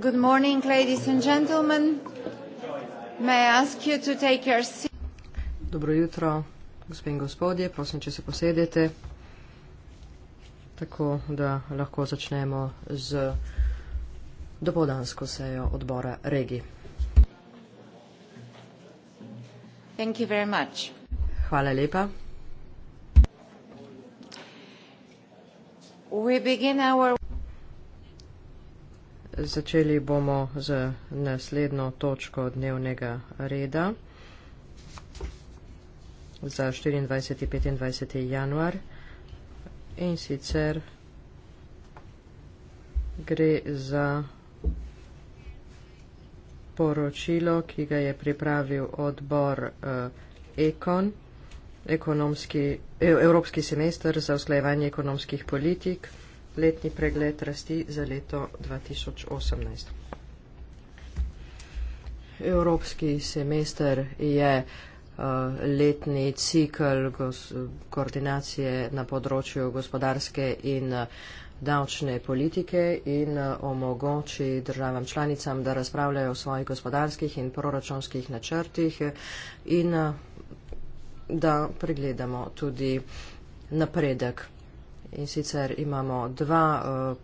Good morning, ladies and gentlemen. May I ask you to take your seat? Dobro jutro, gospe in gospodje, prosim, če se posedete, tako da lahko začnemo z dopoldansko sejo odbora regij. Thank you very much. Hvala lepa. We begin our... Začeli bomo z naslednjo točko dnevnega reda za 24. 25. januar in sicer gre za poročilo, ki ga je pripravil odbor uh, Ekon, Ekonomski, e, Evropski semester za usklajevanje ekonomskih politik letni pregled rasti za leto 2018. Evropski semester je uh, letni cikl koordinacije na področju gospodarske in eh, davčne politike in eh, omogoči državam članicam, da razpravljajo o svojih gospodarskih in proračunskih načrtih in da pregledamo tudi napredek In sicer imamo dva, eh,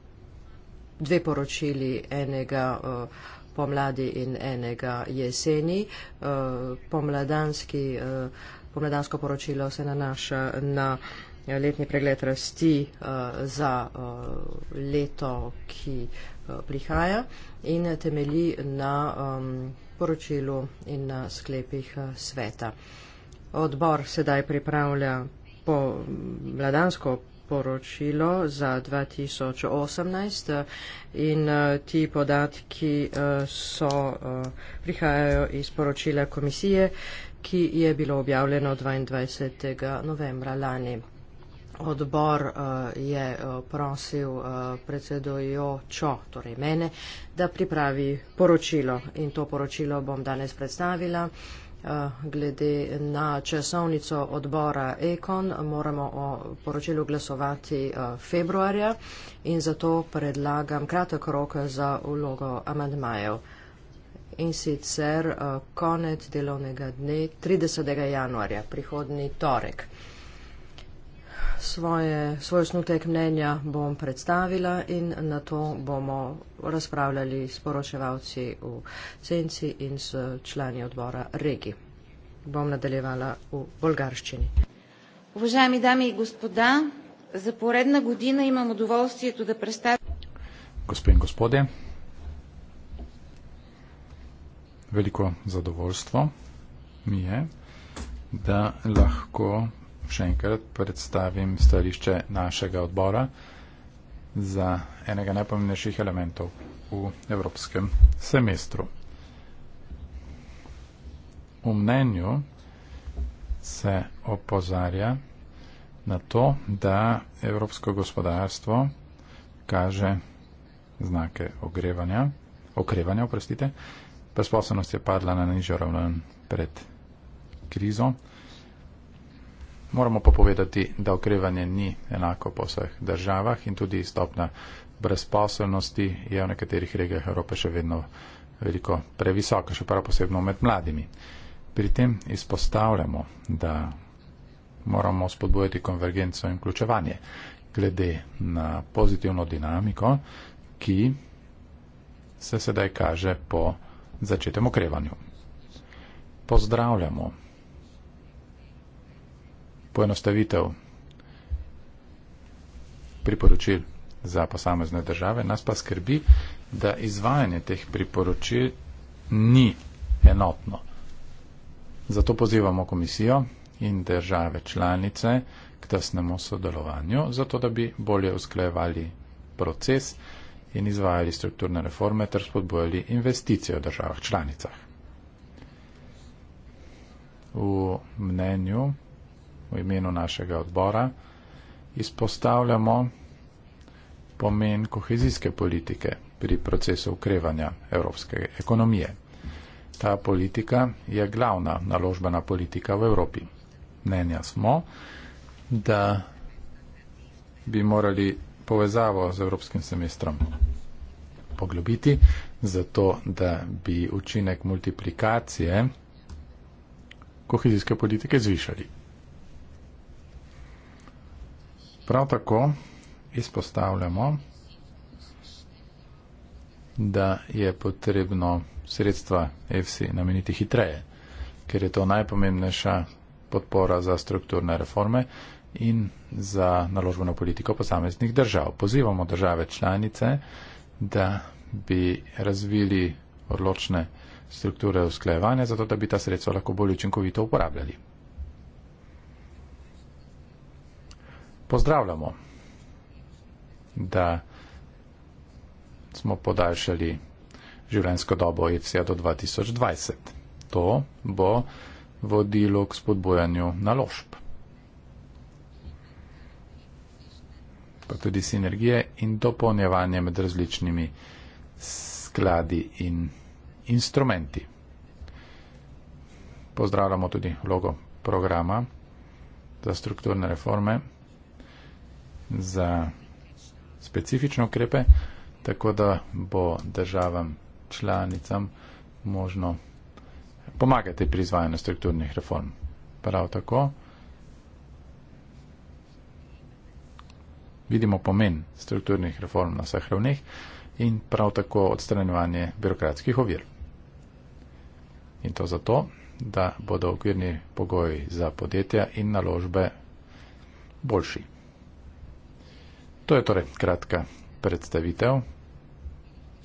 dve poročili, enega eh, pomladi in enega jeseni. Eh, pomladansko poročilo se nanaša na letni pregled rasti za leto, ki prihaja in temelji na poročilu in na sklepih sveta. Odbor sedaj pripravlja pomladansko poročilo, poročilo za 2018 eh, in eh, ti podatki eh, so, prihajajo iz poročila komisije, ki je bilo objavljeno 22. novembra lani. Odbor uh, je prosil uh, predsedojočo, torej mene, da pripravi poročilo. In to poročilo bom danes predstavila. Uh, Eh, glede na časovnico odbora Ekon moramo o poročilu glasovati eh, februarja in zato predlagam kratek rok za vlogo amandmajev. In sicer eh, konec delovnega dne 30. januarja, prihodni torek svoje, svoj snutek mnenja bom predstavila in na to bomo razpravljali s poročevalci v Senci in s člani odbora Regi. Bom nadaljevala v bolgarščini. Уважаеми дами и господа, за поредна година имам удоволствието да представя... Господин господе, велико задоволство ми е да лахко še enkrat predstavim stališče našega odbora za enega najpomembnejših elementov v evropskem semestru. V mnenju se opozarja na to, da evropsko gospodarstvo kaže znake ogrevanja, okrevanja, oprostite, presposobnost je padla na nižjo raven pred krizo. Moramo pa povedati, da okrevanje ni enako po vseh državah in tudi stopna brezposelnosti je v nekaterih regijah Evrope še vedno veliko previsoka, še prav posebno med mladimi. Pri tem izpostavljamo, da moramo spodbujati konvergenco in vključevanje glede na pozitivno dinamiko, ki se sedaj kaže po začetem okrevanju. Pozdravljamo poenostavitev priporočil za posamezne države. Nas pa skrbi, da izvajanje teh priporočil ni enotno. Zato pozivamo komisijo in države članice k tesnemu sodelovanju, zato da bi bolje usklejevali proces in izvajali strukturne reforme ter spodbojali investicije v državah članicah. V mnenju v imenu našega odbora, izpostavljamo pomen kohezijske politike pri procesu ukrevanja evropske ekonomije. Ta politika je glavna naložbena politika v Evropi. Mnenja smo, da bi morali povezavo z evropskim semestrom poglobiti, zato da bi učinek multiplikacije kohezijske politike zvišali. Prav tako izpostavljamo, da je potrebno sredstva EFSI nameniti hitreje, ker je to najpomembnejša podpora za strukturne reforme in za naložbeno politiko posameznih držav. Pozivamo države članice, da bi razvili odločne strukture usklajevanja, zato da bi ta sredstva lahko bolj učinkovito uporabljali. pozdravljamo, da smo podaljšali življenjsko dobo IFC-a do 2020. To bo vodilo k spodbojanju naložb, pa tudi sinergije in dopolnjevanje med različnimi skladi in instrumenti. Pozdravljamo tudi logo programa za strukturne reforme za specifične ukrepe, tako da bo državam članicam možno pomagati pri izvajanju strukturnih reform. Prav tako vidimo pomen strukturnih reform na vseh ravneh in prav tako odstranjevanje birokratskih ovir. In to zato, da bodo okvirni pogoji za podjetja in naložbe boljši. To je torej kratka predstavitev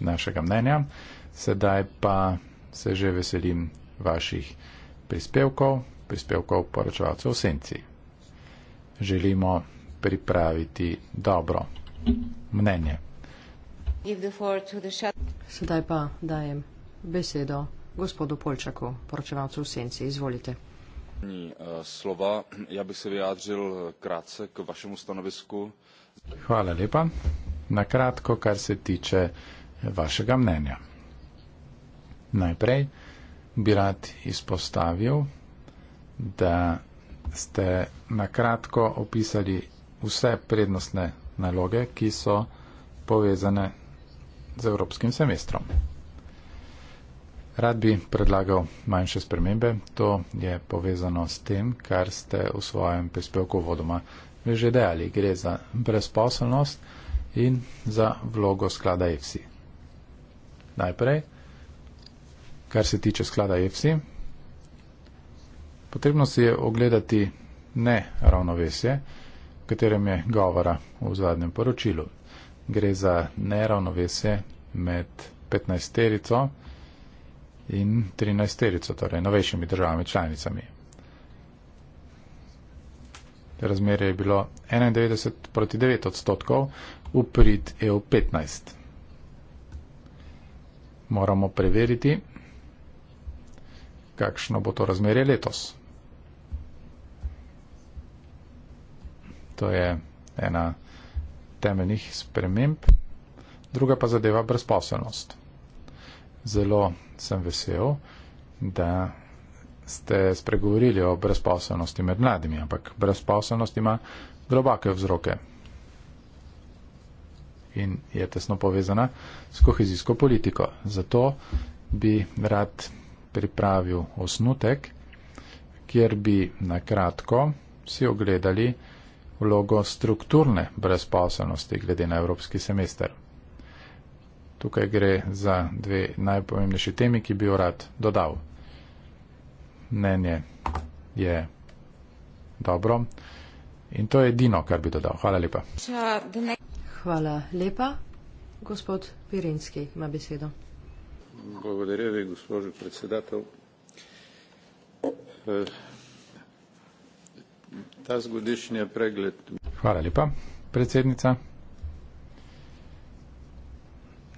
našega mnenja. Sedaj pa se že veselim vaših prispevkov, prispevkov poročevalcev v senci. Želimo pripraviti dobro mnenje. Sedaj pa dajem besedo gospodu Polčaku, poročevalcu v senci. Izvolite. Eh, slova, ja bi se vyjadril eh, krátce k vašemu stanovisku. Hvala lepa. Na kratko, kar se tiče vašega mnenja. Najprej bi rad izpostavil, da ste na kratko opisali vse prednostne naloge, ki so povezane z evropskim semestrom. Rad bi predlagal manjše spremembe. To je povezano s tem, kar ste v svojem prispevku vodoma že dejali, gre za brezposelnost in za vlogo sklada EFSI. Najprej, kar se tiče sklada EFSI, potrebno si je ogledati ne ravnovesje, o katerem je govora v zadnjem poročilu. Gre za neravnovesje med 15-terico in 13-terico, torej novejšimi državami članicami razmerje je bilo 91 proti 9 odstotkov, v prid EU 15. Moramo preveriti, kakšno bo to razmerje letos. To je ena temeljnih sprememb. Druga pa zadeva brezposelnost. Zelo sem vesel, da ste spregovorili o brezposobnosti med mladimi, ampak brezposobnost ima globake vzroke in je tesno povezana s kohezijsko politiko. Zato bi rad pripravil osnutek, kjer bi na kratko si ogledali vlogo strukturne brezposobnosti glede na evropski semester. Tukaj gre za dve najpomembnejši temi, ki bi jo rad dodal mnenje je dobro. In to je edino, kar bi dodal. Hvala lepa. Hvala lepa. Gospod Pirinski ima besedo. Благодаря ви, госпожо председател. Таз годишния преглед. Хвала липа, председница.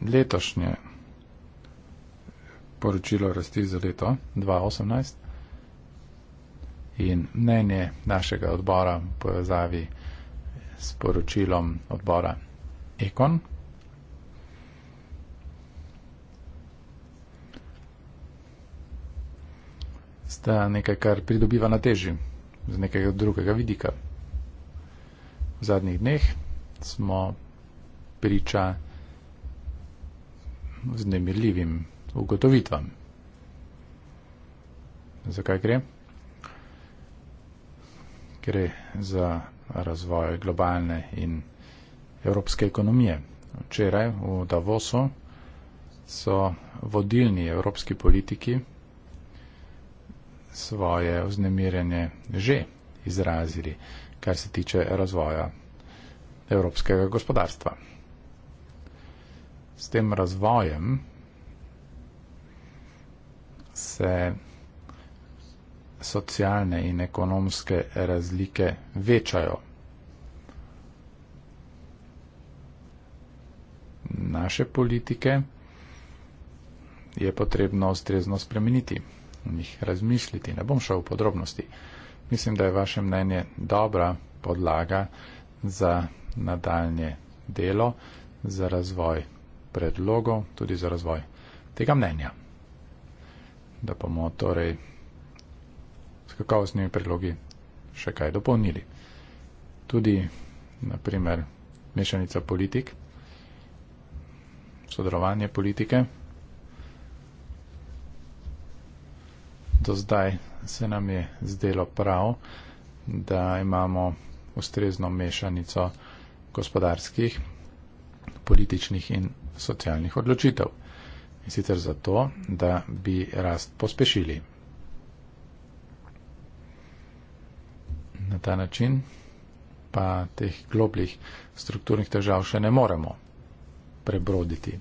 Летошнее поручило расти за лето 2018 in mnenje našega odbora v povezavi s poročilom odbora Ekon. Sta nekaj, kar pridobiva na teži z nekega drugega vidika. V zadnjih dneh smo priča vznemirljivim ugotovitvam. Zakaj gre? gre za razvoj globalne in evropske ekonomije. Včeraj v Davosu so vodilni evropski politiki svoje vznemirjanje že izrazili, kar se tiče razvoja evropskega gospodarstva. S tem razvojem se socialne in ekonomske razlike večajo. Naše politike je potrebno ustrezno spremeniti, o njih razmisliti. Ne bom šel v podrobnosti. Mislim, da je vaše mnenje dobra podlaga za nadaljnje delo, za razvoj predlogov, tudi za razvoj tega mnenja. Da bomo torej kakovostnimi predlogi še kaj dopolnili. Tudi, naprimer, mešanica politik, sodelovanje politike. Do zdaj se nam je zdelo prav, da imamo ustrezno mešanico gospodarskih, političnih in socialnih odločitev. In sicer zato, da bi rast pospešili. na ta način, pa teh globljih strukturnih težav še ne moremo prebroditi.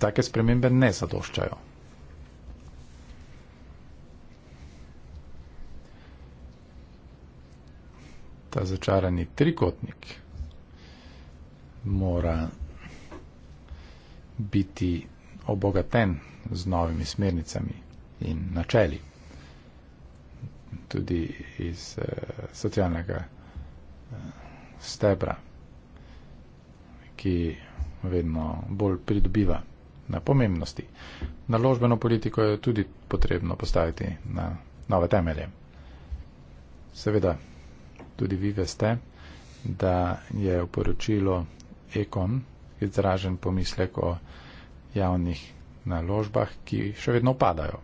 Take spremembe ne zadoščajo. Ta začarani trikotnik mora biti obogaten z novimi smernicami in načeli tudi iz eh, socialnega eh, stebra, ki vedno bolj pridobiva na pomembnosti. Naložbeno politiko je tudi potrebno postaviti na nove temelje. Seveda, tudi vi veste, da je v poročilu Ekon izražen pomislek o javnih naložbah, ki še vedno padajo.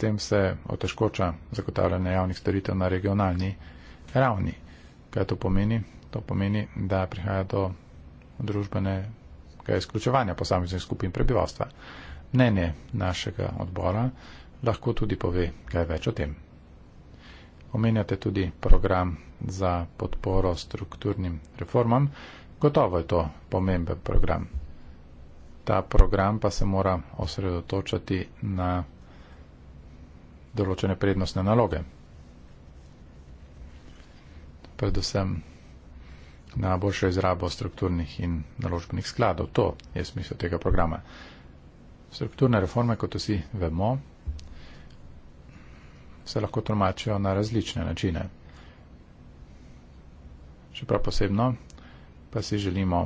tem se otežkoča zagotavljanje javnih storitev na regionalni ravni. Kaj to pomeni? To pomeni, da prihaja do družbenega izključevanja posameznih skupin prebivalstva. Mnenje našega odbora lahko tudi pove kaj več o tem. Omenjate tudi program za podporo strukturnim reformam. Gotovo je to pomemben program. Ta program pa se mora osredotočati na določene prednostne naloge. Predvsem na boljšo izrabo strukturnih in naložbenih skladov. To je smisel tega programa. Strukturne reforme, kot vsi vemo, se lahko tolmačijo na različne načine. Čeprav posebno pa si želimo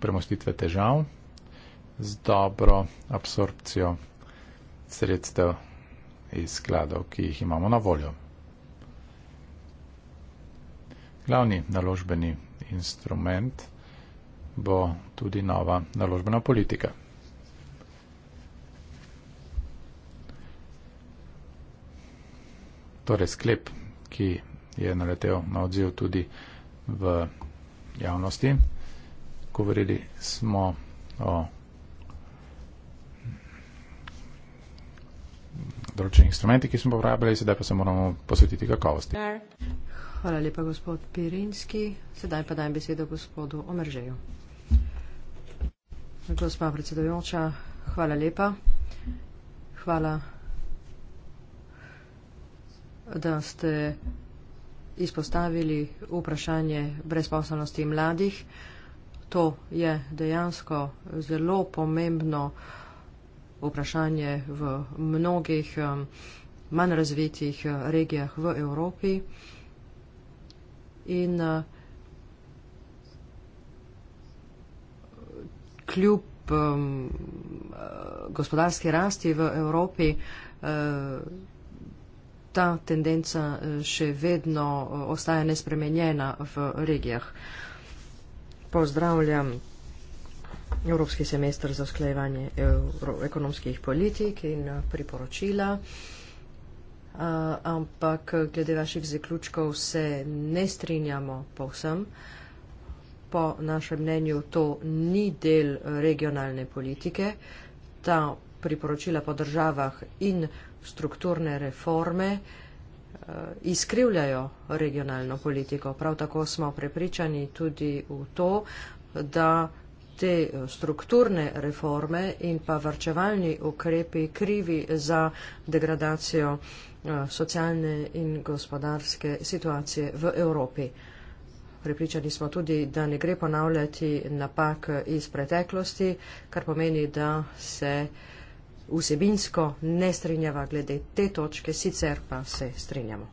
premostitve težav z dobro absorpcijo sredstev iz skladov, ki jih imamo na voljo. Glavni naložbeni instrument bo tudi nova naložbena politika. Torej sklep, ki je naletel na odziv tudi v javnosti. Govorili smo o določeni instrumenti, ki smo uporabljali, sedaj pa se moramo posvetiti kakovosti. Hvala lepa, gospod Pirinski. Sedaj pa dajem besedo gospodu Omeržeju. Gospa predsedojoča, hvala lepa. Hvala, da ste izpostavili vprašanje brezposobnosti mladih. To je dejansko zelo pomembno uh, vprašanje v mnogih um, manj razvitih uh, regijah v Evropi. In uh, kljub um, uh, gospodarski rasti v Evropi, ta tendenca še vedno ostaja nespremenjena v regijah. Pozdravljam evropski semester za sklejevanje ekonomskih politik in eh, priporočila. Uh, ampak eh, glede vaših zaključkov se ne strinjamo povsem. Po našem mnenju to ni del regionalne politike. Ta priporočila po državah in strukturne reforme uh, izkrivljajo regionalno politiko. Prav tako smo prepričani tudi v to, da uh, te eh, strukturne reforme in pa varčevalni ukrepi krivi za degradacijo eh, socialne in gospodarske situacije v Evropi. Pripričani smo tudi, da ne gre ponavljati napak iz preteklosti, kar pomeni, da se vsebinsko ne strinjava glede te točke, sicer pa se strinjamo.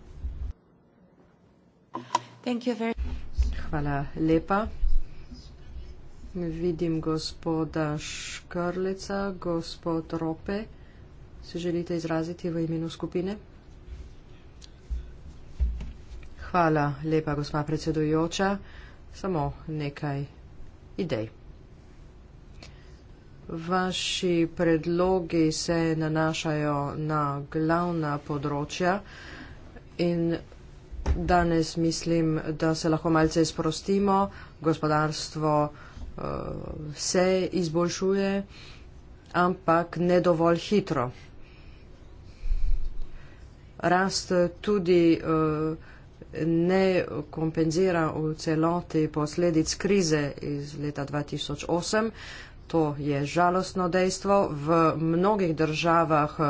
Hvala lepa. Vidim gospoda Škrleca, gospod Rope. Se želite izraziti v imenu skupine? Hvala lepa, gospa predsedujoča. Samo nekaj idej. Vaši predlogi se nanašajo na glavna področja in danes mislim, da se lahko malce sprostimo, gospodarstvo, se izboljšuje, ampak ne dovolj hitro. Rast tudi eh, ne kompenzira v celoti posledic krize iz leta 2008. To je žalostno dejstvo. V mnogih državah eh,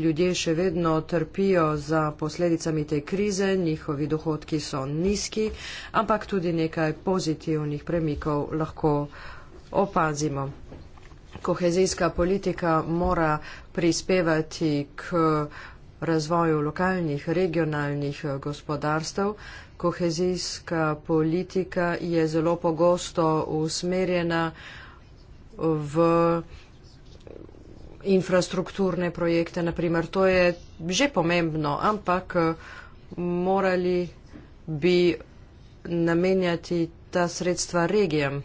ljudje še vedno trpijo za posledicami te krize, njihovi dohodki so nizki, ampak tudi nekaj pozitivnih premikov lahko opazimo. Kohezijska politika mora prispevati k razvoju lokalnih, regionalnih eh, gospodarstev. Kohezijska politika je zelo pogosto usmerjena v infrastrukturne projekte, naprimer. To je že pomembno, ampak morali bi namenjati ta sredstva regijam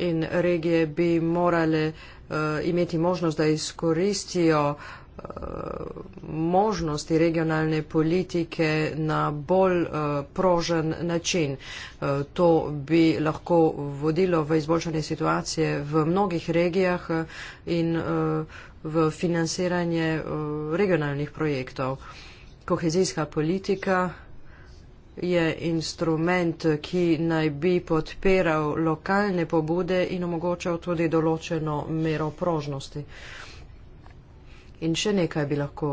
in regije bi morale uh, imeti možnost, da izkoristijo uh, možnosti regionalne politike na bolj eh, prožen način. Eh, to bi lahko vodilo v izboljšanje situacije v mnogih regijah eh, in v financiranje regionalnih projektov. Kohezijska politika je instrument, ki naj bi podpiral lokalne pobude in omogočal tudi določeno mero prožnosti. In še nekaj bi lahko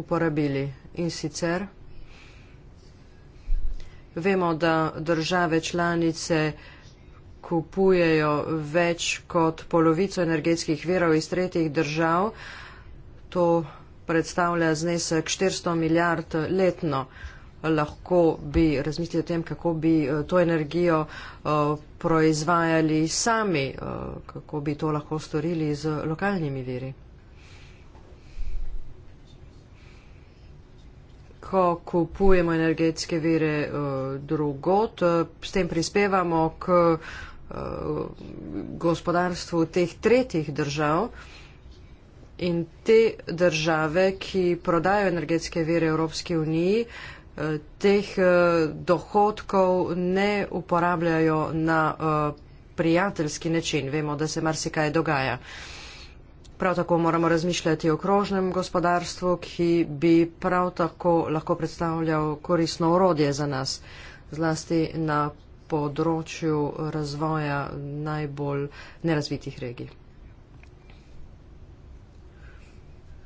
uporabili. In sicer vemo, da države članice kupujejo več kot polovico energetskih virov iz tretjih držav. To predstavlja znesek 400 milijard letno. Lahko bi razmislili o tem, kako bi eh, to energijo eh, proizvajali sami, eh, kako bi to lahko storili z lokalnimi viri. ko kupujemo energetske vire uh, drugot, uh, s tem prispevamo k uh, gospodarstvu teh tretjih držav. In te države, ki prodajo energetske vire Evropske unije, teh dohodkov ne uporabljajo na prijateljski način. Vemo, da se marsikaj dogaja. Prav tako moramo razmišljati o krožnem gospodarstvu, ki bi prav tako lahko predstavljal korisno orodje za nas, zlasti na področju razvoja najbolj nerazvitih regij.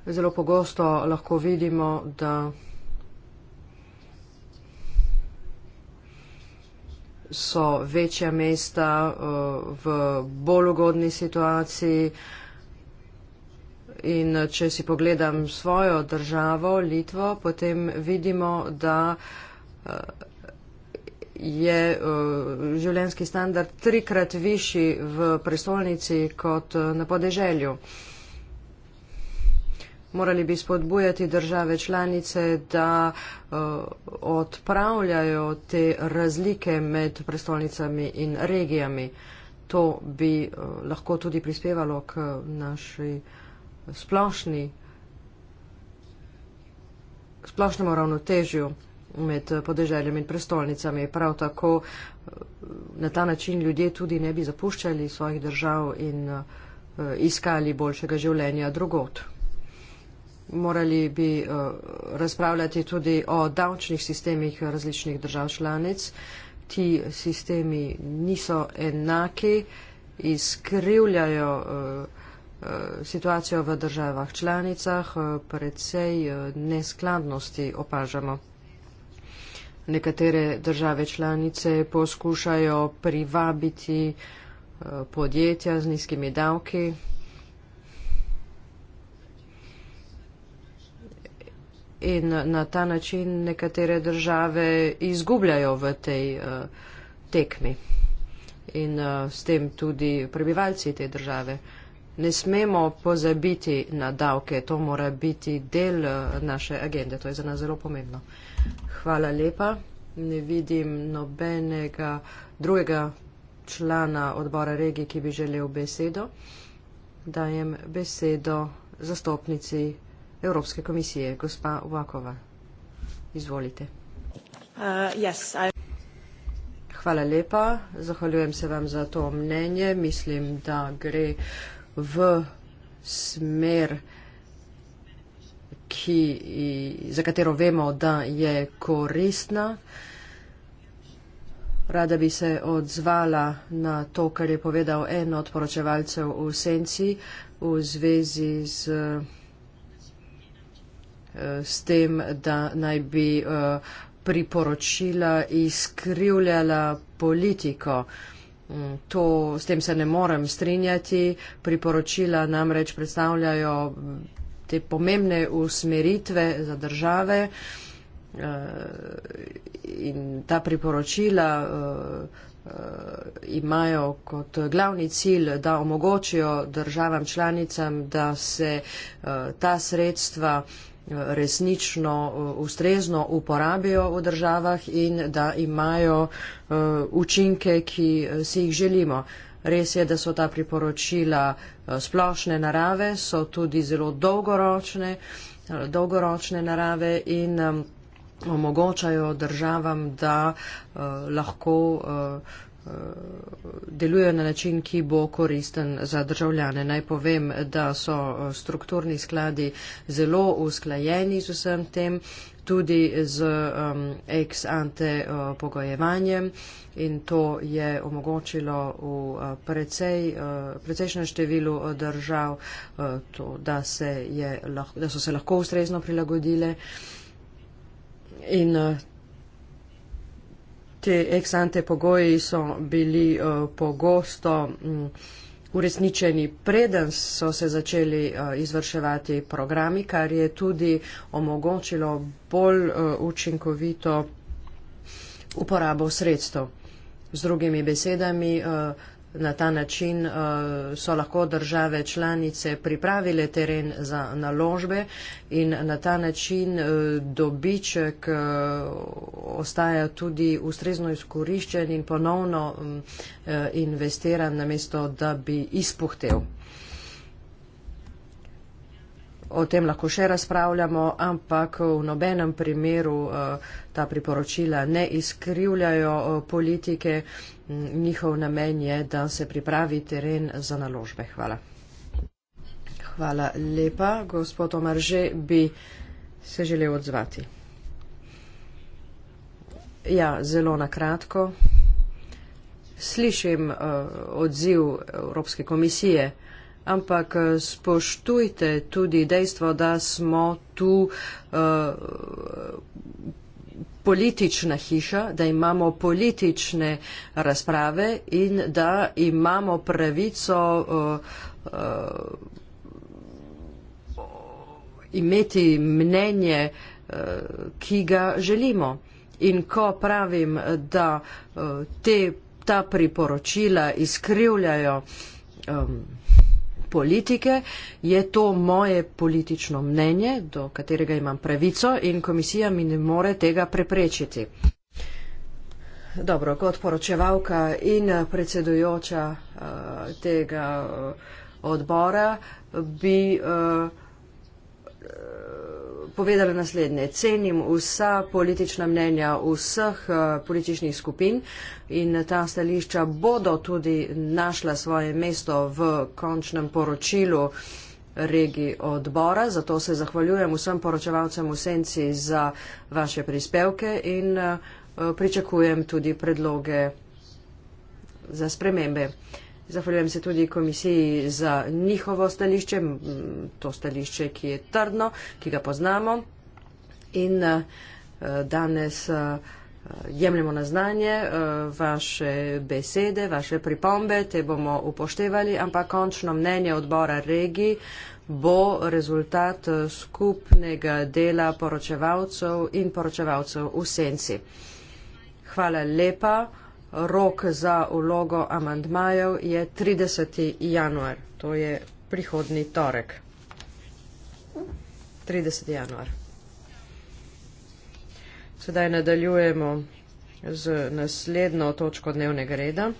Zelo pogosto lahko vidimo, da so večja mesta eh, v bolj ugodni situaciji, In eh, če si pogledam svojo državo, Litvo, potem vidimo, da eh, je eh, življenski standard trikrat višji v prestolnici kot na podeželju. Morali bi spodbujati države članice, da odpravljajo te razlike med prestolnicami in regijami. To bi lahko tudi prispevalo k našej splošni, splošnemu ravnotežju med podeželjem in prestolnicami. Prav tako eh, na ta način ljudje tudi ne bi zapuščali svojih držav in eh, iskali boljšega življenja drugot. Morali bi eh, razpravljati tudi o davčnih sistemih različnih držav članic. Ti sistemi niso enaki, izkrivljajo situacijo v državah članicah, eh, predvsej eh, neskladnosti opažamo. Nekatere države članice poskušajo privabiti eh, podjetja z nizkimi davki. In na ta način nekatere države izgubljajo v tej uh, tekmi in uh, s tem tudi prebivalci te države. Uh, ne smemo pozabiti na davke, to mora biti del eh, naše agende, to je za nas zelo pomembno. Hvala lepa, ne vidim nobenega drugega člana odbora regije, ki bi želel besedo. Dajem besedo zastopnici Evropske komisije, gospa Vakova. Izvolite. Uh, yes, I... Hvala lepa, zahvaljujem se vam za to mnenje. Mislim, da gre uh, v smer, ki, za katero vemo, da je koristna. Rada bi se odzvala na to, kar je povedal en od poročevalcev v Senci v zvezi z, eh, s tem, da naj bi eh, priporočila izkrivljala politiko. To, s tem se ne morem strinjati. Priporočila namreč predstavljajo te pomembne usmeritve za države eh, in ta priporočila eh, imajo kot glavni cilj, da omogočijo državam članicam, da se eh, ta sredstva uh, resnično eh, ustrezno uporabijo v državah in da imajo eh, učinke, ki eh, si jih želimo. Res je, da so ta priporočila splošne narave, so tudi zelo dolgoročne, dolgoročne narave in omogočajo državam, da lahko delujejo na način, ki bo koristen za državljane. Naj povem, da so eh, strukturni skladi zelo usklajeni z vsem tem, tudi z um, ex ante uh, pogojevanjem in to je omogočilo v uh, precej, uh, precejšnjem številu držav, uh, to, da, se je, lah, da so se lahko ustrezno prilagodile. In te eksante pogoji so bili uh, pogosto um, uresničeni preden so se začeli uh, izvrševati programi, kar je tudi omogočilo bolj uh, učinkovito uporabo sredstev. Z drugimi besedami, uh, Na ta način uh, so lahko države članice pripravile teren za naložbe in na ta način uh, dobiček uh, ostaja tudi ustrezno izkoriščen in ponovno um, uh, investiran, namesto da bi izpuhtel o tem lahko še razpravljamo, ampak v nobenem primeru eh, ta priporočila ne izkrivljajo eh, politike. Mm, njihov namen je, da se pripravi teren za naložbe. Hvala. Hvala lepa. Gospod Omar že bi se želel odzvati. Ja, zelo na kratko. Slišim uh, odziv Evropske komisije uh, ampak eh, spoštujte tudi dejstvo, da smo tu uh, politična hiša, da imamo politične razprave in da imamo pravico uh, uh, imeti mnenje, uh, ki ga želimo. In ko pravim, da uh, te, ta priporočila izkrivljajo um, politike, je to moje politično mnenje, do katerega imam pravico in komisija mi ne more tega preprečiti. Dobro, kot poročevalka in predsedujoča uh, tega uh, odbora bi. Uh, povedala naslednje. Cenim vsa politična mnenja vseh eh, političnih skupin in ta stališča bodo tudi našla svoje mesto v končnem poročilu regi odbora. Zato se zahvaljujem vsem poročevalcem v senci za vaše prispevke in eh, pričakujem tudi predloge za spremembe. Zahvaljujem se tudi komisiji za njihovo stališče, to stališče, ki je trdno, ki ga poznamo. In eh, danes eh, jemljemo na znanje eh, vaše besede, vaše pripombe, te bomo upoštevali, ampak končno mnenje odbora regij bo rezultat skupnega dela poročevalcev in poročevalcev v senci. Hvala lepa rok za vlogo amandmajev je 30. januar, to je prihodni torek. 30. januar. Sedaj nadaljujemo z naslednjo točko dnevnega reda.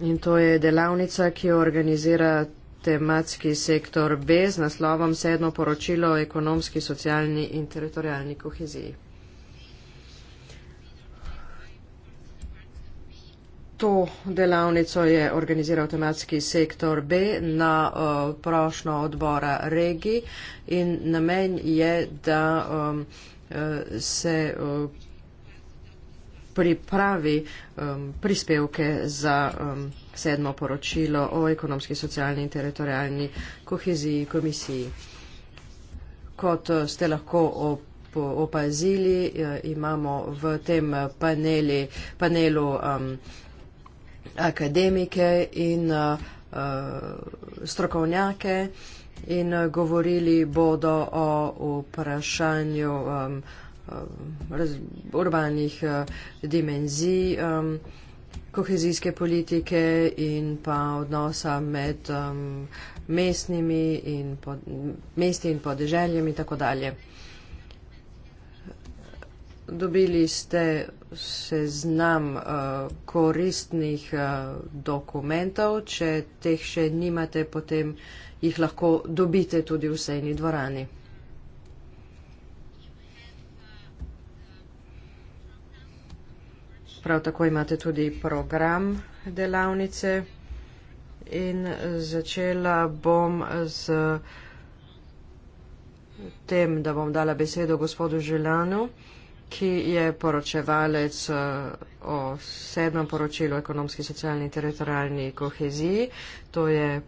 In to je delavnica, ki jo organizira tematski sektor B z naslovom sedmo poročilo o ekonomski, socialni in teritorijalni koheziji. to delavnico je organiziral tematski sektor B na uh, eh, prošno odbora regi in namen je, da um, eh, se eh, pripravi um, prispevke za um, sedmo poročilo o ekonomski, socialni in teritorijalni koheziji komisiji. Kot ste lahko op opazili, imamo v tem paneli, panelu um, akademike in uh, uh strokovnjake in uh, govorili bodo o vprašanju um, uh, raz, urbanih uh, dimenzij um, kohezijske politike in pa odnosa med um, mestnimi in pod, mesti in podeželjem in tako dalje dobili ste seznam uh, koristnih uh, dokumentov. Če teh še nimate, potem jih lahko dobite tudi v sejni dvorani. Prav tako imate tudi program delavnice in začela bom z tem, da bom dala besedo gospodu Želanu ki je poročevalec eh, o sedmem poročilu ekonomski, socialni in teritorijalni koheziji. To je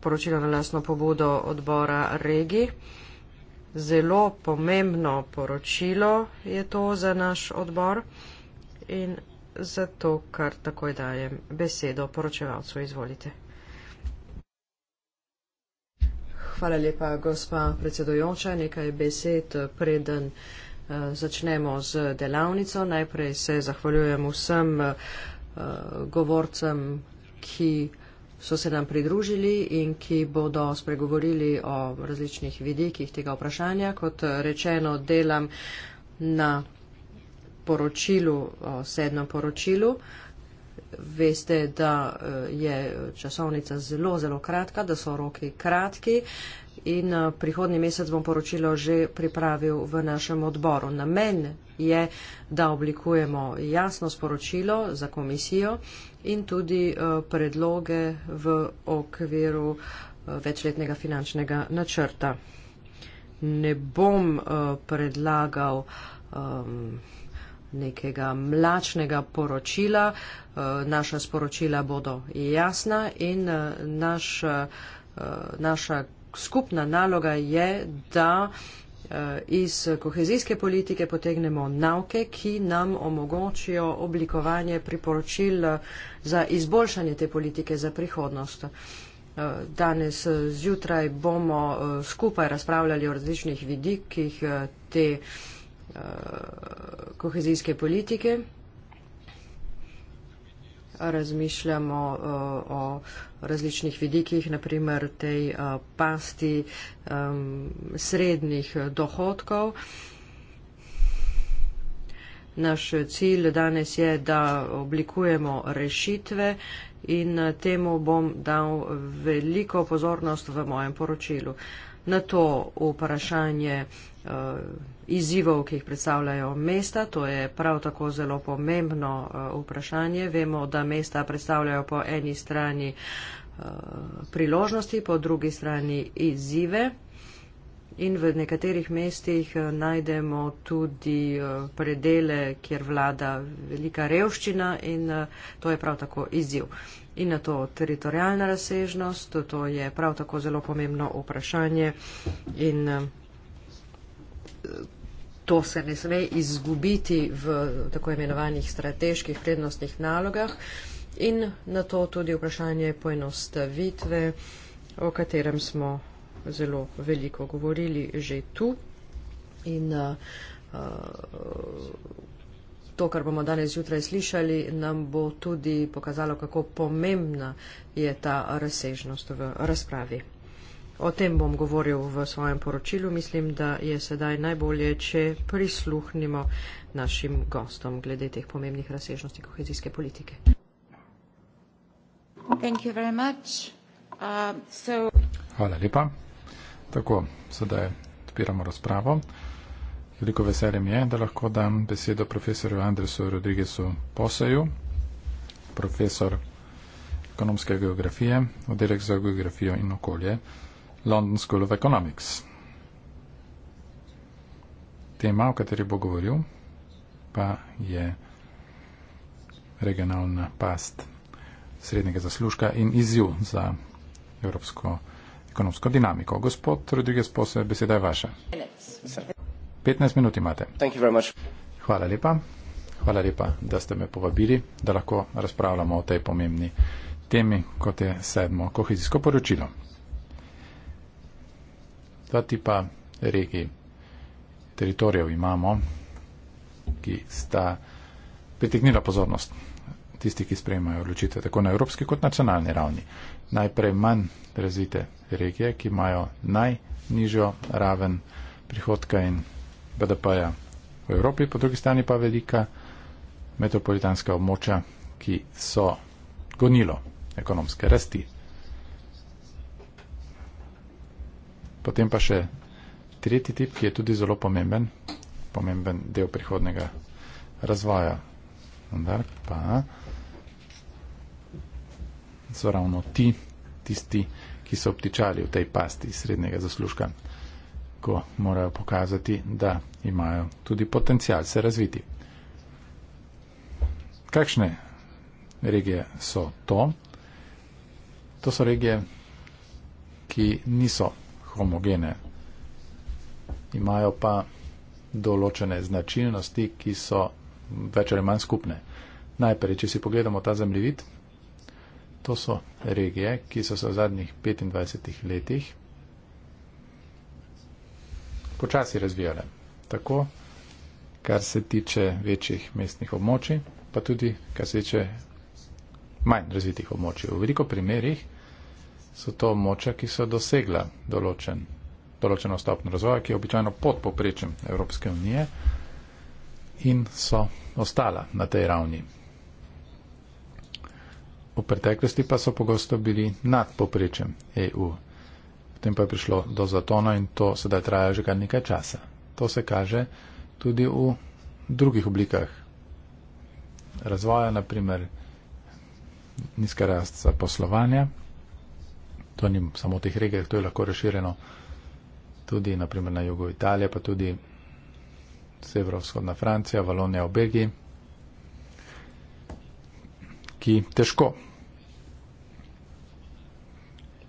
poročilo na lasno pobudo odbora regi. Zelo pomembno poročilo je to za naš odbor in zato kar takoj dajem besedo poročevalcu. Izvolite. Hvala lepa, gospa predsedojoča. Nekaj besed preden. Eh, začnemo z delavnico. Najprej se zahvaljujem vsem eh, govorcem, ki so se nam pridružili in ki bodo spregovorili o različnih vidikih tega vprašanja. Kot rečeno, delam na poročilu, sedmem poročilu. Veste, da eh, je časovnica zelo, zelo kratka, da so roki kratki in eh, prihodni mesec bom poročilo že pripravil v našem odboru. Namen je, da oblikujemo jasno sporočilo za komisijo in tudi eh, predloge v okviru eh, večletnega finančnega načrta. Ne bom predlagal ehm, nekega mlačnega poročila. Naša sporočila bodo jasna in naša, naša skupna naloga je, da eh, iz kohezijske politike potegnemo nauke, ki nam omogočijo oblikovanje priporočil eh, za izboljšanje te politike za prihodnost. Eh, danes zjutraj bomo skupaj razpravljali o različnih vidikih te kohezijske politike razmišljamo uh, o različnih vidikih, naprimer tej uh, pasti um, srednjih dohodkov. Naš cilj danes je, da oblikujemo rešitve in eh, temu bom dal veliko pozornost v mojem poročilu. Uh, na to vprašanje eh, izzivov, ki jih predstavljajo mesta. To je prav tako zelo pomembno eh, vprašanje. Vemo, da mesta predstavljajo po eni strani eh, priložnosti, po drugi strani izzive. In v nekaterih mestih najdemo tudi predele, kjer vlada velika revščina in to je prav tako izziv in na to teritorijalna razsežnost. To je prav tako zelo pomembno vprašanje in eh, to se ne sme izgubiti v tako imenovanih strateških prednostnih nalogah. In na to tudi vprašanje poenostavitve, o katerem smo zelo veliko govorili že tu. In, uh, uh, to, kar bomo danes jutraj slišali, nam bo tudi pokazalo, kako pomembna je ta razsežnost v razpravi. O tem bom govoril v svojem poročilu. Mislim, da je sedaj najbolje, če prisluhnimo našim gostom glede teh pomembnih razsežnosti kohezijske politike. Uh, so... Hvala lepa. Tako, sedaj odpiramo razpravo. Veliko veselje mi je, da lahko dam besedo profesorju Andresu Rodrigesu Posaju, profesor ekonomske geografije, oddelek za geografijo in okolje, London School of Economics. Tema, o kateri bo govoril, pa je regionalna past srednjega zaslužka in izjiv za evropsko ekonomsko dinamiko. Gospod Rodrigues Posaj, beseda je vaša. Sir. 15 minut imate. Hvala lepa. Hvala lepa, da ste me povabili, da lahko razpravljamo o tej pomembni temi, kot je sedmo kohezijsko poročilo. Dva tipa regij, teritorijev imamo, ki sta pritegnila pozornost tistih, ki sprejemajo odločitve tako na evropski kot nacionalni ravni. Najprej manj razvite regije, ki imajo najnižjo raven prihodka in BDP-ja v Evropi, po drugi strani pa velika metropolitanska območja, ki so gonilo ekonomske rasti. Potem pa še tretji tip, ki je tudi zelo pomemben, pomemben del prihodnega razvoja. Vendar pa so ravno ti, tisti, ki so obtičali v tej pasti srednjega zaslužka ko morajo pokazati, da imajo tudi potencial se razviti. Kakšne regije so to? To so regije, ki niso homogene, imajo pa določene značilnosti, ki so več ali manj skupne. Najprej, če si pogledamo ta zemljevid, to so regije, ki so se v zadnjih 25 letih počasi razvijale. Tako, kar se tiče večjih mestnih območij, pa tudi, kar se tiče manj razvitih območij. V veliko primerjih so to območja, ki so dosegla določen, določeno stopno razvoja, ki je običajno pod poprečjem Evropske unije in so ostala na tej ravni. V preteklosti pa so pogosto bili nad poprečjem EU potem pa je prišlo do zatona in to sedaj traja že kar nekaj časa. To se kaže tudi v drugih oblikah razvoja, naprimer nizka rast poslovanja. To ni samo v teh regijah, to je lahko razširjeno tudi naprimer, na jugu Italije, pa tudi severovzhodna Francija, Valonija, Obegi, ki težko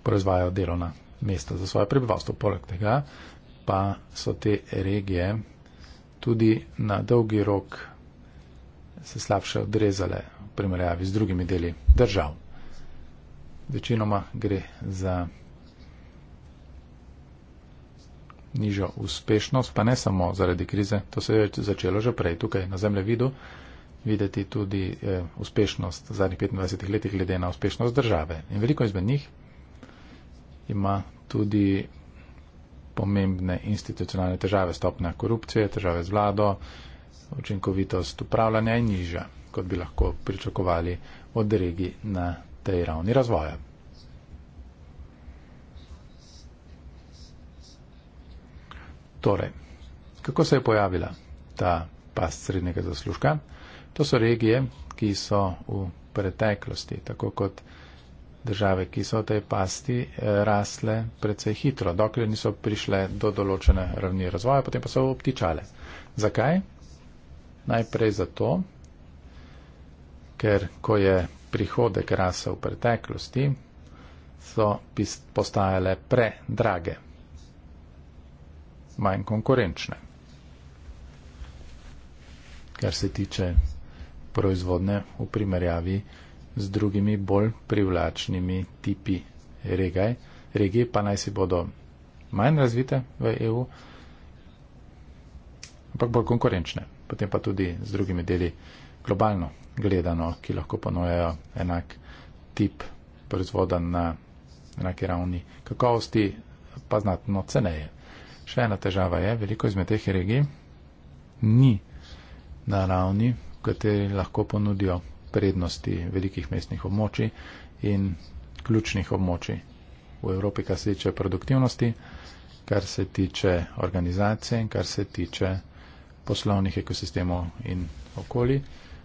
proizvajajo delovna mesta za svoje prebivalstvo. Poleg tega pa so te regije tudi na dolgi rok se slabše odrezale v primerjavi z drugimi deli držav. Večinoma gre za nižjo uspešnost, pa ne samo zaradi krize, to se je začelo že prej tukaj na zemljevidu, videti tudi eh, uspešnost v zadnjih 25 letih glede na uspešnost države. In veliko izmed njih ima tudi pomembne institucionalne težave, stopna korupcije, težave z vlado, učinkovitost upravljanja je nižja, kot bi lahko pričakovali od regi na tej ravni razvoja. Torej, kako se je pojavila ta past srednjega zaslužka? To so regije, ki so v preteklosti, tako kot države, ki so v tej pasti, eh, rasle precej hitro, dokler niso prišle do določene ravni razvoja, potem pa so obtičale. Zakaj? Najprej zato, ker ko je prihodek rase v preteklosti, so postajale predrage, manj konkurenčne, kar se tiče proizvodne v primerjavi z drugimi bolj privlačnimi tipi regaj. Regije pa naj si bodo manj razvite v EU, ampak bolj konkurenčne. Potem pa tudi z drugimi deli globalno gledano, ki lahko ponujajo enak tip proizvoda na enaki ravni kakovosti, pa znatno ceneje. Še ena težava je, veliko izmed teh regij ni na ravni, v kateri lahko ponudijo prednosti velikih mestnih območij in ključnih območij. V Evropi, kar se tiče produktivnosti, kar se tiče organizacije in kar se tiče poslovnih ekosistemov in okolij,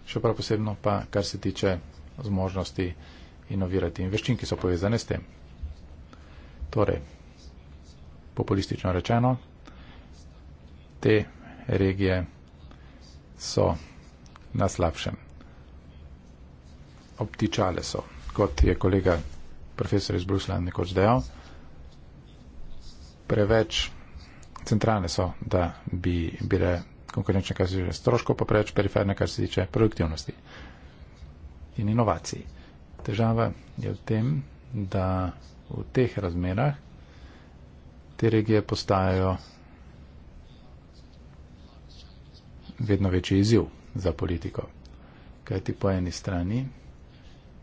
še prav posebno pa, kar se tiče zmožnosti inovirati in veščin, ki so povezane s tem. Torej, populistično rečeno, te regije so na slabšem obtičale so, kot je kolega profesor iz Brusla nekoč dejal. Preveč centralne so, da bi bile konkurenčne, kar se tiče stroškov, pa preveč periferne, kar se tiče produktivnosti in inovacij. Težava je v tem, da v teh razmerah te regije postajajo vedno večji izziv za politiko. Kajti po eni strani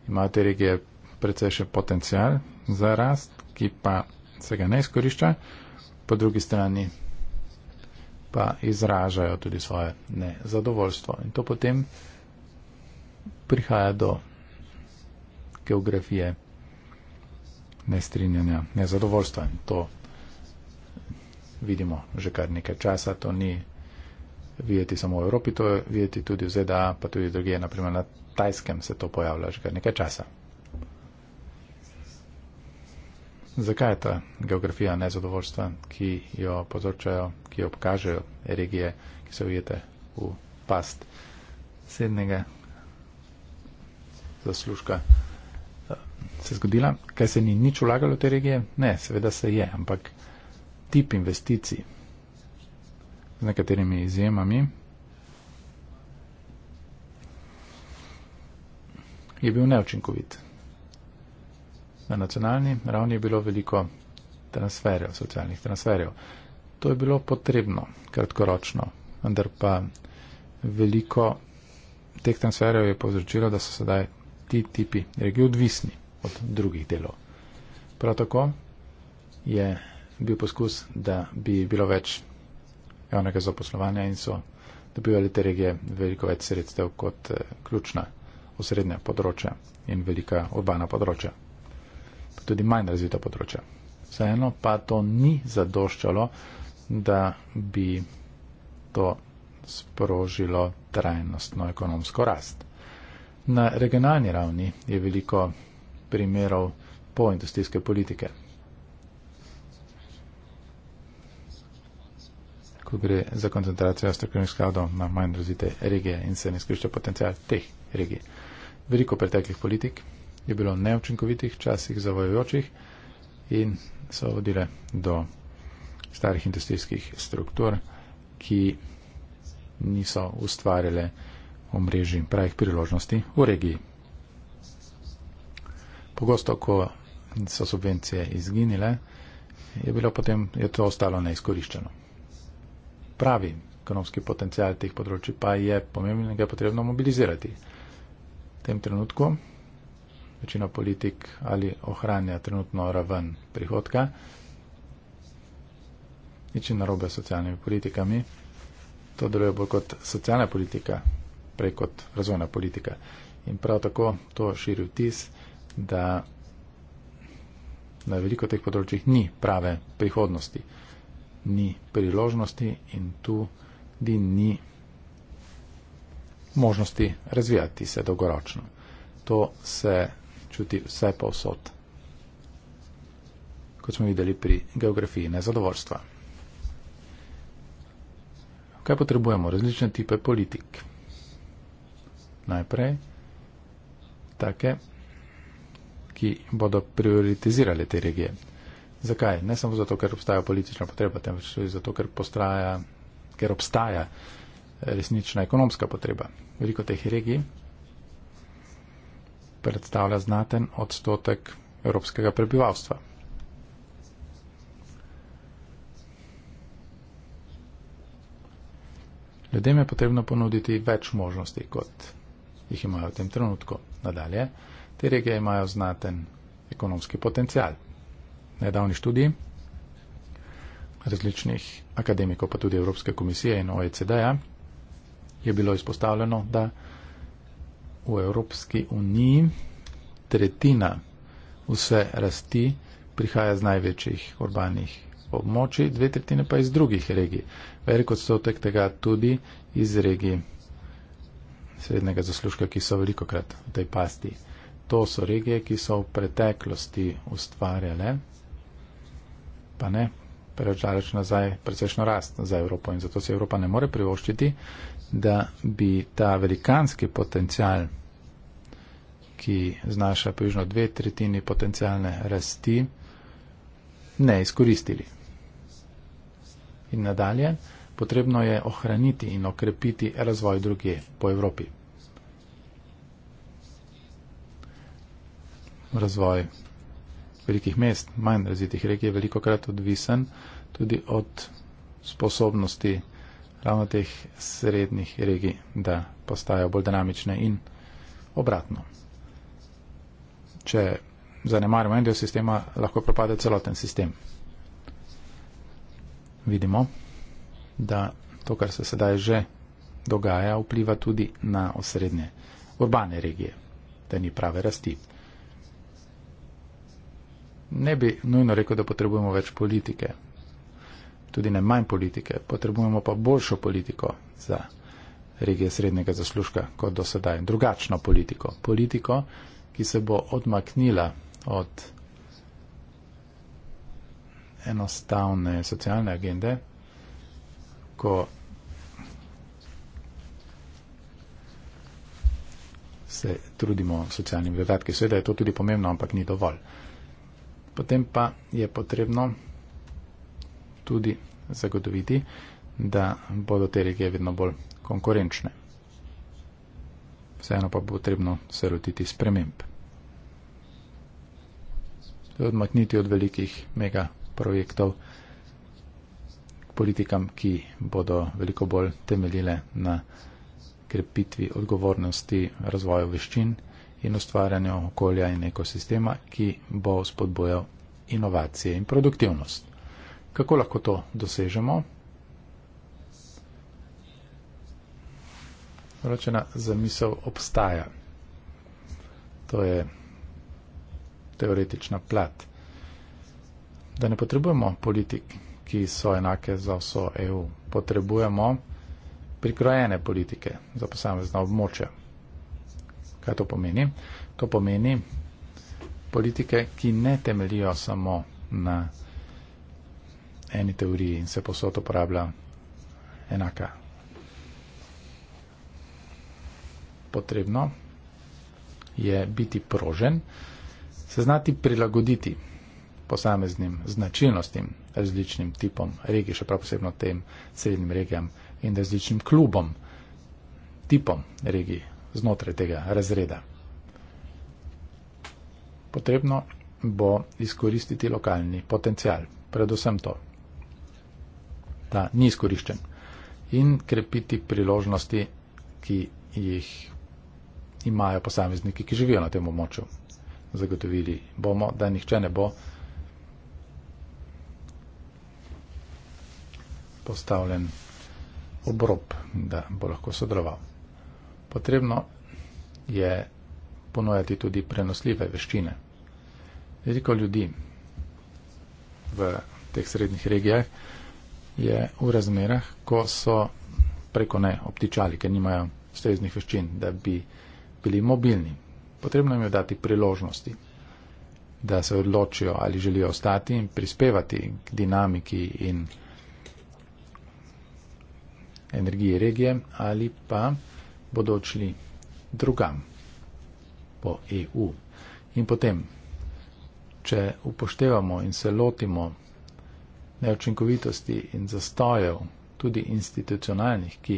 ima te regije precej še potencial za rast, ki pa se ga ne izkorišča, po drugi strani pa izražajo tudi svoje nezadovoljstvo. In to potem prihaja do geografije nestrinjanja, nezadovoljstva. In to vidimo že kar nekaj časa, to ni videti samo v Evropi, to je videti tudi v ZDA, pa tudi druge, naprimer na Tajskem se to pojavlja že nekaj časa. Zakaj je ta geografija nezadovoljstva, ki jo pozročajo, ki jo pokažejo regije, ki so ujete v past sednega zaslužka, se zgodila? Kaj se ni nič ulagalo v te regije? Ne, seveda se je, ampak tip investicij z nekaterimi izjemami je bil neočinkovit. Na nacionalni ravni je bilo veliko transferjev, socialnih transferjev. To je bilo potrebno kratkoročno, vendar pa veliko teh transferjev je povzročilo, da so sedaj ti tipi regij odvisni od drugih delov. Prav tako je bil poskus, da bi bilo več javnega zaposlovanja in so dobivali te regije veliko več sredstev kot eh, ključna osrednja področja in velika urbana področja, pa tudi manj razvita področja. Vseeno pa to ni zadoščalo, da bi to sprožilo trajnostno ekonomsko rast. Na regionalni ravni je veliko primerov poindustrijske politike. Ko gre za koncentracijo strokovnih skladov na manj razvite regije in se ne skrišča potencial teh regij veliko preteklih politik, je bilo neučinkovitih, časih zavojujočih in so vodile do starih industrijskih struktur, ki niso ustvarjale omrežji pravih priložnosti v regiji. Pogosto, ko so subvencije izginile, je bilo potem je to ostalo neizkoriščeno. Pravi ekonomski potencial teh področji pa je pomembnega potrebno mobilizirati tem trenutku. Večina politik ali ohranja trenutno raven prihodka. Nič na robe s socialnimi politikami. To deluje bolj kot socialna politika, prej kot razvojna politika. In prav tako to širi vtis, da na veliko teh področjih ni prave prihodnosti, ni priložnosti in tu ni možnosti razvijati se dolgoročno. To se čuti vse pa vsot, kot smo videli pri geografiji nezadovoljstva. Kaj potrebujemo? Različne tipe politik. Najprej take, ki bodo prioritizirali te regije. Zakaj? Ne samo zato, ker obstaja politična potreba, temveč tudi zato, ker, postraja, ker obstaja resnična ekonomska potreba. Veliko teh regij predstavlja znaten odstotek evropskega prebivalstva. Ljudem je potrebno ponuditi več možnosti, kot jih imajo v tem trenutku. Nadalje, te regije imajo znaten ekonomski potencial. Nedavni študiji različnih akademikov, pa tudi Evropske komisije in OECD-ja, je bilo izpostavljeno, da v Evropski uniji tretjina vse rasti prihaja z največjih urbanih območij, dve tretjine pa iz drugih regij. Veliko odstotek tega tudi iz regij srednjega zaslužka, ki so veliko krat v tej pasti. To so regije, ki so v preteklosti ustvarjale, pa ne, preveč daleč nazaj, precejšno rast za Evropo in zato se Evropa ne more privoščiti da bi ta velikanski potencial, ki znaša približno dve tretjini potencijalne rasti, ne izkoristili. In nadalje, potrebno je ohraniti in okrepiti razvoj druge po Evropi. Razvoj velikih mest, manj razvitih regij je veliko krat odvisen tudi od sposobnosti ravno teh srednjih regij, da postajajo bolj dinamične in obratno. Če zanemarimo en del sistema, lahko propade celoten sistem. Vidimo, da to, kar se sedaj že dogaja, vpliva tudi na osrednje urbane regije, da ni prave rasti. Ne bi nujno rekel, da potrebujemo več politike, tudi ne manj politike, potrebujemo pa boljšo politiko za regije srednjega zaslužka kot do sedaj. Drugačno politiko. Politiko, ki se bo odmaknila od enostavne socialne agende, ko se trudimo s socialnimi dodatki. Sveda je to tudi pomembno, ampak ni dovolj. Potem pa je potrebno tudi zagotoviti, da bodo te regije vedno bolj konkurenčne. Vseeno pa bo potrebno se rotiti sprememb. Odmakniti od velikih megaprojektov k politikam, ki bodo veliko bolj temeljile na krepitvi odgovornosti, razvoju veščin in ustvarjanju okolja in ekosistema, ki bo spodbojal inovacije in produktivnost. Kako lahko to dosežemo? Ročena zamisel obstaja. To je teoretična plat. Da ne potrebujemo politik, ki so enake za vso EU. Potrebujemo prikrojene politike za posamezna območja. Kaj to pomeni? To pomeni politike, ki ne temelijo samo na eni teoriji in se posod uporablja enaka. Potrebno je biti prožen, se znati prilagoditi posameznim značilnostim, različnim tipom regij, še prav posebno tem srednjim regijam in različnim klubom, tipom regij znotraj tega razreda. Potrebno bo izkoristiti lokalni potencial, predvsem to, da ni izkoriščen in krepiti priložnosti, ki jih imajo posamezniki, ki živijo na tem območju. Zagotovili bomo, da nihče ne bo postavljen obrob, da bo lahko sodeloval. Potrebno je ponujati tudi prenosljive veščine. Veliko ljudi v teh srednjih regijah je v razmerah, ko so preko ne obtičali, ker nimajo steznih veščin, da bi bili mobilni. Potrebno jim je dati priložnosti, da se odločijo ali želijo ostati in prispevati k dinamiki in energiji regije ali pa bodo odšli drugam po EU. In potem, če upoštevamo in se lotimo neočinkovitosti in zastojev, tudi institucionalnih, ki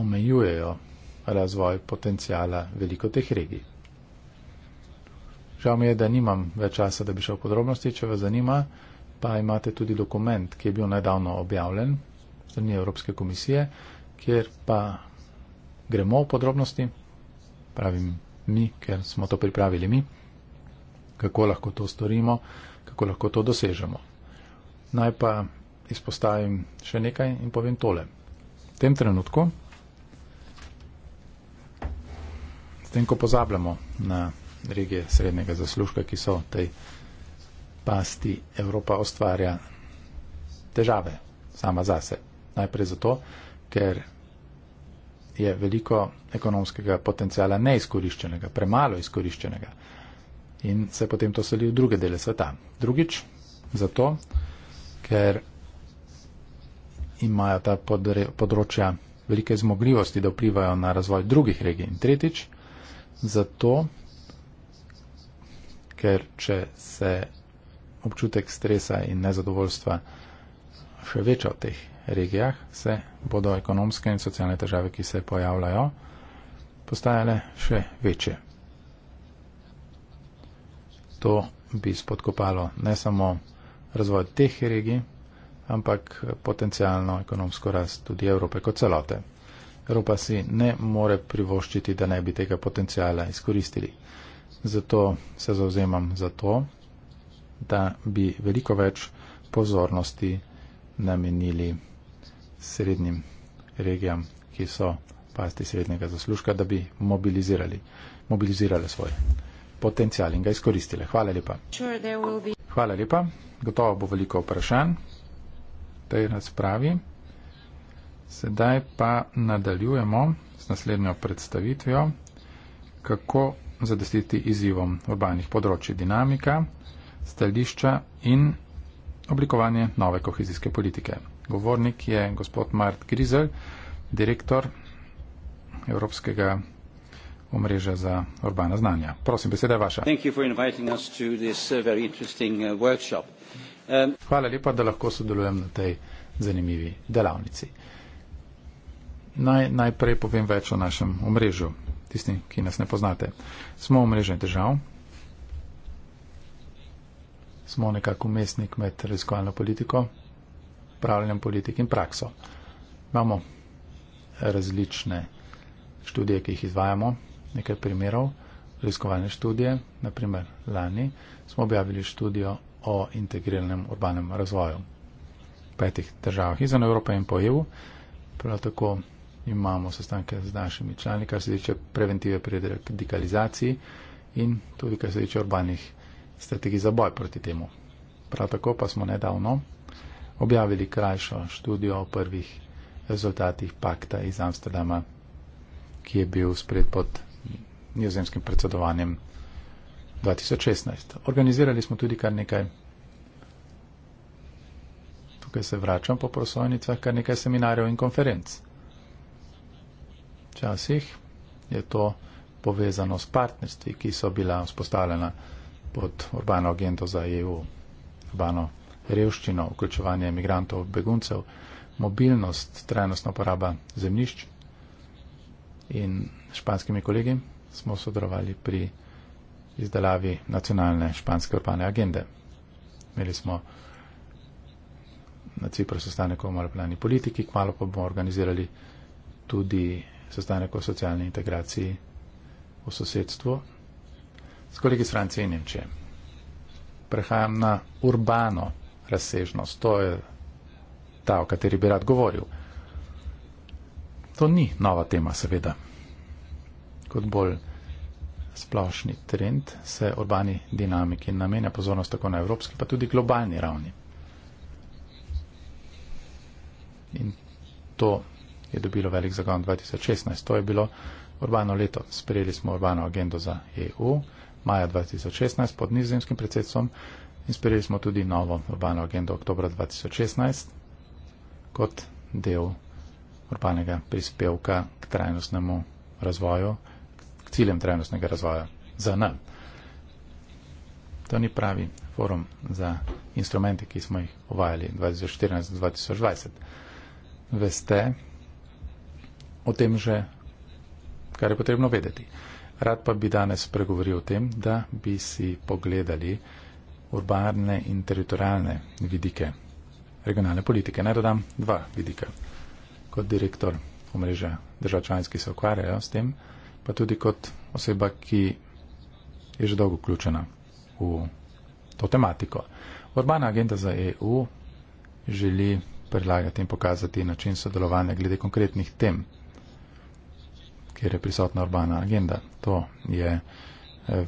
omejujejo razvoj potencijala veliko teh regij. Žal mi je, da nimam več časa, da bi šel v podrobnosti, če vas zanima, pa imate tudi dokument, ki je bil nedavno objavljen strani Evropske komisije, kjer pa gremo v podrobnosti, pravim mi, ker smo to pripravili mi, kako lahko to storimo, kako lahko to dosežemo. Naj pa izpostavim še nekaj in povem tole. V tem trenutku, s tem, ko pozabljamo na regije srednjega zaslužka, ki so tej pasti, Evropa ustvarja težave sama zase. Najprej zato, ker je veliko ekonomskega potencijala neizkoriščenega, premalo izkoriščenega in se potem to seli v druge dele sveta. Drugič, zato, ker imajo ta področja velike zmogljivosti, da vplivajo na razvoj drugih regij. In tretjič, zato, ker če se občutek stresa in nezadovoljstva še veča v teh regijah, se bodo ekonomske in socialne težave, ki se pojavljajo, postajale še večje. To bi spodkopalo ne samo razvoj teh regij, ampak potencijalno ekonomsko rast tudi Evrope kot celote. Evropa si ne more privoščiti, da ne bi tega potencijala izkoristili. Zato se zauzemam za to, da bi veliko več pozornosti namenili srednjim regijam, ki so pasti srednjega zaslužka, da bi mobilizirali, mobilizirali svoj potencial in ga izkoristile. Hvala lepa. Hvala lepa. Gotovo bo veliko vprašanj v tej razpravi. Sedaj pa nadaljujemo z naslednjo predstavitvijo, kako zadostiti izzivom urbanih področji dinamika, stališča in oblikovanje nove kohezijske politike. Govornik je gospod Mart Grizel, direktor Evropskega omrežja za urbana znanja. Prosim, beseda je vaša. Uh, uh, um, Hvala lepa, da lahko sodelujem na tej zanimivi delavnici. Naj, najprej povem več o našem omrežju, tisti, ki nas ne poznate. Smo omrežje držav, smo nekako umestnik med raziskovalno politiko, upravljanjem politik in prakso. Imamo različne študije, ki jih izvajamo, nekaj primerov, raziskovalne študije, naprimer lani smo objavili študijo o integriranem urbanem razvoju v petih državah izven Evrope in po EU. Prav tako imamo sestanke z našimi člani, kar se tiče preventive pri radikalizaciji in tudi kar se tiče urbanih strategij za boj proti temu. Prav tako pa smo nedavno objavili krajšo študijo o prvih rezultatih pakta iz Amsterdama, ki je bil spred pod nizozemskim predsedovanjem 2016. Organizirali smo tudi kar nekaj, tukaj se vračam po prosojnicah, kar nekaj seminarjev in konferenc. Včasih je to povezano s partnerstvi, ki so bila vzpostavljena pod urbano agendo za EU, urbano revščino, vključevanje imigrantov, beguncev, mobilnost, trajnostna uporaba zemljišč in španskimi kolegi smo sodelovali pri izdelavi nacionalne španske urbane agende. Imeli smo na Cipru sestanek o moroplani politiki, kmalo pa bomo organizirali tudi sestanek o socialni integraciji v sosedstvu s kolegi Franci in Nemče. Prehajam na urbano razsežnost, to je ta, o kateri bi rad govoril. To ni nova tema, seveda kot bolj splošni trend, se urbani dinamiki namenja pozornost tako na evropski, pa tudi globalni ravni. In to je dobilo velik zagon 2016. To je bilo urbano leto. Sprejeli smo urbano agendo za EU maja 2016 pod nizozemskim predsedstvom in sprejeli smo tudi novo urbano agendo oktobra 2016 kot del urbanega prispevka k trajnostnemu razvoju ciljem trajnostnega razvoja za nam. To ni pravi forum za instrumente, ki smo jih uvajali 2014-2020. Veste o tem že, kar je potrebno vedeti. Rad pa bi danes pregovoril o tem, da bi si pogledali urbane in teritorijalne vidike regionalne politike. Naj dodam dva vidika. Kot direktor omrežja držav članic, ki se ukvarjajo s tem, pa tudi kot oseba, ki je že dolgo vključena v to tematiko. Urbana agenda za EU želi predlagati in pokazati način sodelovanja glede konkretnih tem, kjer je prisotna urbana agenda. To je eh,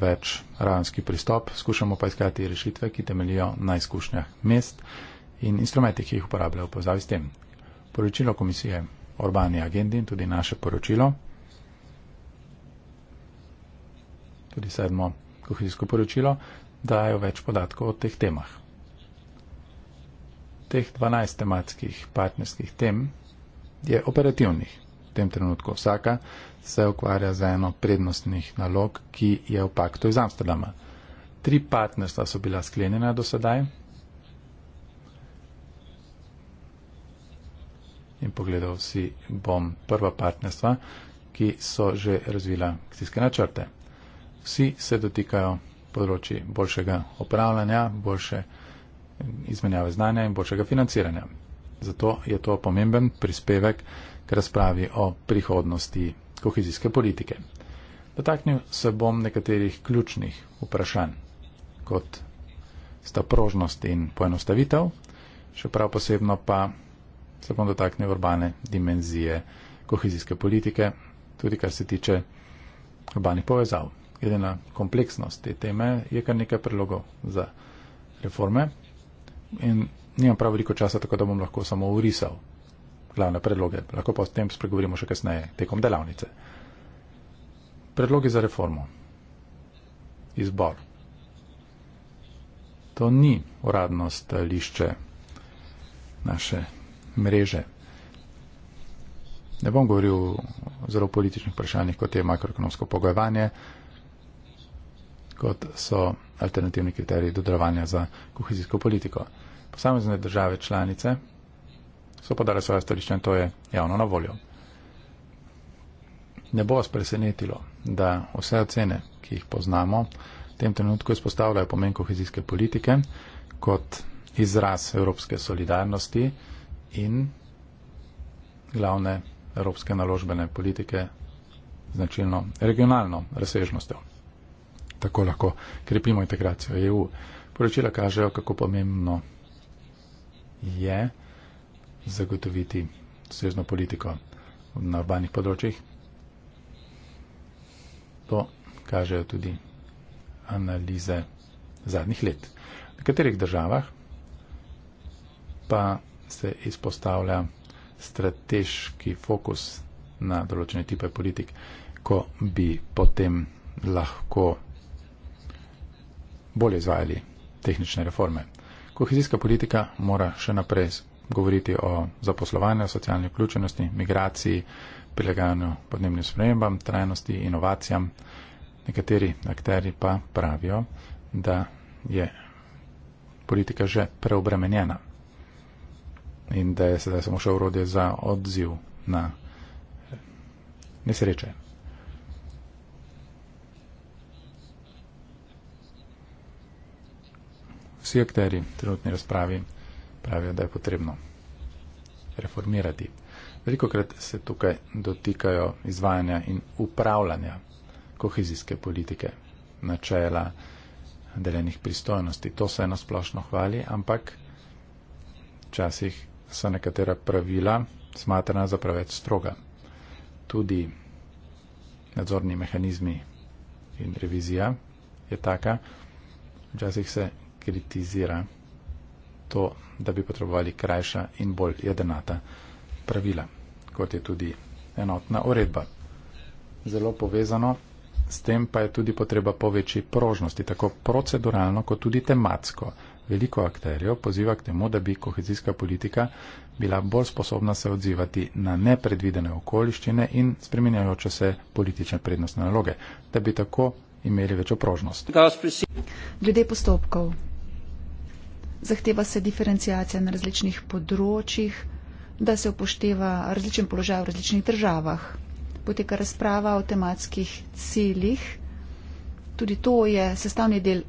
več ravenski pristop, skušamo pa iskati rešitve, ki temelijo na izkušnjah mest in instrumentih, ki jih uporabljajo v povezavi s tem. Poročilo komisije o urbani agendi in tudi naše poročilo tudi sedmo kohezijsko poročilo, dajo več podatkov o teh temah. Teh 12 tematskih partnerskih tem je operativnih. V tem trenutku vsaka se ukvarja z eno prednostnih nalog, ki je v paktu iz Amsterdama. Tri partnerstva so bila sklenjena do sedaj. In pogledal si bom prva partnerstva, ki so že razvila akcijske načrte vsi se dotikajo področji boljšega upravljanja, boljše izmenjave znanja in boljšega financiranja. Zato je to pomemben prispevek k razpravi o prihodnosti kohezijske politike. Dotaknil se bom nekaterih ključnih vprašanj, kot sta prožnost in poenostavitev, še prav posebno pa se bom dotaknil urbane dimenzije kohezijske politike, tudi kar se tiče urbanih povezav glede na kompleksnost te teme, je kar nekaj predlogov za reforme. In nimam prav veliko časa, tako da bom lahko samo urisal glavne predloge. Lahko pa o tem spregovorimo še kasneje, tekom delavnice. Predlogi za reformo. Izbor. To ni uradno stališče naše mreže. Ne bom govoril zelo o političnih vprašanjih, kot je makroekonomsko pogojevanje, kot so alternativni kriteriji dodelovanja za kohezijsko politiko. Posamezne države članice so podale svoje stališče in to je javno na voljo. Ne bo vas presenetilo, da vse ocene, ki jih poznamo, v tem trenutku izpostavljajo pomen kohezijske politike kot izraz evropske solidarnosti in glavne evropske naložbene politike značilno regionalno razsežnostjo tako lahko krepimo integracijo EU. Poročila kažejo, kako pomembno je zagotoviti svežno politiko na urbanih področjih. To kažejo tudi analize zadnjih let. V nekaterih državah pa se izpostavlja strateški fokus na določene type politik, ko bi potem lahko bolje izvajali tehnične reforme. Kohezijska politika mora še naprej govoriti o zaposlovanju, socialni vključenosti, migraciji, prilagajanju podnebnim spremembam, trajnosti, inovacijam. Nekateri akteri pa pravijo, da je politika že preobremenjena in da je sedaj samo še urodje za odziv na nesreče. vsi akteri trenutni razpravi pravijo, da je potrebno reformirati. Veliko krat se tukaj dotikajo izvajanja in upravljanja kohezijske politike, načela deljenih pristojnosti. To se eno splošno hvali, ampak včasih so nekatera pravila smatrana za preveč stroga. Tudi nadzorni mehanizmi in revizija je taka. Včasih se kritizira to, da bi potrebovali krajša in bolj jedenata pravila, kot je tudi enotna uredba. Zelo povezano s tem pa je tudi potreba po večji prožnosti, tako proceduralno kot tudi tematsko. Veliko akterjev poziva k temu, da bi kohezijska politika bila bolj sposobna se odzivati na nepredvidene okoliščine in spremenjajoče se politične prednostne naloge, da bi tako imeli večjo prožnost. Glede postopkov zahteva se diferencijacija na različnih področjih, da se upošteva različen položaj v različnih državah. Poteka razprava o tematskih ciljih. Tudi to je sestavni del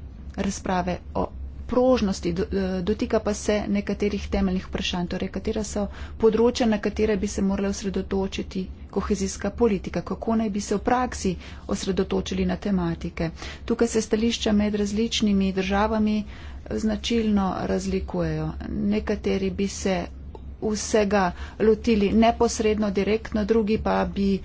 razprave o prožnosti, eh, dotika pa se nekaterih temeljnih vprašanj, torej katera so področja, na katere bi se morali osredotočiti kohezijska politika, kako naj bi se v praksi osredotočili na tematike. Tukaj se stališča med različnimi državami značilno razlikujejo. Nekateri bi se vsega lotili neposredno, direktno, drugi pa bi uh,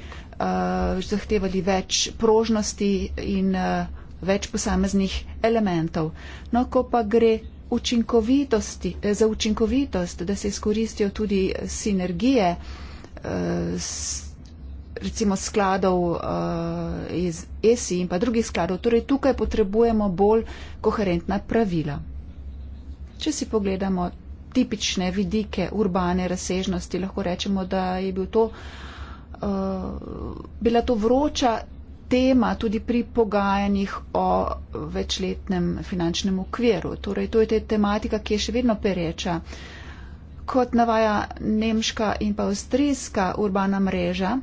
zahtevali več prožnosti in uh, več posameznih elementov. No, ko pa gre učinkovitosti, eh, za učinkovitost, da se izkoristijo tudi sinergije uh, recimo skladov uh, iz ESI in pa drugih skladov. Torej tukaj potrebujemo bolj koherentna pravila. Če si pogledamo tipične vidike urbane razsežnosti, lahko rečemo, da je bil to, uh, bila to vroča tema tudi pri pogajanjih o večletnem finančnem okviru. Torej, to je te tematika, ki je še vedno pereča. Kot navaja nemška in pa avstrijska urbana mreža,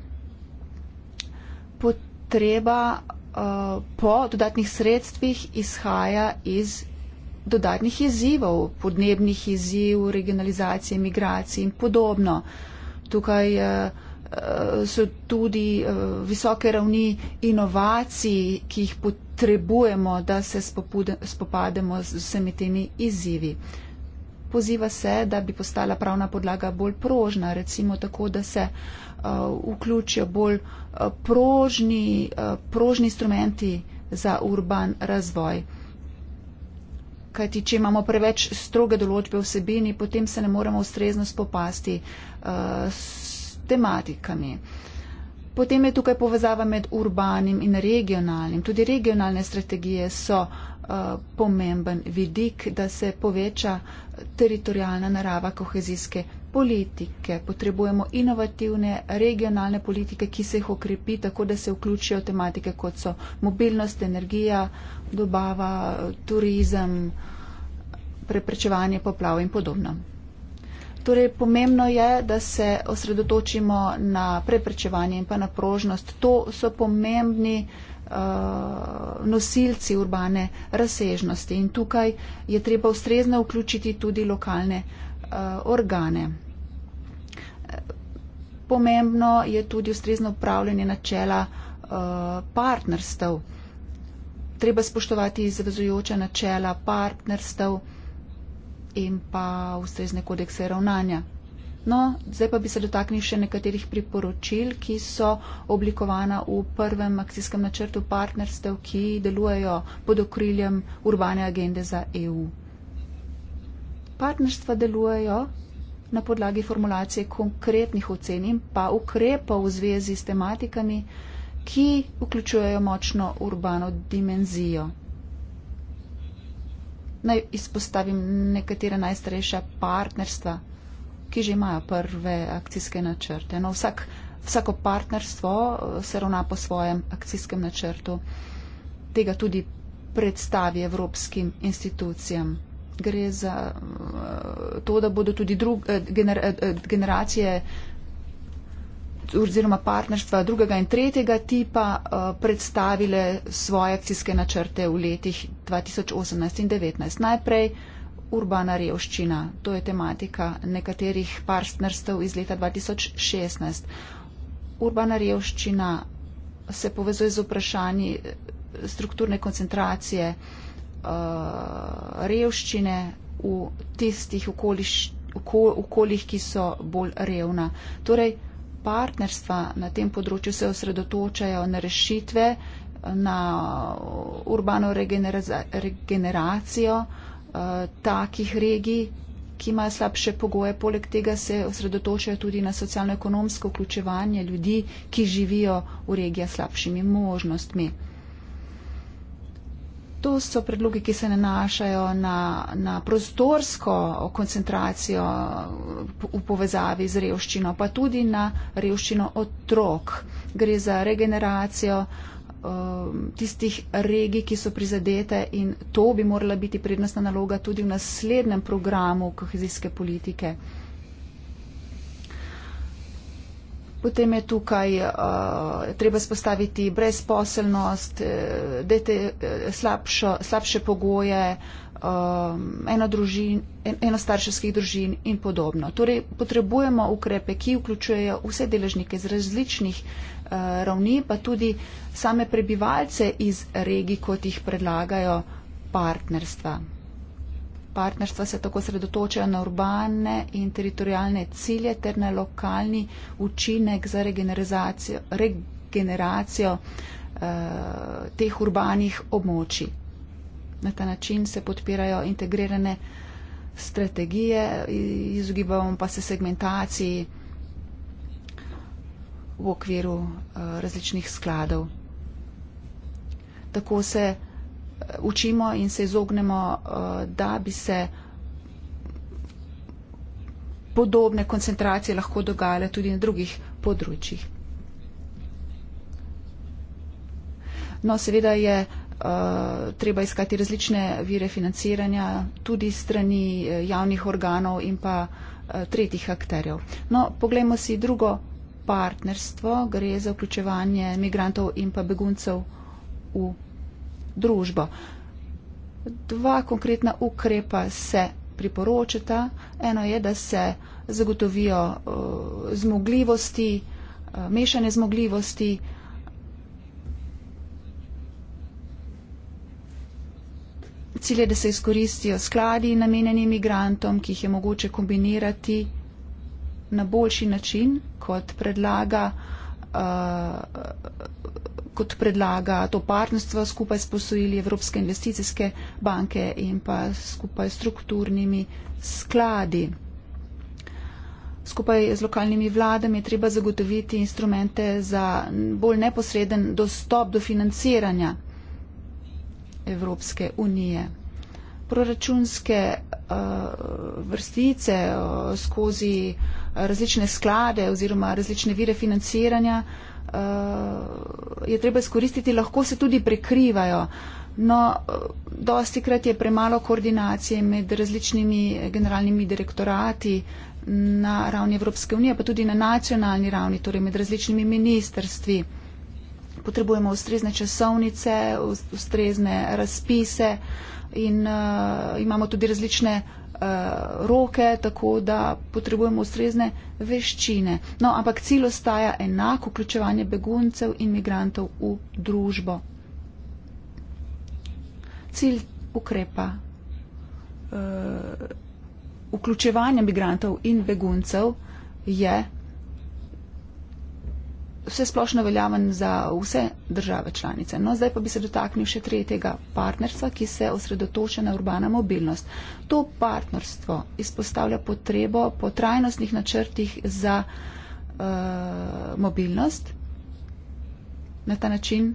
potreba uh, po dodatnih sredstvih izhaja iz dodatnih izzivov, podnebnih izzivov, regionalizacije, migracije in podobno. Tukaj uh, so tudi uh, visoke ravni inovacij, ki jih potrebujemo, da se spopademo z vsemi temi izzivi. Uh, poziva se, da bi postala pravna podlaga bolj prožna, recimo tako, da se uh, vključijo bolj uh, prožni, uh, prožni instrumenti za urban razvoj. Kajti, če imamo preveč stroge določbe vsebini, potem se ne moremo ustrezno spopasti s tematikami. Potem je tukaj povezava med urbanim in regionalnim. Tudi regionalne strategije so uh, Eh, pomemben vidik, da se poveča teritorijalna narava kohezijske politike. Potrebujemo inovativne regionalne politike, ki se jih okrepi tako, da se vključijo tematike, kot so mobilnost, energija, dobava, turizem, preprečevanje poplav in podobno. Torej, pomembno je, da se osredotočimo na preprečevanje in pa na prožnost. To so pomembni Eh, nosilci urbane razsežnosti in tukaj je treba ustrezno vključiti tudi lokalne eh, organe. Pomembno je tudi ustrezno upravljanje načela eh, partnerstv. Treba spoštovati zavezujoča načela partnerstv in pa ustrezne kodekse ravnanja. No, zdaj pa bi se dotaknil še nekaterih priporočil, ki so oblikovana v prvem akcijskem načrtu partnerstev, ki delujejo pod okriljem urbane agende za EU. Partnerstva delujejo na podlagi formulacije konkretnih ocen in pa ukrepov v zvezi s tematikami, ki vključujejo močno urbano dimenzijo. Naj izpostavim nekatere najstarejša partnerstva, ki že imajo prve akcijske načrte. No, vsak, vsako partnerstvo eh, se ravna po svojem akcijskem načrtu, tega tudi predstavi evropskim institucijam. Gre za eh, to, da bodo tudi drug, eh, gener, generacije oziroma partnerstva drugega in tretjega tipa predstavile svoje akcijske načrte v letih 2018 in 2019. Najprej urbana revščina. To je tematika nekaterih partnerstv iz leta 2016. Urbana revščina se povezuje z vprašanji eh, strukturne koncentracije uh, revščine v tistih okoliš, oko, okoljih, ki so bolj revna. Torej, partnerstva na tem področju se osredotočajo na rešitve, na eh, urbano regeneracijo, regeneracijo Eh, takih regij, ki imajo slabše pogoje. Poleg tega se osredotočajo tudi na socialno-ekonomsko vključevanje ljudi, ki živijo v regijah slabšimi možnostmi. To so predlogi, ki se nanašajo na, na prostorsko koncentracijo v povezavi z revščino, pa tudi na revščino otrok. Gre za regeneracijo Um, tistih regij, ki so prizadete in to bi morala biti prednostna naloga tudi v naslednjem programu kohezijske politike. Potem je tukaj uh, treba spostaviti brezposelnost, eh, dete, eh, slabšo, slabše pogoje um, eno družin, enostarševskih družin in podobno. Torej potrebujemo ukrepe, ki vključujejo vse deležnike z različnih Eh, ravni, pa tudi same prebivalce iz regij, kot jih predlagajo partnerstva. Partnerstva se tako sredotočajo na urbane in teritorijalne cilje ter na lokalni učinek za regeneracijo eh, teh urbanih območij. Na ta način se podpirajo integrirane strategije, izogibamo pa se segmentaciji v okviru eh, različnih skladov. Tako se eh, učimo in se izognemo, eh, da bi se podobne koncentracije lahko dogajale tudi na drugih področjih. No, seveda je uh, treba iskati različne vire financiranja, tudi strani javnih organov in pa uh, tretjih akterjev. No, poglejmo si drugo partnerstvo, gre za vključevanje migrantov in pa beguncev v družbo. Dva konkretna ukrepa se priporočata. Eno je, da se zagotovijo uh, zmogljivosti, uh, mešane zmogljivosti. Cilj je, da se izkoristijo skladi namenjeni migrantom, ki jih je mogoče kombinirati na boljši način, kot predlaga, uh, kot predlaga to partnerstvo skupaj s posojili Evropske investicijske banke in pa skupaj s strukturnimi skladi. Skupaj z lokalnimi vladami je treba zagotoviti instrumente za bolj neposreden dostop do financiranja Evropske unije. Proračunske uh, vrstice uh, skozi uh, različne sklade oziroma različne vire financiranja eh, je treba izkoristiti, lahko se tudi prekrivajo. No, eh, dosti krat je premalo koordinacije med različnimi eh, generalnimi direktorati na ravni Evropske unije, pa tudi na nacionalni ravni, torej med različnimi ministerstvi. Potrebujemo ustrezne časovnice, ustrezne razpise in uh, imamo tudi različne Eh, roke, tako da potrebujemo ustrezne veščine. No, ampak cilj ostaja enak, vključevanje beguncev in migrantov v družbo. Cilj ukrepa uh, vključevanja migrantov in beguncev je vse splošno veljaven za vse države članice. No, zdaj pa bi se dotaknil še tretjega partnerstva, ki se osredotoča na urbana mobilnost. To partnerstvo izpostavlja potrebo po trajnostnih načrtih za uh, mobilnost. Na ta način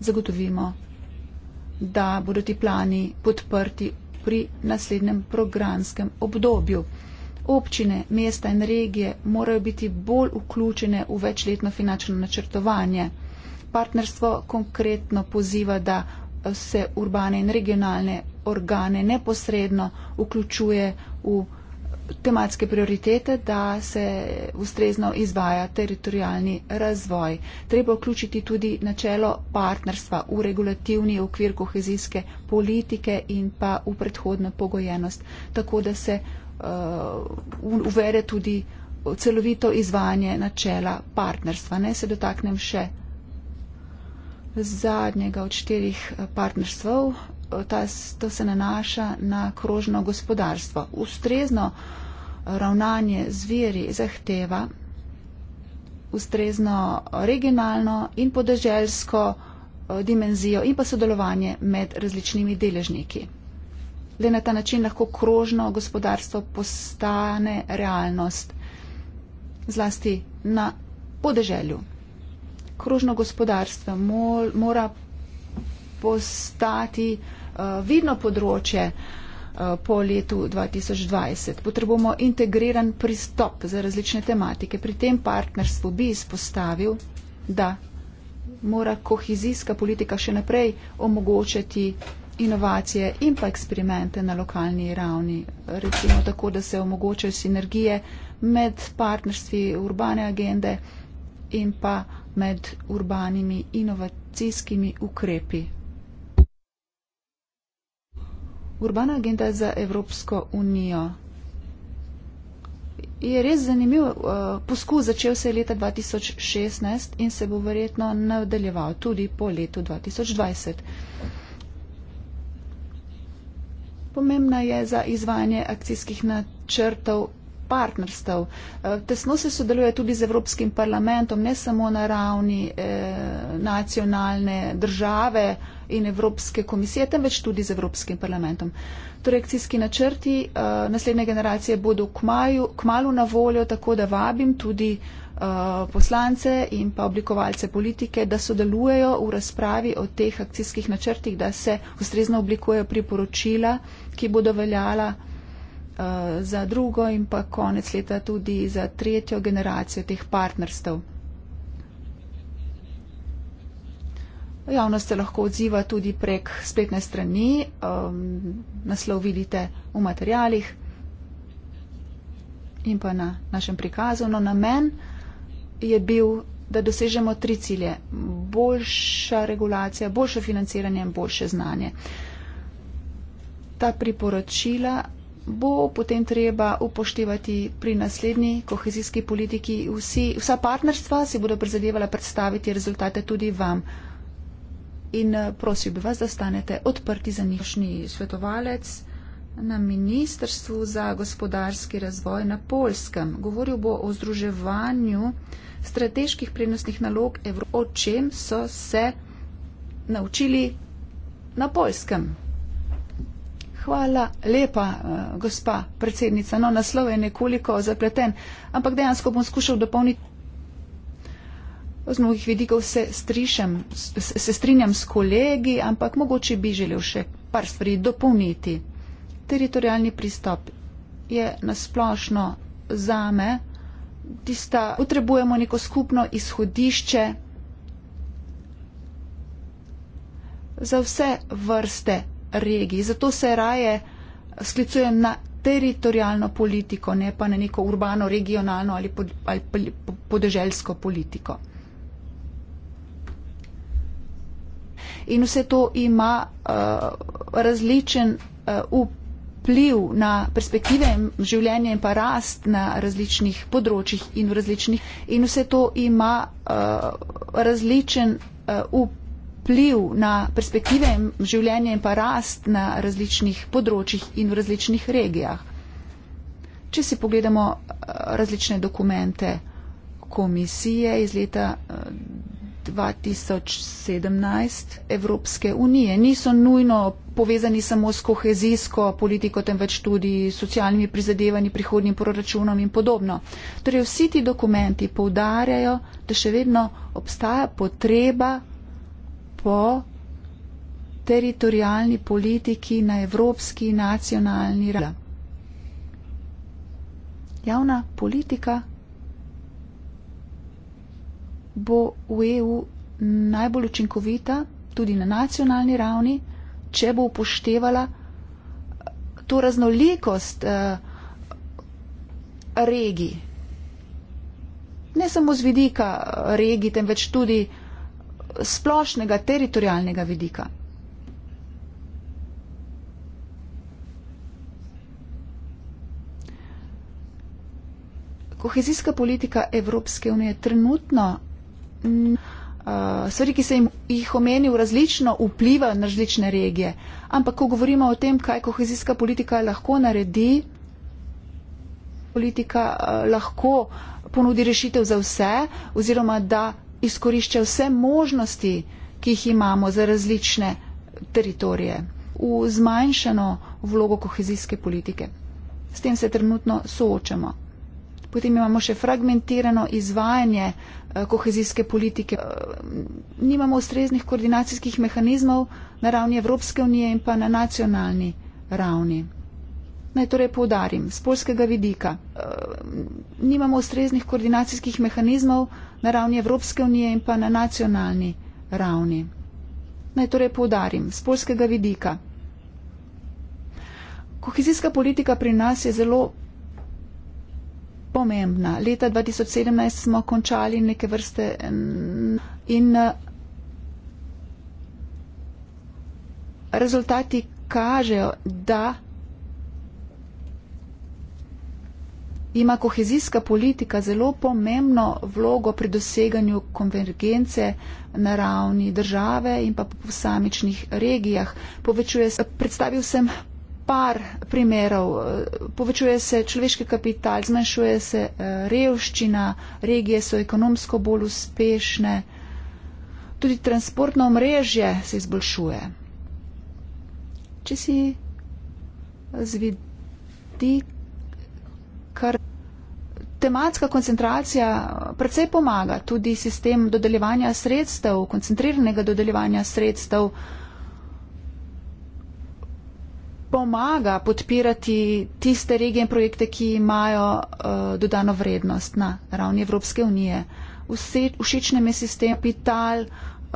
zagotovimo, da bodo ti plani podprti pri naslednjem programskem obdobju. Občine, mesta in regije morajo biti bolj vključene v večletno finančno načrtovanje. Partnerstvo konkretno poziva, da se urbane in regionalne organe neposredno vključuje v tematske prioritete, da se ustrezno izvaja teritorijalni razvoj. Treba vključiti tudi načelo partnerstva v regulativni okvir kohezijske politike in pa v predhodno pogojenost, tako da se uh, uvede tudi celovito izvajanje načela partnerstva. Ne se dotaknem še zadnjega od štirih eh, partnerstvov. Eh, ta, to se nanaša na krožno gospodarstvo. Ustrezno ravnanje z veri zahteva ustrezno regionalno in podeželsko eh, dimenzijo in pa sodelovanje med različnimi deležniki le na ta način lahko krožno gospodarstvo postane realnost, zlasti na podeželju. Krožno gospodarstvo mol, mora postati uh, vidno področje uh, po letu 2020. Potrebujemo integriran pristop za različne tematike. Pri tem partnerstvu bi izpostavil, da mora kohezijska politika še naprej omogočati inovacije in pa eksperimente na lokalni ravni, recimo tako, da se omogočajo sinergije med partnerstvi urbane agende in pa med urbanimi inovacijskimi ukrepi. Urbana agenda za Evropsko unijo. Je res zanimiv eh, poskus, začel se je leta 2016 in se bo verjetno nadaljeval tudi po letu 2020 pomembna je za izvajanje akcijskih načrtov partnerstv. Eh, tesno se sodeluje tudi z Evropskim parlamentom, ne samo na ravni eh, nacionalne države in Evropske komisije, temveč tudi z Evropskim parlamentom. Torej, akcijski načrti eh, naslednje generacije bodo kmalu, kmalu na voljo, tako da vabim tudi poslance in pa oblikovalce politike, da sodelujejo v razpravi o teh akcijskih načrtih, da se ustrezno oblikujejo priporočila ki bodo veljala uh, za drugo in pa konec leta tudi za tretjo generacijo teh partnerstv. Javnost se lahko odziva tudi prek spletne strani, um, naslov vidite v materijalih in pa na našem prikazu. No, namen je bil, da dosežemo tri cilje. Boljša regulacija, boljše financiranje in boljše znanje. Uh, ta priporočila bo potem treba upoštevati pri naslednji kohezijski politiki. Vsi, vsa partnerstva si bodo prizadevala predstaviti rezultate tudi vam. In eh, prosil bi vas, da stanete odprti za njih. Vašni svetovalec na Ministrstvu za gospodarski razvoj na Polskem. Govoril bo o združevanju strateških prednostnih nalog, o čem so se naučili na Polskem. Hvala lepa, eh, gospa predsednica. No, naslov je nekoliko zapleten, ampak dejansko bom skušal dopolniti. Z mnogih vidikov se, strišem, se strinjam s kolegi, ampak mogoče bi želel še par stvari dopolniti. Teritorijalni pristop je nasplošno zame tista, potrebujemo neko skupno izhodišče za vse vrste regiji. Zato se raje sklicujem na teritorijalno politiko, ne pa na neko urbano, regionalno ali, pod, ali podeželsko politiko. In vse to ima uh, različen uh, vpliv na perspektive življenja in pa rast na različnih področjih in v različnih. In vse to ima uh, različen uh, vpliv vpliv na perspektive življenja in pa rast na različnih področjih in v različnih regijah. Če si pogledamo eh, različne dokumente komisije iz leta 2017 eh, Evropske unije, niso nujno povezani samo s kohezijsko politiko, temveč tudi s socialnimi prizadevanji, prihodnjim proračunom in podobno. Torej vsi ti dokumenti povdarjajo, da še vedno obstaja potreba po teritorijalni politiki na evropski nacionalni ravni. Javna politika bo v EU najbolj učinkovita tudi na nacionalni ravni, če bo upoštevala eh, to raznolikost eh, regij. Ne samo z vidika eh, regij, temveč tudi splošnega teritorijalnega vidika. Kohezijska politika Evropske unije trenutno mm, uh, stvari, ki se jim jih omenil, različno vpliva na različne regije. Ampak, ko govorimo o tem, kaj kohezijska politika lahko naredi, politika uh, lahko ponudi rešitev za vse oziroma da izkorišča vse možnosti, ki jih imamo za različne teritorije v zmanjšano vlogo kohezijske politike. S tem se trenutno soočamo. Potem imamo še fragmentirano izvajanje eh, kohezijske politike. Eh, nimamo ustreznih koordinacijskih mehanizmov na ravni Evropske unije in pa na nacionalni ravni. Naj torej povdarim, z polskega vidika e, nimamo ustreznih koordinacijskih mehanizmov na ravni Evropske unije in pa na nacionalni ravni. Naj torej povdarim, z polskega vidika. Kohezijska politika pri nas je zelo pomembna. Leta 2017 smo končali neke vrste in eh, rezultati kažejo, da ima kohezijska politika zelo pomembno vlogo pri doseganju konvergence na ravni države in pa po posamičnih regijah. Povečuje se, predstavil sem par primerov, povečuje se človeški kapital, zmanjšuje se eh, revščina, regije so ekonomsko bolj uspešne, tudi transportno omrežje se izboljšuje. Če si z vidika kar tematska koncentracija predvsej pomaga, tudi sistem dodeljevanja sredstev, koncentriranega dodeljevanja sredstev pomaga podpirati tiste regije in projekte, ki imajo uh, dodano vrednost na ravni Evropske unije. Vse, všečne me sistem kapital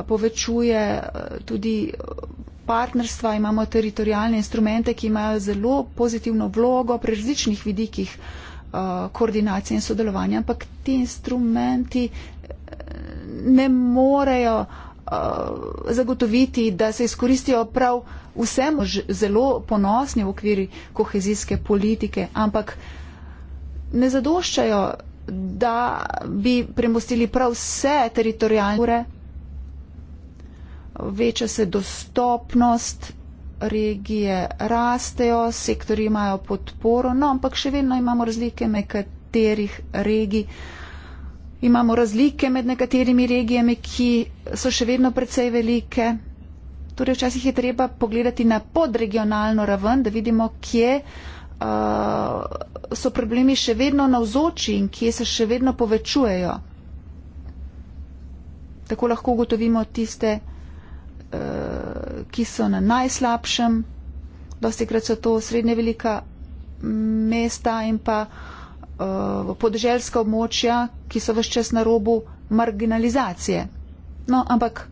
povečuje uh, tudi uh, partnerstva, imamo teritorijalne instrumente, ki imajo zelo pozitivno vlogo pri različnih vidikih uh, koordinacije in sodelovanja, ampak ti instrumenti eh, ne morejo eh, zagotoviti, da se izkoristijo prav vsem zelo ponosni v okviri kohezijske politike, ampak ne zadoščajo, da bi premostili prav vse teritorijalne ure veča se dostopnost, regije rastejo, sektori imajo podporo, no, ampak še vedno imamo razlike med katerih regij. Imamo razlike med nekaterimi regijami, ki so še vedno precej velike. Torej, včasih je treba pogledati na podregionalno raven, da vidimo, kje uh, so problemi še vedno navzoči in kje se še vedno povečujejo. Tako lahko ugotovimo tiste, ki so na najslabšem, dosti krat so to srednje velika mesta in pa eh, podeželska območja, ki so vse čas na robu marginalizacije. No, ampak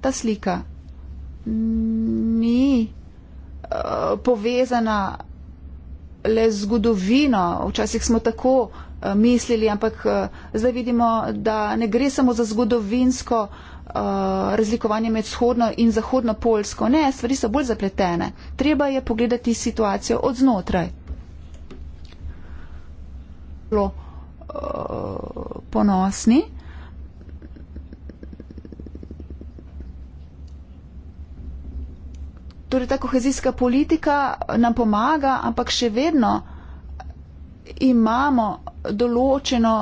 ta slika ni eh, povezana le z zgodovino, včasih smo tako eh, mislili, ampak zdaj vidimo, da ne gre samo za zgodovinsko uh, uh, razlikovanje med vzhodno in zahodno polsko. Ne, stvari so bolj zapletene. Treba je pogledati situacijo od znotraj. Uh, ponosni. Torej, ta kohezijska politika nam pomaga, ampak še vedno imamo določeno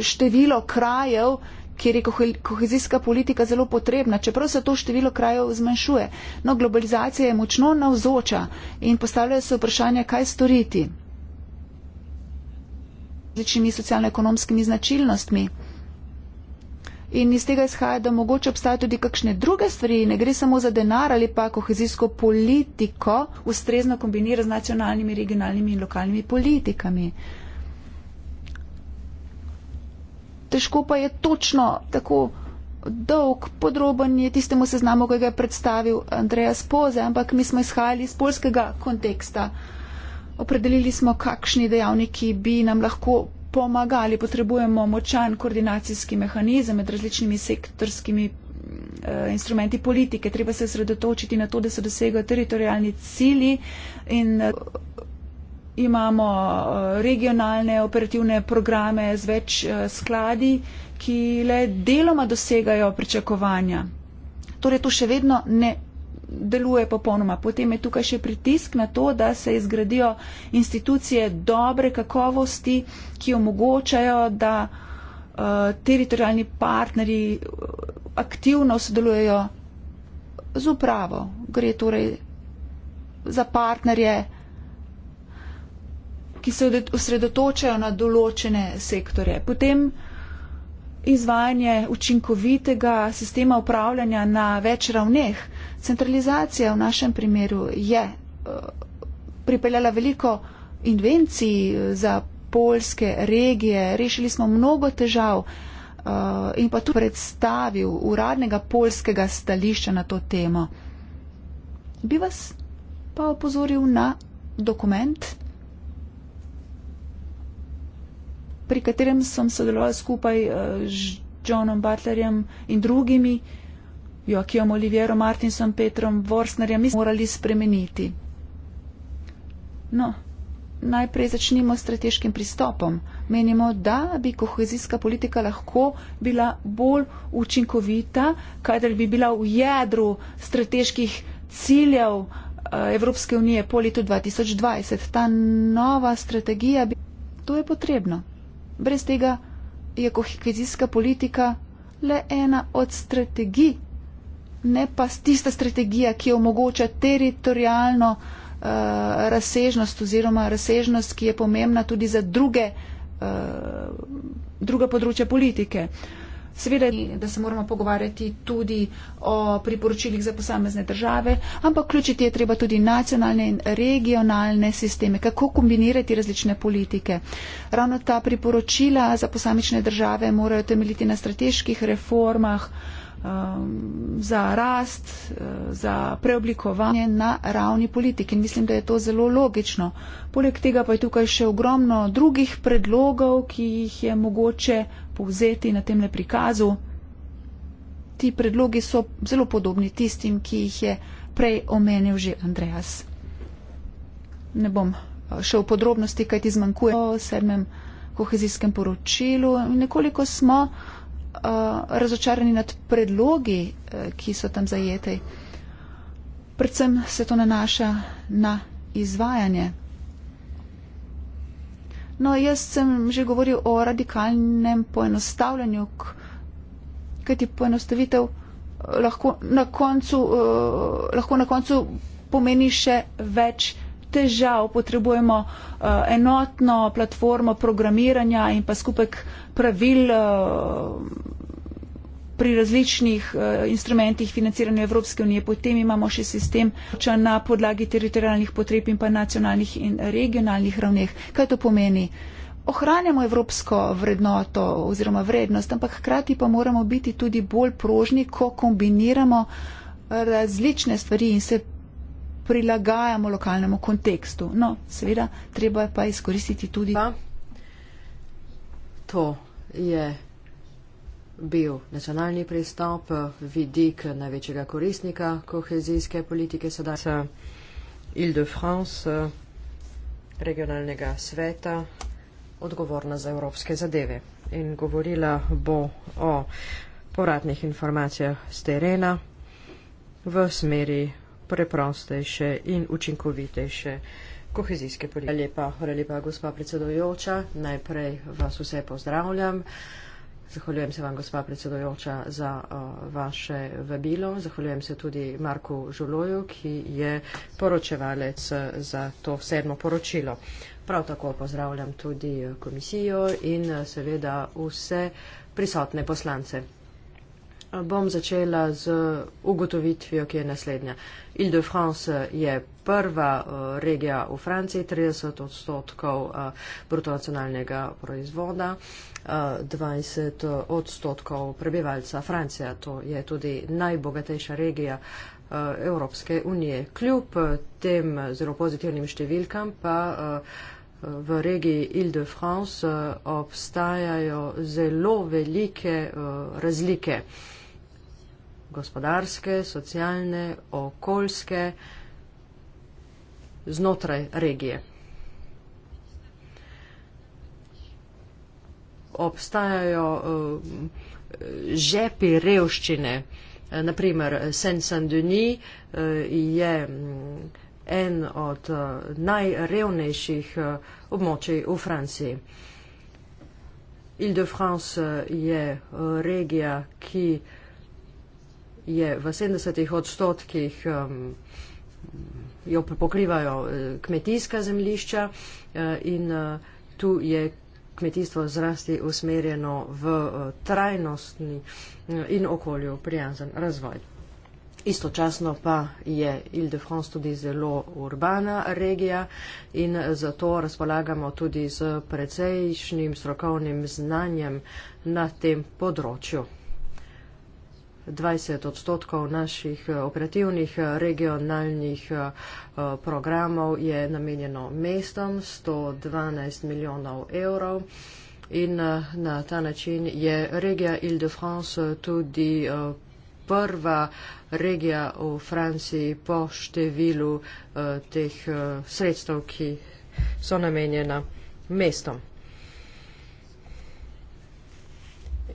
število krajev, kjer je kohezijska politika zelo potrebna, čeprav se to število krajev zmanjšuje. No, globalizacija je močno navzoča in postavljajo se vprašanja, kaj storiti različnimi socialno-ekonomskimi značilnostmi. In iz tega izhaja, da mogoče obstajajo tudi kakšne druge stvari, ne gre samo za denar ali pa kohezijsko politiko, ustrezno kombinira z nacionalnimi, regionalnimi in lokalnimi politikami težko pa je točno tako dolg, podroben je tistemu seznamu, ki ga je predstavil Andreas Poze, ampak mi smo izhajali iz polskega konteksta. Opredelili smo, kakšni dejavniki bi nam lahko pomagali. Potrebujemo močan koordinacijski mehanizem med različnimi sektorskimi eh, instrumenti politike. Treba se sredotočiti na to, da se dosegajo teritorijalni cili in eh, imamo eh, regionalne operativne programe z več eh, skladi, ki le deloma dosegajo pričakovanja. Torej to še vedno ne deluje popolnoma. Potem je tukaj še pritisk na to, da se izgradijo institucije dobre kakovosti, ki omogočajo, da uh, eh, teritorijalni partnerji aktivno sodelujejo z upravo. Gre torej za partnerje ki se osredotočajo na določene sektorje. Potem izvajanje učinkovitega sistema upravljanja na več ravneh. Centralizacija v našem primeru je eh, pripeljala veliko invencij eh, za polske regije, rešili smo mnogo težav eh, in pa tudi predstavil uradnega polskega stališča na to temo. Bi vas pa opozoril na dokument, pri katerem sem sodelovala skupaj eh, z Johnom Butlerjem in drugimi, Joakijom Olivierom, Martinsom, Petrom, Vorsnerjem, mi smo morali spremeniti. No, najprej začnimo s strateškim pristopom. Menimo, da bi kohezijska politika lahko bila bolj učinkovita, kadar bi bila v jedru strateških ciljev eh, Evropske unije po letu 2020. Ta nova strategija bi. To je potrebno. Brez tega je kohezijska politika le ena od strategij, ne pa tista strategija, ki omogoča teritorijalno uh, razsežnost oziroma razsežnost, ki je pomembna tudi za druge, uh, druga področja politike. Uh, Seveda, da se moramo pogovarjati tudi o priporočilih za posamezne države, ampak vključiti je treba tudi nacionalne in regionalne sisteme, kako kombinirati različne politike. Ravno ta priporočila za posamične države morajo temeljiti na strateških reformah um, za rast, eh, za preoblikovanje na ravni politik. In mislim, da je to zelo logično. Poleg tega pa je tukaj še ogromno drugih predlogov, ki jih je mogoče povzeti na tem prikazu. Ti predlogi so zelo podobni tistim, ki jih je prej omenil že Andreas. Ne bom eh, šel v podrobnosti, kaj ti zmanjkuje o sedmem kohezijskem poročilu. Nekoliko smo uh, razočarani nad predlogi, eh, ki so tam zajete. Predvsem se to nanaša na izvajanje No, jaz sem že govoril o radikalnem poenostavljanju, kajti poenostavitev eh, lahko na, koncu, uh, lahko na koncu pomeni še več težav. Potrebujemo uh, enotno platformo programiranja in pa skupek pravil. Uh, pri različnih eh, instrumentih financiranja Evropske unije. Potem imamo še sistem na podlagi teritorijalnih potreb in pa nacionalnih in regionalnih ravneh. Kaj to pomeni? Ohranjamo evropsko vrednoto oziroma vrednost, ampak hkrati pa moramo biti tudi bolj prožni, ko kombiniramo eh, različne stvari in se prilagajamo lokalnemu kontekstu. No, seveda, treba je pa izkoristiti tudi. Pa, to je bil nacionalni pristop vidik največjega koristnika kohezijske politike sedaj. Sa Ile de France, regionalnega sveta, odgovorna za evropske zadeve. In govorila bo o povratnih informacijah z terena v smeri preprostejše in učinkovitejše kohezijske politike. Hvala lepa, hvala lepa, gospa predsedojoča. Najprej vas vse pozdravljam. Zahvaljujem se vam, gospa predsedojoča, za uh, vaše vabilo. Zahvaljujem se tudi Marku Žuloju, ki je poročevalec uh, za to sedmo poročilo. Prav tako pozdravljam tudi uh, komisijo in uh, seveda vse prisotne poslance. Bom začela z ugotovitvijo, ki je naslednja. Ile de France je prva eh, regija v Franciji, 30 odstotkov eh, brutonacionalnega proizvoda, 20 eh, odstotkov prebivalca Francija. To je tudi najbogatejša regija. Evropske unije. Kljub tem zelo pozitivnim številkam pa v regiji Ile-de-France obstajajo zelo velike razlike gospodarske, socialne, okoljske znotraj regije. Obstajajo eh, žepi revščine. Eh, Naprimer, Saint-Saint-Denis eh, je mm, en od najrevnejših območij v Franciji. Ile-de-France je regija, ki je v 70 odstotkih um, jo pokrivajo eh, kmetijska zemlišča eh, in eh, tu je kmetijstvo zrasti usmerjeno v trajnostni in okolju prijazen razvoj. Istočasno pa je Ile-de-France tudi zelo urbana regija in zato razpolagamo tudi z precejšnjim strokovnim znanjem na tem področju. 20 odstotkov naših eh, operativnih eh, regionalnih eh, programov je namenjeno mestom, 112 milijonov evrov. In na ta način je regija Ile-de-France tudi prva regija v Franciji po številu teh sredstev, ki so namenjena mestom.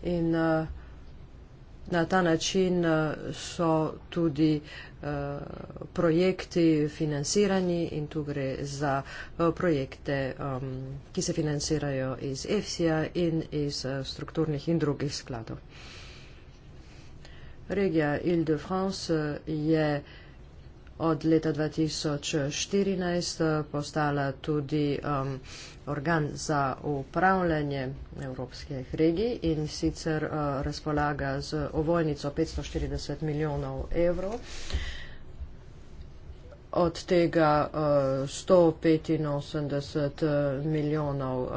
In uh, Na ta način eh, so tudi eh, projekti financirani in tu gre za eh, projekte, ki se financirajo iz EFSI-ja in iz strukturnih in drugih skladov. Regija Ile-de-France je uh, od leta 2014 eh, postala tudi um, organ za upravljanje evropskih regij in sicer uh, razpolaga z ovojnico 540 milijonov evrov. Od tega uh, eh, 185 milijonov uh,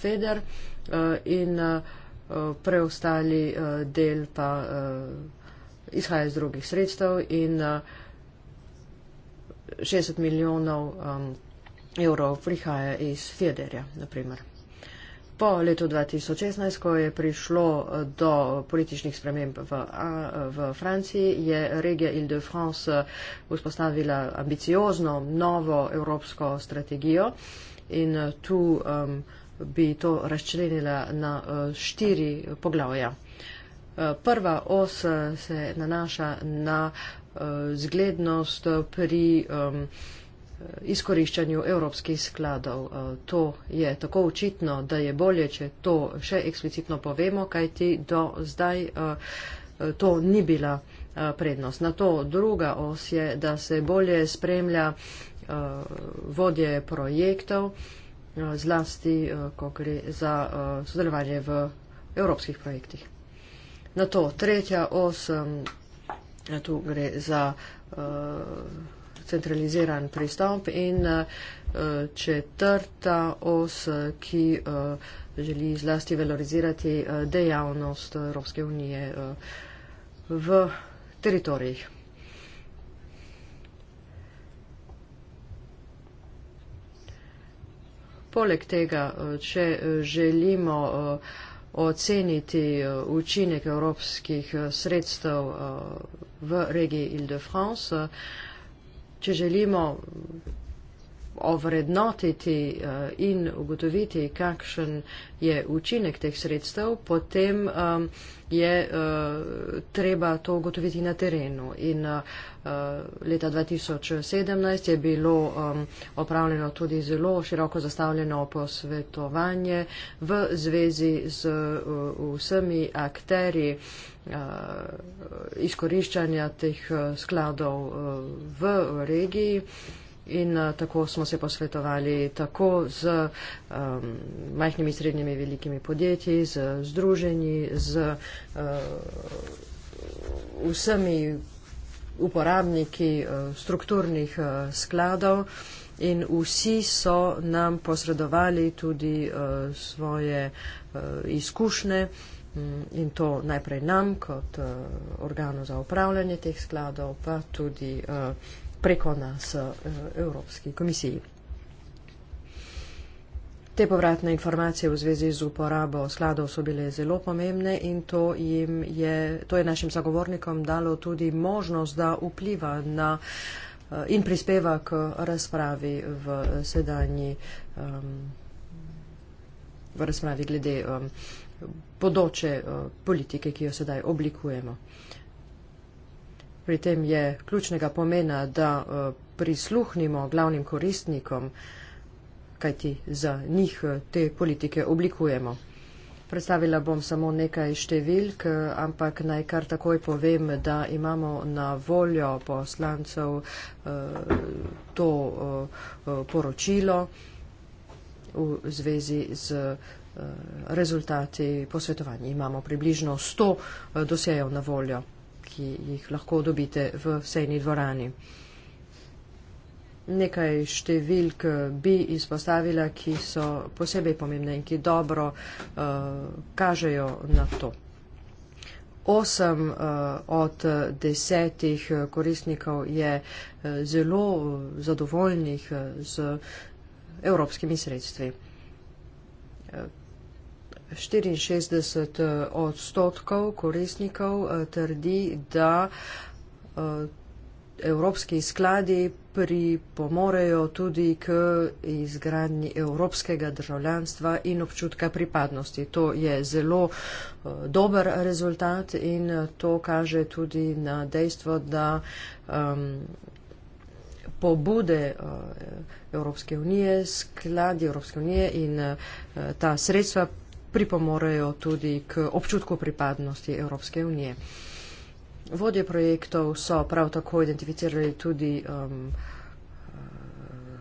Feder in preostali eh, del pa eh, izhaja iz drugih sredstev in 60 eh, milijonov evrov prihaja iz Federja, naprimer. Po letu 2016, ko je prišlo do političnih sprememb v, v Franciji, je regija Ile-de-France vzpostavila ambiciozno novo evropsko strategijo in tu um, bi to razčlenila na eh, štiri eh, poglavja. Eh, prva os se nanaša na zglednost pri izkoriščanju evropskih skladov. To je tako očitno, da je bolje, če to še eksplicitno povemo, kajti do zdaj to ni bila prednost. Na to druga os je, da se bolje spremlja vodje projektov Eh, zlasti, eh, ko gre za eh, sodelovanje v evropskih projektih. Na to tretja os, tu gre za centraliziran pristop in četrta os, ki želi zlasti valorizirati dejavnost Evropske unije v teritorijih. Poleg tega, če želimo oceniti učinek evropskih sredstev v regiji Ile-de-France, če želimo ovrednotiti eh, in ugotoviti, kakšen je učinek teh sredstev, potem ehm, je eh, treba to ugotoviti na terenu. In eh, leta 2017 je bilo ehm, opravljeno tudi zelo široko zastavljeno posvetovanje v zvezi z vsemi akteri izkoriščanja teh skladov v regiji. In uh, tako smo se posvetovali tako z um, majhnimi, srednjimi, velikimi podjetji, z združenji, z uh, vsemi uporabniki uh, strukturnih uh, skladov in vsi so nam posredovali tudi uh, svoje uh, izkušnje mm, in to najprej nam kot uh, organu za upravljanje teh skladov, pa tudi uh, preko nas eh, Evropski komisiji. Te povratne informacije v zvezi z uporabo skladov so bile zelo pomembne in to, je, to je našim zagovornikom dalo tudi možnost, da vpliva na eh, in prispeva k razpravi v eh, sedanji v razpravi glede bodoče politike, ki jo sedaj oblikujemo. Pri tem je ključnega pomena, da eh, prisluhnimo glavnim koristnikom, kajti za njih eh, te politike oblikujemo. Predstavila bom samo nekaj številk, eh, ampak naj kar takoj povem, da imamo na voljo poslancev to poročilo v zvezi z rezultati posvetovanja. Imamo približno 100 dosejev na voljo ki jih lahko dobite v sejni dvorani. Nekaj številk bi izpostavila, ki so posebej pomembne in ki dobro uh, kažejo na to. Osem uh, od desetih eh, koristnikov je zelo zadovoljnih z evropskimi sredstvi. 64 eh, odstotkov koristnikov eh, trdi, da eh, evropski skladi pripomorejo tudi k izgradnji evropskega državljanstva in občutka pripadnosti. To je zelo dober rezultat in to kaže tudi na dejstvo, da um, pobude Evropske unije, skladi Evropske unije in ta sredstva pripomorejo tudi k občutku pripadnosti Evropske unije. Vodje projektov so prav tako identificirali tudi um, uh,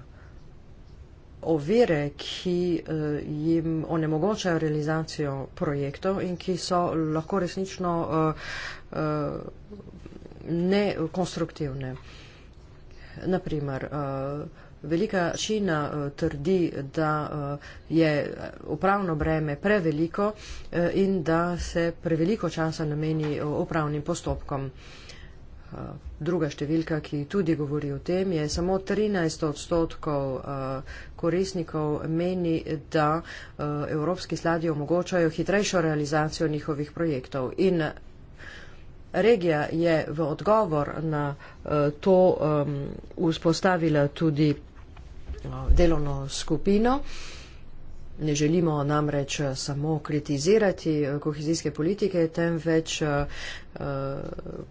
ovire, ki uh, jim onemogočajo realizacijo projektov in ki so lahko resnično uh, uh, nekonstruktivne. Naprimer, uh, Velika šina eh, trdi, da eh, je upravno breme preveliko eh, in da se preveliko časa nameni upravnim postopkom. Druga številka, ki tudi govori o tem, je samo 13 odstotkov korisnikov meni, da evropski sladi omogočajo hitrejšo realizacijo njihovih projektov. In regija je v odgovor na eh, to um, vzpostavila tudi eh, delovno skupino. Ne želimo namreč eh, samo kritizirati kohezijske politike, temveč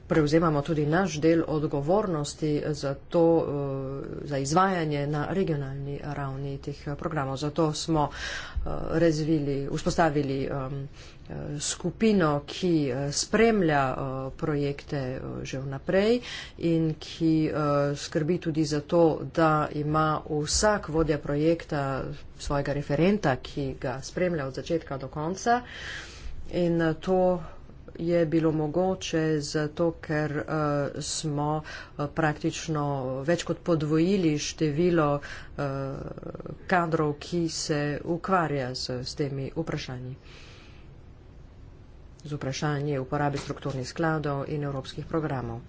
prevzemamo tudi naš del odgovornosti za, to, za izvajanje na regionalni ravni teh programov. Zato smo razvili, vzpostavili skupino, ki eh, spremlja eh, projekte eh, že vnaprej in ki skrbi tudi za to, da ima vsak vodja projekta svojega referenta, ki ga spremlja od začetka do konca. In to je bilo mogoče zato, ker smo praktično več kot podvojili število kadrov, ki se ukvarja s temi vprašanji z vprašanji uporabe strukturnih skladov in evropskih programov.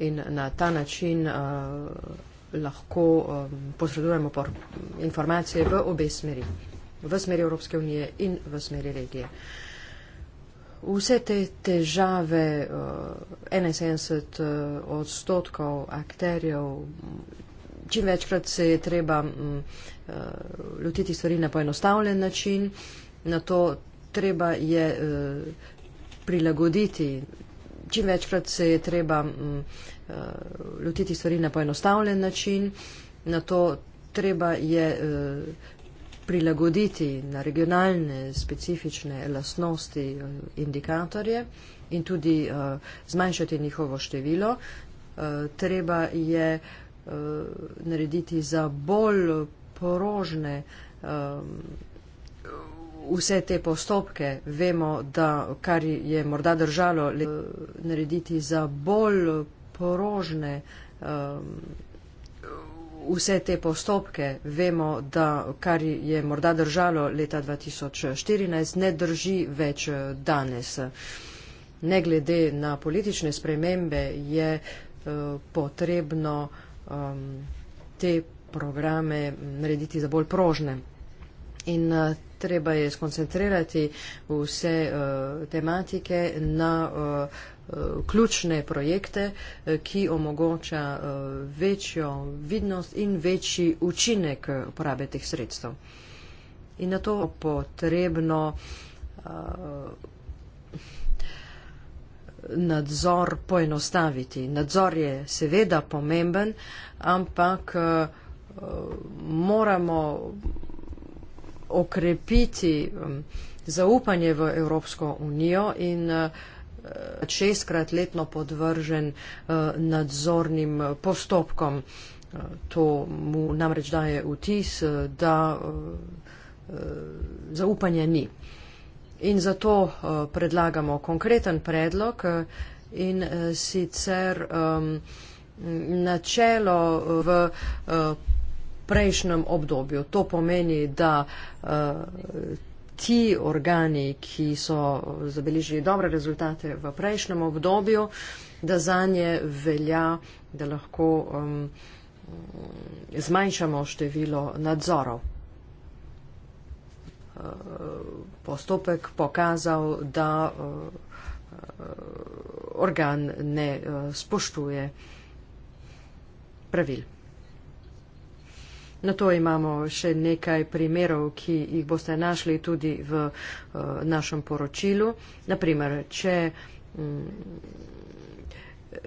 In na ta način uh, lahko um, posredujemo por, informacije v obe smeri, v smeri Evropske unije in v smeri regije. Vse te težave, uh, 71 uh, odstotkov akterjev, čim večkrat se je treba um, uh, lotiti stvari na poenostavljen način, na to treba je eh, prilagoditi. Čim večkrat se je treba mm, eh, lotiti stvari na poenostavljen način, na to treba je eh, prilagoditi na regionalne specifične lastnosti indikatorje in tudi zmanjšati njihovo število. Treba je narediti za bolj porožne vse te postopke, vemo, da kar je morda držalo le eh, narediti za bolj porožne ehm, vse te postopke, vemo, da kar je morda držalo leta 2014, ne drži več eh, danes. Ne glede na politične spremembe je eh, potrebno ehm, te programe narediti za bolj prožne in uh, treba je skoncentrirati vse uh, tematike na uh, uh, ključne projekte, uh, ki omogoča uh, večjo vidnost in večji učinek uporabe teh sredstev. In na to potrebno uh, nadzor poenostaviti. Nadzor je seveda pomemben, ampak uh, moramo okrepiti um, zaupanje v Evropsko unijo in uh, šestkrat letno podvržen uh, nadzornim postopkom. Uh, to mu namreč daje vtis, da zaupanja ni. In zato predlagamo konkreten predlog in sicer um, načelo v prejšnjem obdobju. To pomeni, da eh, ti organi, ki so zabeležili dobre rezultate v prejšnjem obdobju, da za nje velja, da lahko um, zmanjšamo število nadzorov. Eh, postopek pokazal, da organ ne spoštuje pravil. Na to imamo še nekaj primerov, ki jih boste našli tudi v eh, našem poročilu. Naprimer, če. Mm, eh,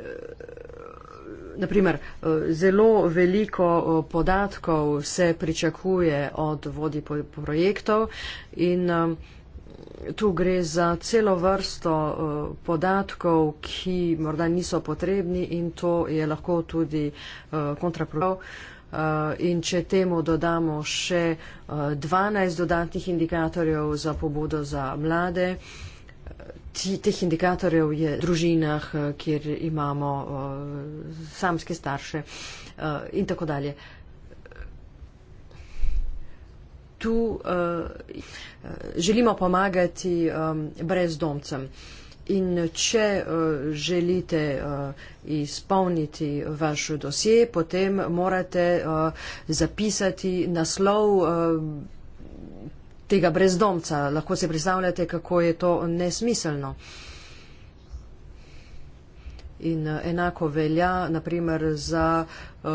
Naprimer, eh, zelo veliko podatkov se pričakuje od vodi projektov in tu gre za celo vrsto podatkov, ki morda niso potrebni in to je lahko tudi kontraproduktivno. Eh, in če temu dodamo še 12 eh, dodatnih indikatorjev za pobudo za mlade, eh, teh indikatorjev je v družinah, kjer imamo samske starše in tako dalje. Tu želimo pomagati brezdomcem. In če uh, želite uh, izpolniti vaš dosje, potem morate uh, zapisati naslov. Uh, tega brezdomca. Lahko se predstavljate, kako je to nesmiselno. In enako velja, naprimer, za uh,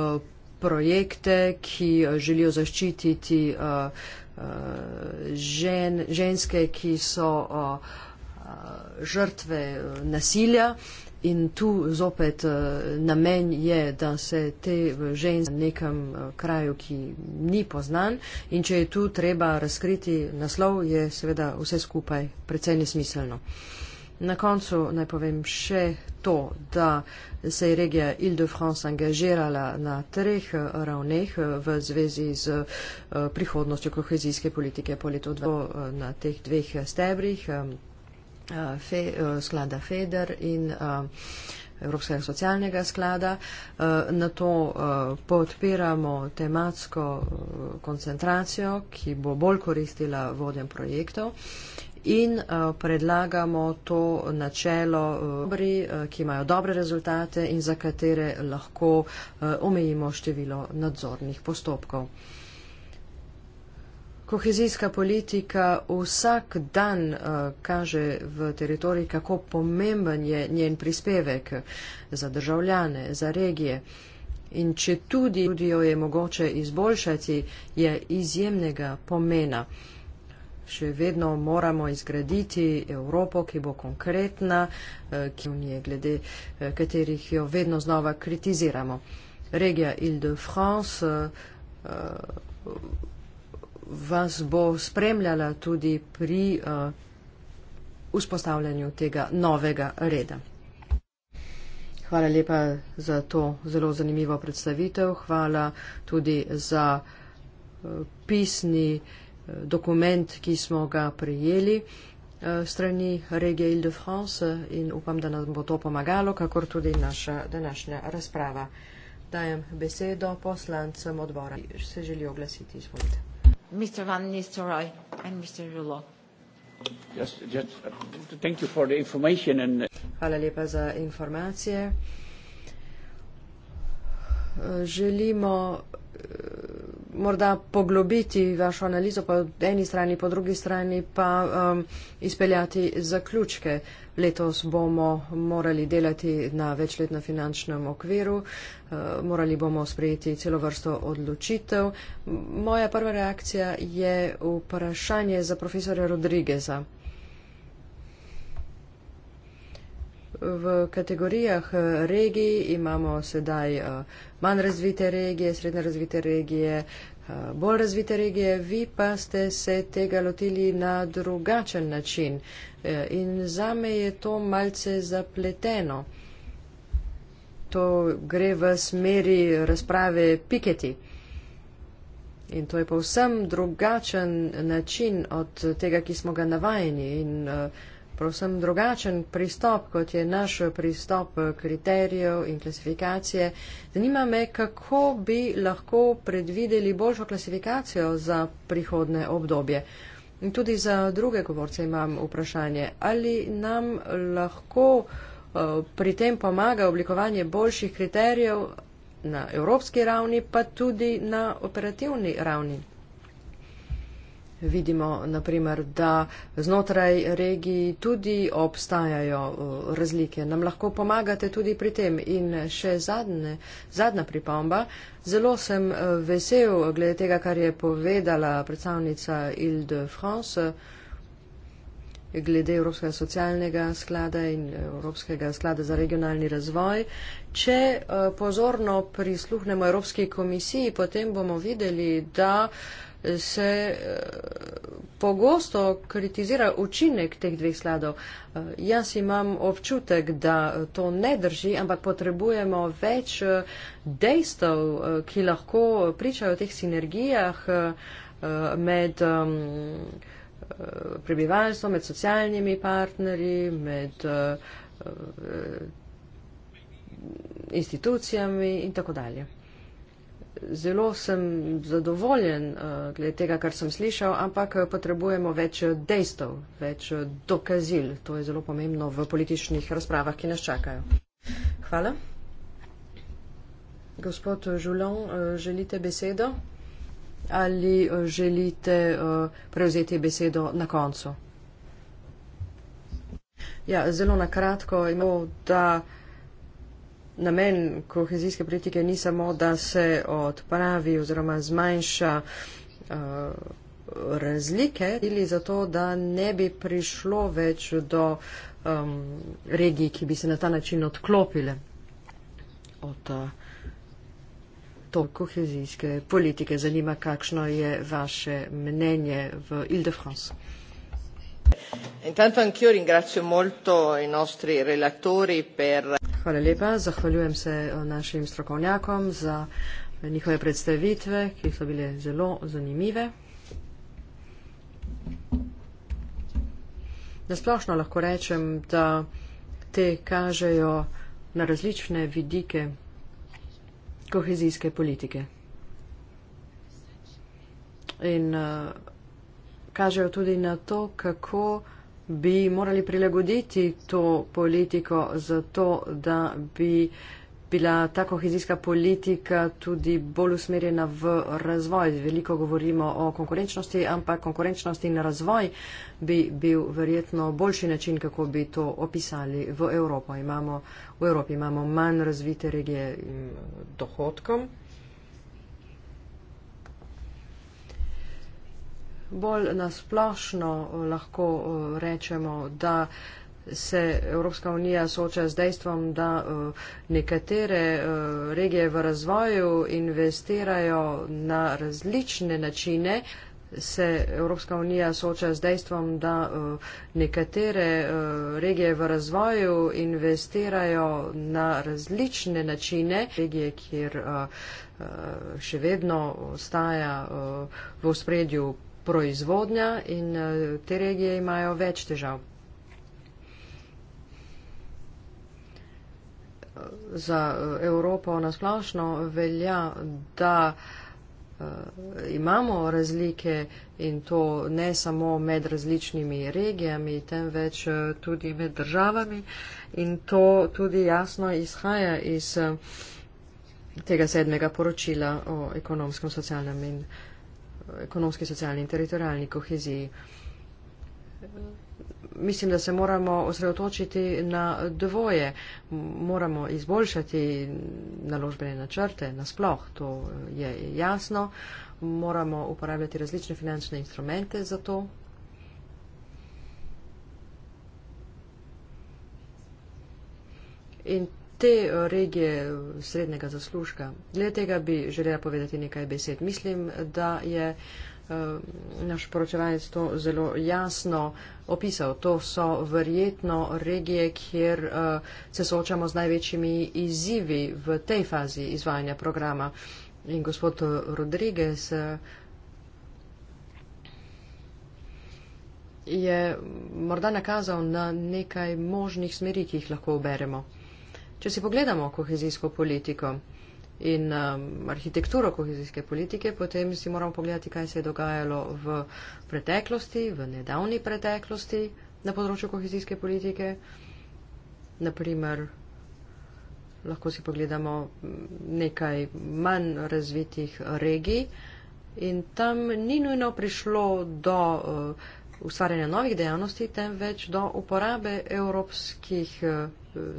projekte, ki želijo zaščititi uh, uh, žen, ženske, ki so uh, žrtve eh, nasilja. In tu zopet eh, namen je, da se te eh, ženske nekam kraju, ki ni poznan in če je tu treba razkriti naslov, je seveda vse skupaj precej nesmiselno. Na koncu naj povem še to, da se je regija Ile-de-France angažirala na treh ravneh v zvezi z prihodnostjo kohezijske politike po letu 2 na teh dveh stebrih. Eh, fe, eh, sklada FEDER in eh, Evropskega socialnega sklada. Na to podpiramo tematsko koncentracijo, ki bo bolj koristila vodem projektov. In predlagamo to načelo dobri, ki imajo dobre rezultate in za katere lahko omejimo število nadzornih postopkov. Kohezijska politika vsak dan uh, kaže v teritoriji, kako pomemben je njen prispevek za državljane, za regije. In če tudi jo je mogoče izboljšati, je izjemnega pomena. Še vedno moramo izgraditi Evropo, ki bo konkretna, uh, ki je glede uh, katerih jo vedno znova kritiziramo. Regija Ile-de-France. Uh, uh, vas bo spremljala tudi pri uh, vzpostavljanju tega novega reda. Hvala lepa za to zelo zanimivo predstavitev. Hvala tudi za eh, pisni eh, dokument, ki smo ga prijeli strani Regije Ile-de-France in upam, da nam bo to pomagalo, kakor tudi naša današnja razprava. Dajem besedo poslancem odbora. Se želijo oglasiti, izvolite. Mr. van Nistelrooy and Mr. Rulo. Just, just, uh, thank you for the information and, uh... Hvala lepa za informacije. Uh, želimo uh, morda poglobiti vašo analizo po eni strani, po drugi strani pa um, izpeljati zaključke. Uh, letos bomo morali delati na večletnem finančnem okviru, eh, morali bomo sprejeti celo vrsto odločitev. Moja prva reakcija je vprašanje za profesora Rodrigeza. V kategorijah eh, regij imamo sedaj eh, manj razvite regije, srednje razvite regije, bolj razvite regije. Vi pa ste se tega lotili na drugačen način. E, in za me je to malce zapleteno. To gre v smeri razprave Piketi. In to je povsem drugačen način od tega, ki smo ga navajeni. In e, povsem drugačen pristop, kot je naš pristop kriterijev in klasifikacije. Zanima me, kako bi lahko predvideli boljšo klasifikacijo za prihodne obdobje. Uh, In tudi za druge govorce imam vprašanje, ali nam lahko eh, pri tem pomaga oblikovanje boljših kriterijev na evropski ravni, pa tudi na operativni ravni vidimo, naprimer, da znotraj regiji tudi obstajajo uh, razlike. Nam lahko pomagate tudi pri tem. In še zadnje, zadnja pripomba. Zelo sem uh, vesel glede tega, kar je povedala predstavnica Ile-de-France uh, glede Evropskega socialnega sklada in Evropskega sklada za regionalni razvoj. Če pozorno prisluhnemo Evropski komisiji, potem bomo videli, da se eh, pogosto kritizira učinek teh dveh sladov. Eh, jaz imam občutek, da eh, to ne drži, ampak potrebujemo več dejstev, ki lahko pričajo o teh sinergijah med prebivalstvom, med socialnimi partnerji, med institucijami in tako dalje zelo sem zadovoljen eh, glede tega, kar sem slišal, ampak eh, potrebujemo več dejstev, več eh, dokazil. To je zelo pomembno v političnih razpravah, ki nas čakajo. Hvala. Gospod Žulon, želite besedo ali želite prevzeti besedo na koncu? Ja, zelo nakratko. Imamo, namen kohezijske politike ni samo, da se odpravi oziroma zmanjša eh, razlike ali zato, da ne bi prišlo več do um, regij, ki bi se na ta način odklopile od uh, to kohezijske politike. Zanima, kakšno je vaše mnenje v Ile-de-France. Intanto anch'io ringrazio molto i nostri relatori per. Hvala lepa, zahvaljujem se eh, našim strokovnjakom za njihove predstavitve, ki so bile zelo zanimive. Nasplošno lahko rečem, da te kažejo na različne vidike kohezijske politike. In eh, kažejo tudi na to, kako bi morali prilagoditi to politiko za to, da bi bila ta kohezijska politika tudi bolj usmerjena v razvoj. Veliko govorimo o konkurenčnosti, ampak konkurenčnost in razvoj bi bil verjetno boljši način, kako bi to opisali v Evropo. Imamo, v Evropi imamo manj razvite regije dohodkom. bolj nasplošno eh, lahko eh, rečemo, da se Evropska unija sooča z dejstvom, da eh, nekatere regije v razvoju investirajo na različne načine se Evropska unija sooča z dejstvom, da nekatere regije v razvoju investirajo na različne načine, regije, kjer še vedno ostaja v spredju proizvodnja in eh, te regije imajo več težav. Za eh, Evropo nasplošno velja, da eh, imamo razlike in to ne samo med različnimi regijami, temveč tudi med državami in to tudi jasno izhaja iz tega sedmega poročila o ekonomskem, socialnem in uh, ekonomski, socialni in teritorijalni koheziji. Mislim, da se moramo osredotočiti na dvoje. Moramo izboljšati naložbene načrte, nasploh, to je jasno. Moramo uporabljati različne finančne instrumente za to. In te eh, regije eh, srednjega zaslužka. Glede tega bi želela povedati nekaj besed. Mislim, da je eh, naš poročevalec to zelo jasno opisal. To so verjetno regije, kjer se soočamo z največjimi izzivi v tej fazi izvajanja programa. In gospod Rodriguez je morda nakazal na nekaj možnih smeri, ki jih lahko oberemo. Če si pogledamo kohezijsko politiko in um, arhitekturo kohezijske politike, potem si moramo pogledati, kaj se je dogajalo v preteklosti, v nedavni preteklosti na področju kohezijske politike. Naprimer, lahko si pogledamo mm, nekaj manj razvitih regij in tam ni nujno prišlo do. Uh, ustvarjanja novih dejavnosti, temveč do uporabe evropskih eh,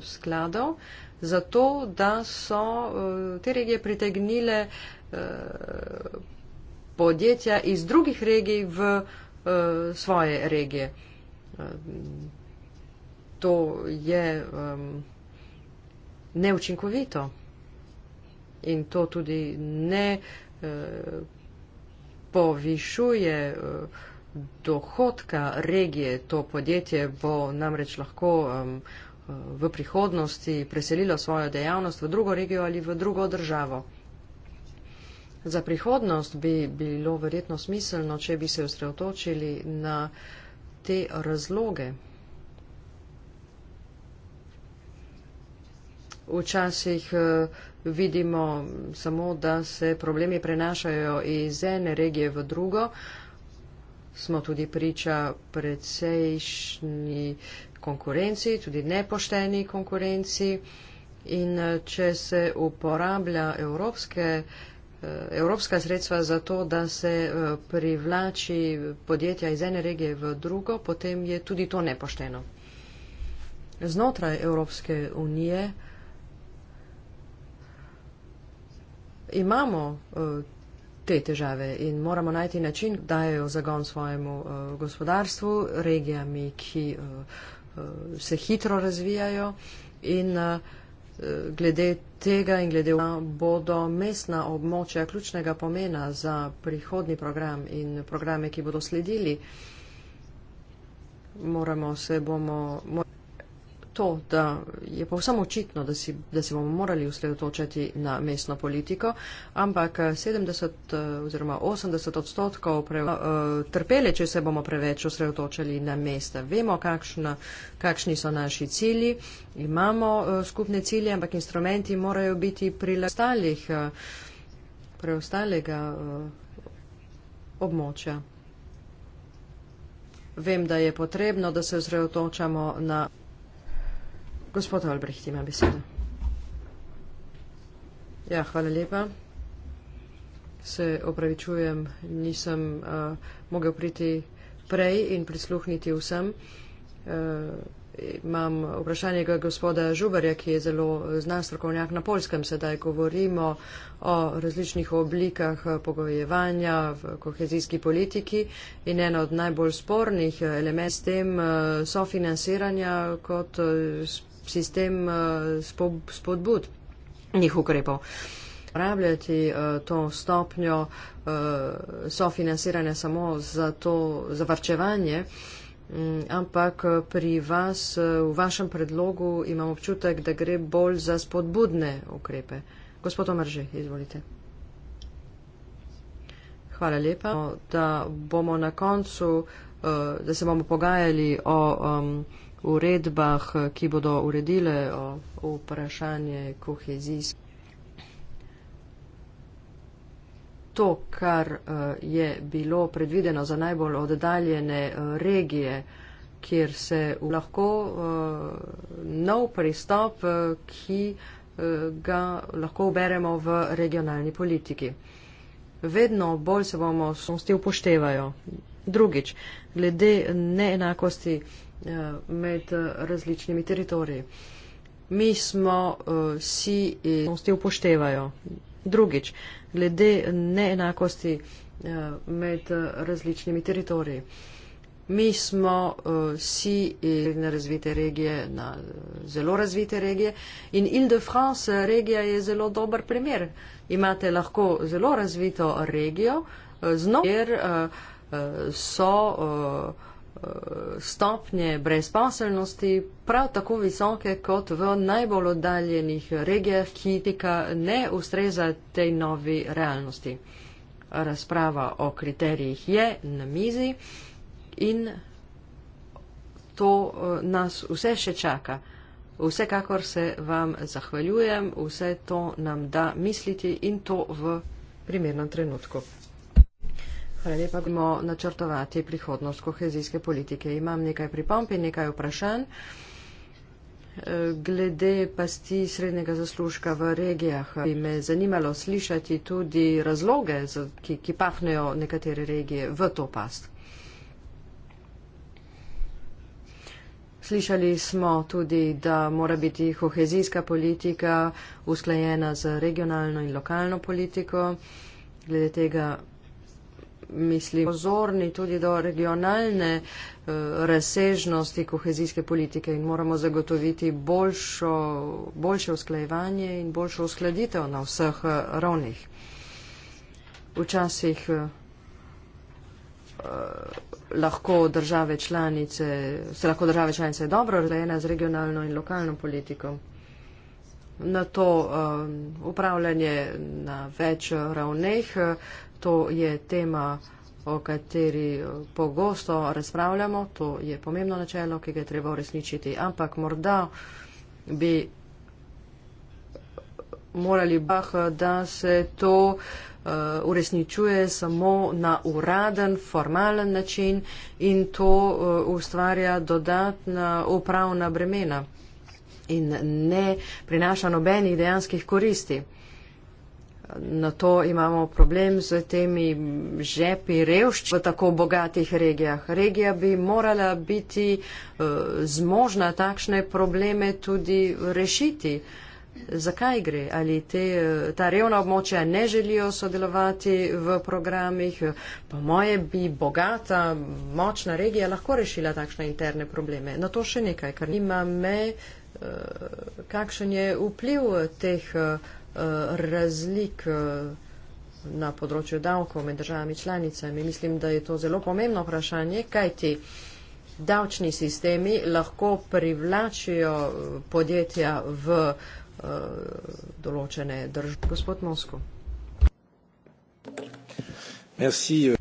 skladov, zato da so eh, te regije pritegnile eh, podjetja iz drugih regij v svoje regije. To je neučinkovito in to tudi ne povišuje dohodka regije to podjetje bo namreč lahko um, v prihodnosti preselilo svojo dejavnost v drugo regijo ali v drugo državo. Za prihodnost bi bilo verjetno smiselno, če bi se osredotočili na te razloge. Včasih uh, vidimo samo, da se problemi prenašajo iz ene regije v drugo, smo tudi priča predsejšnji konkurenci, tudi nepošteni konkurenci. In eh, če se uporablja evropske, eh, evropska sredstva za to, da se eh, privlači podjetja iz ene regije v drugo, potem je tudi to nepošteno. Znotraj Evropske unije imamo te težave in moramo najti način, da dajo zagon svojemu uh, gospodarstvu, regijami, ki uh, uh, se hitro razvijajo in uh, glede tega in glede vna bodo mestna območja ključnega pomena za prihodni program in programe, ki bodo sledili. Moramo se bomo. Mor to, da je povsem očitno, da, si, da se bomo morali usredotočati na mestno politiko, ampak 70 eh, oziroma 80 odstotkov pre, uh, trpele, če se bomo preveč usredotočali na mesta. Vemo, kakšna, kakšni so naši cilji, imamo uh, skupne cilje, ampak instrumenti morajo biti prilagodnih uh, preostalega uh, območja. Vem, da je potrebno, da se osredotočamo na Gospod Albrecht ima besedo. Ja, hvala lepa. Se opravičujem, nisem uh, mogel priti prej in prisluhniti vsem. Uh, imam vprašanje gospoda Žubarja, ki je zelo eh, znan strokovnjak na polskem. Sedaj govorimo o različnih oblikah pogojevanja v kohezijski politiki in eno od najbolj spornih elementov s tem uh, sofinansiranja kot uh, sistem eh, spodbud njih ukrepov. Uporabljati eh, to stopnjo eh, sofinansiranja samo za to zavrčevanje, mm, ampak pri vas, v vašem predlogu imam občutek, da gre bolj za spodbudne ukrepe. Gospod Omrže, izvolite. Hvala lepa, da bomo na koncu, da se bomo pogajali o. Um, uredbah, ki bodo uredile vprašanje kohezijske. To, kar eh, je bilo predvideno za najbolj oddaljene eh, regije, kjer se lahko eh, nov pristop, ki ga lahko uberemo v regionalni politiki. Vedno bolj se bomo s tem upoštevajo. Drugič, glede neenakosti Eh, med različnimi teritoriji. Mi smo vsi eh, in vsi upoštevajo. Drugič, glede neenakosti eh, med različnimi teritoriji. Mi smo vsi na razvite regije, na zelo razvite regije in Ile-de-France regija je zelo dober primer. Imate lahko zelo razvito regijo, znotraj, kjer so. Uh, stopnje brezposelnosti prav tako visoke kot v najbolj oddaljenih regijah, ki tika ne ustreza tej novi realnosti. Razprava o kriterijih je na mizi in to eh, nas vse še čaka. Vsekakor se vam zahvaljujem, vse to nam da misliti in to v primernem trenutku. Hvala lepa. Bomo načrtovati prihodnost kohezijske politike. Imam nekaj pripomp in nekaj vprašanj. E, glede pasti srednjega zaslužka v regijah bi me zanimalo slišati tudi razloge, ki, ki pahnejo nekatere regije v to past. Slišali smo tudi, da mora biti kohezijska politika usklajena z regionalno in lokalno politiko. Glede tega mislim, pozorni tudi do regionalne eh, razsežnosti kohezijske politike in moramo zagotoviti boljšo, boljše usklajevanje in boljšo uskladitev na vseh eh, ravnih. Včasih eh, lahko države članice, se lahko države članice dobro razvijene z regionalno in lokalno politiko. Na to um, upravljanje na več ravneh uh, To je tema, o kateri eh, pogosto razpravljamo. To je pomembno načelo, ki ga je treba uresničiti. Ampak morda bi morali bah, da se to eh, uresničuje samo na uraden, formalen način in to eh, ustvarja dodatna upravna bremena in ne prinaša nobenih dejanskih koristi na to imamo problem z temi žepi revšč v tako bogatih regijah. Regija bi morala biti uh, zmožna takšne probleme tudi rešiti. Zakaj gre? Ali te, eh, ta revna območja ne želijo sodelovati v programih? Po moje bi bogata, močna regija lahko rešila takšne interne probleme. Na to še nekaj, kar nima me, eh, kakšen je vpliv teh razlik eh, na področju davkov med državami članicami. Mislim, da je to zelo pomembno vprašanje, kajti davčni sistemi lahko privlačijo eh, podjetja v eh, določene države. Gospod Mosko. Merci. Euh.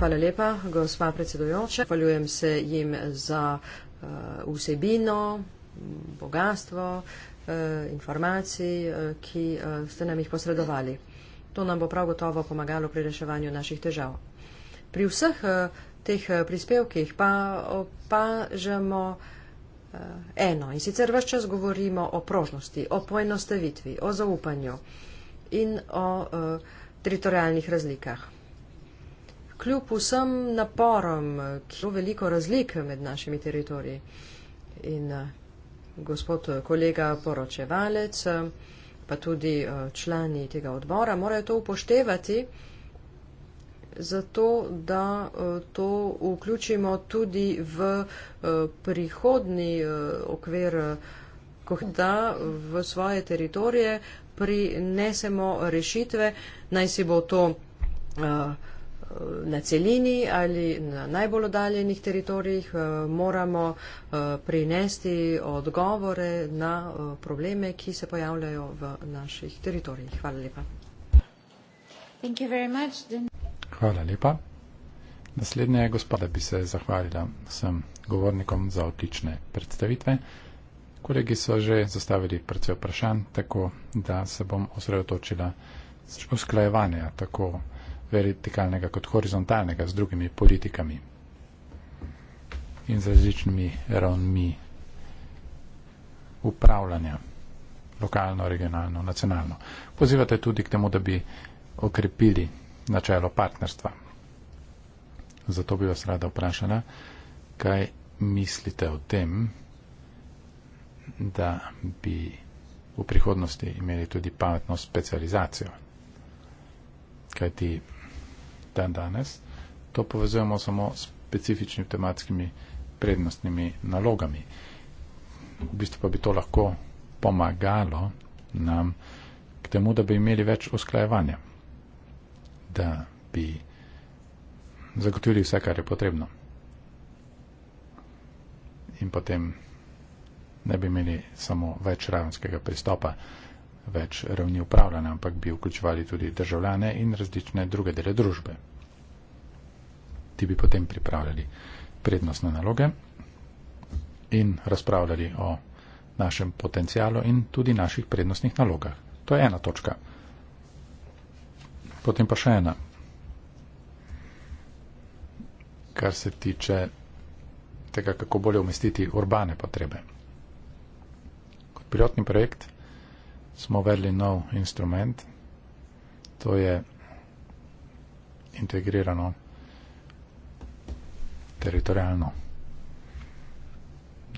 Hvala lepa, gospa predsedujoča. Hvaljujem se jim za uh, vsebino, bogatstvo, uh, Eh, informacij, eh, ki eh, ste nam jih posredovali. To nam bo prav gotovo pomagalo pri reševanju naših težav. Pri vseh teh prispevkih pa opažamo eno in sicer vse čas govorimo o prožnosti, o poenostavitvi, o zaupanju in o teritorijalnih razlikah. Kljub vsem naporom, ki so veliko razlik med našimi teritoriji in gospod eh, kolega poročevalec, eh, pa tudi eh, člani tega odbora morajo to upoštevati, zato da to vključimo tudi v prihodni okvir, ko da v svoje teritorije prinesemo rešitve, naj si bo to uh, na celini ali na najbolj oddaljenih teritorijih eh, moramo eh, prinesti odgovore na eh, probleme, ki se pojavljajo v naših teritorijih. Hvala lepa. Hvala lepa. Naslednja je gospoda, bi se zahvalila vsem govornikom za odlične predstavitve. Kolegi so že zastavili predvsej vprašanj, tako da se bom osredotočila usklajevanja tako vertikalnega kot horizontalnega z drugimi politikami in z različnimi ravnmi upravljanja, lokalno, regionalno, nacionalno. Pozivate tudi k temu, da bi okrepili načelo partnerstva. Zato bi vas rada vprašala, kaj mislite o tem, da bi v prihodnosti imeli tudi pametno specializacijo. Kaj ti dan danes, to povezujemo samo s specifičnimi tematskimi prednostnimi nalogami. V bistvu pa bi to lahko pomagalo nam k temu, da bi imeli več usklajevanja, da bi zagotovili vse, kar je potrebno. In potem ne bi imeli samo več ravenskega pristopa več ravni upravljanja, ampak bi vključevali tudi državljane in različne druge dele družbe. Ti bi potem pripravljali prednostne naloge in razpravljali o našem potencijalu in tudi naših prednostnih nalogah. To je ena točka. Potem pa še ena. Kar se tiče tega, kako bolje umestiti urbane potrebe. Kot pilotni projekt smo uvedli nov instrument, to je integrirano teritorijalno.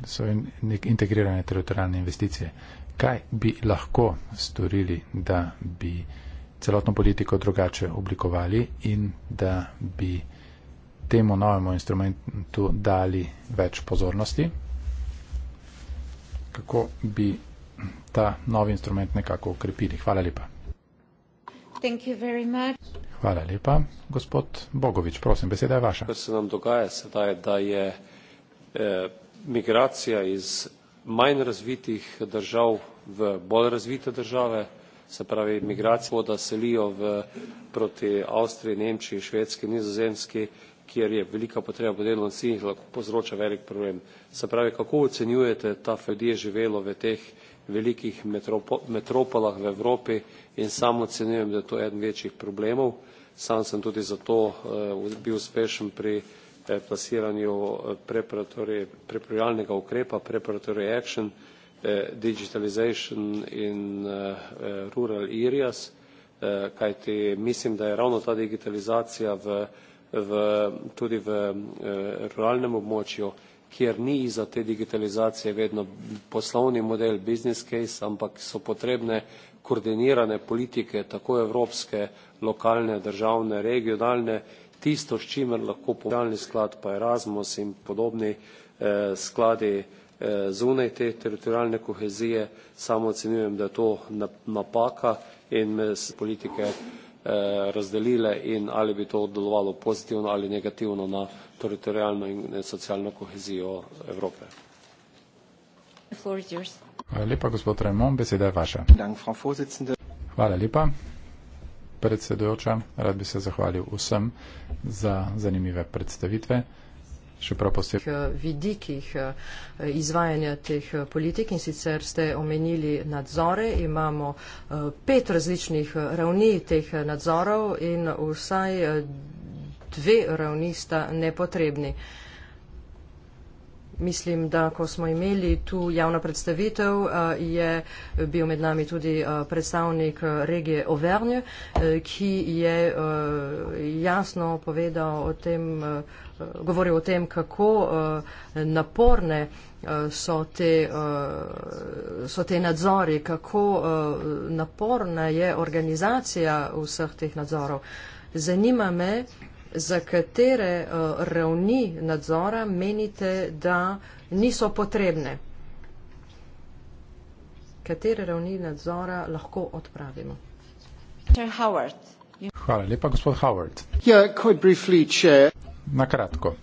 So nek integrirane teritorijalne investicije. Kaj bi lahko storili, da bi celotno politiko drugače oblikovali in da bi temu novemu instrumentu dali več pozornosti? Kako bi ta novi instrument nekako ukrepili. Hvala lepa. Hvala lepa. Gospod Bogovič, prosim, beseda je vaša. Kar se nam dogaja sedaj, da je eh, migracija iz manj razvitih držav v bolj razvite države, se pravi migracijo, da selijo v, proti Avstriji, Nemčiji, Švedski, Nizozemski, kjer je velika potreba po delovnih silah, lahko povzroča velik problem. Se pravi, kako ocenjujete ta ljudi živelo v teh velikih metropolah v Evropi in sam ocenujem, da je to eden večjih problemov. Sam sem tudi zato eh, bil uspešen pri eh, plasiranju eh, preparatorijalnega ukrepa, preparatory action, digitalization in rural areas, kajti mislim, da je ravno ta digitalizacija tudi v ruralnem območju kjer ni iza te digitalizacije vedno poslovni model, business case, ampak so potrebne koordinirane politike, tako evropske, lokalne, državne, regionalne, tisto, s čimer lahko pomožni sklad, pa Erasmus in podobni eh, skladi eh, zunaj te teritorijalne kohezije, samo ocenjujem, da je to napaka in me politike Eh, razdelile in ali bi to delovalo pozitivno ali negativno na teritorijalno in eh, socialno kohezijo Evrope. Hvala lepa, gospod Raymond, beseda je vaša. Hvala lepa, predsedujoča. Rad bi se zahvalil vsem za zanimive predstavitve še prav posebej. Eh, vidikih eh, izvajanja teh eh, politik in sicer ste omenili nadzore, imamo pet različnih ravni teh nadzorov in vsaj dve ravni sta nepotrebni. Mislim, da ko smo imeli tu javno predstavitev, je bil med nami tudi predstavnik regije Auvergne, ki je jasno povedal o tem, Eh, govoril o tem, kako uh, naporne uh, so, te, uh, so te nadzori, kako uh, naporna je organizacija vseh teh nadzorov. Zanima me, za katere uh, ravni nadzora menite, da niso potrebne. Katere ravni nadzora lahko odpravimo? Hvala lepa, gospod Howard. Yeah, Na kratko,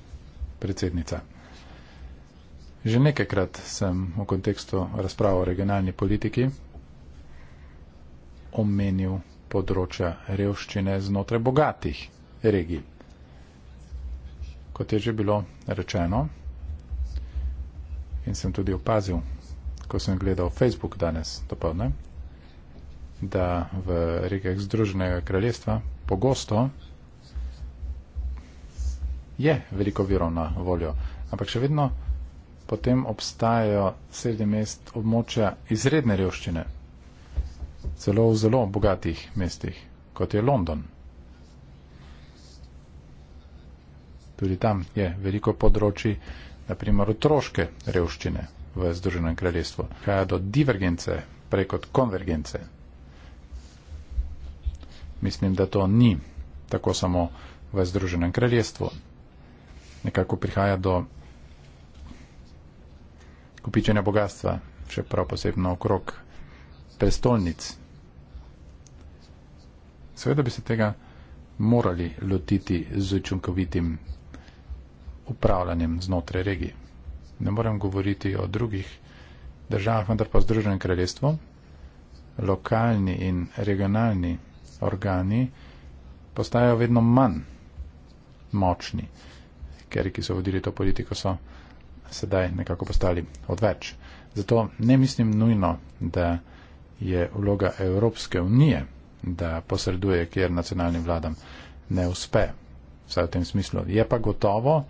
predsednica. Že nekajkrat sem v kontekstu razprav o regionalni politiki omenil področja revščine znotraj bogatih regij. Kot je že bilo rečeno in sem tudi opazil, ko sem gledal Facebook danes dopolne, da v regijah Združenega kraljestva pogosto je veliko virov na voljo, ampak še vedno potem obstajajo sredi mest območja izredne revščine, celo v zelo bogatih mestih, kot je London. Tudi tam je veliko področji, naprimer otroške revščine v Združenem kraljestvu, kaj do divergence preko konvergence. Mislim, da to ni tako samo v Združenem kraljestvu nekako prihaja do kopičenja bogatstva, še prav posebno okrog prestolnic. Seveda bi se tega morali lotiti z učinkovitim upravljanjem znotraj regije. Ne morem govoriti o drugih državah, vendar pa Združeno kraljestvo, lokalni in regionalni organi postajajo vedno manj močni kateri, ki so vodili to politiko, so sedaj nekako postali odveč. Zato ne mislim nujno, da je vloga Evropske unije, da posreduje, kjer nacionalnim vladam ne uspe. Vsaj v tem smislu. Je pa gotovo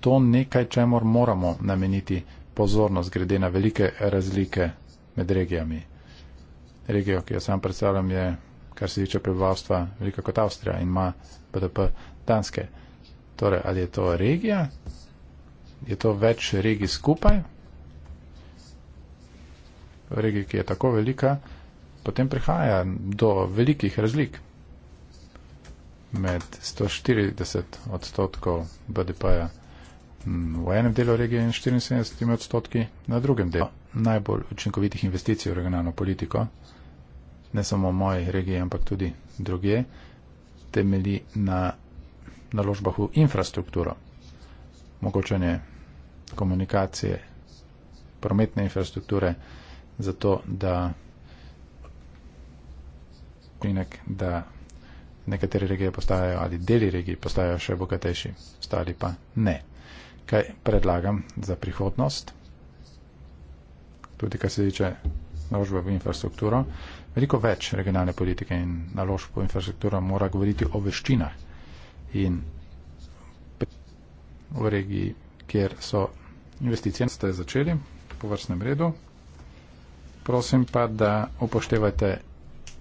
to nekaj, čemor moramo nameniti pozornost, glede na velike razlike med regijami. Regijo, ki jo sam predstavljam, je, kar se tiče prebivalstva, velika kot Avstrija in ima BDP Danske. Torej, ali je to regija? Je to več regij skupaj? V regiji, ki je tako velika, potem prihaja do velikih razlik med 140 odstotkov BDP-ja v enem delu regije in 74 odstotki na drugem delu. Najbolj učinkovitih investicij v regionalno politiko, ne samo v moji regiji, ampak tudi druge, temeli na naložbah v infrastrukturo, mogočanje komunikacije, prometne infrastrukture, zato da, inak, da nekatere regije postajajo ali deli regij postajajo še bogatejši, ostali pa ne. Kaj predlagam za prihodnost, tudi kar se tiče naložbe v infrastrukturo, veliko več regionalne politike in naložb v infrastrukturo mora govoriti o veščinah in v regiji, kjer so investicije, ste začeli po vrstnem redu. Prosim pa, da upoštevate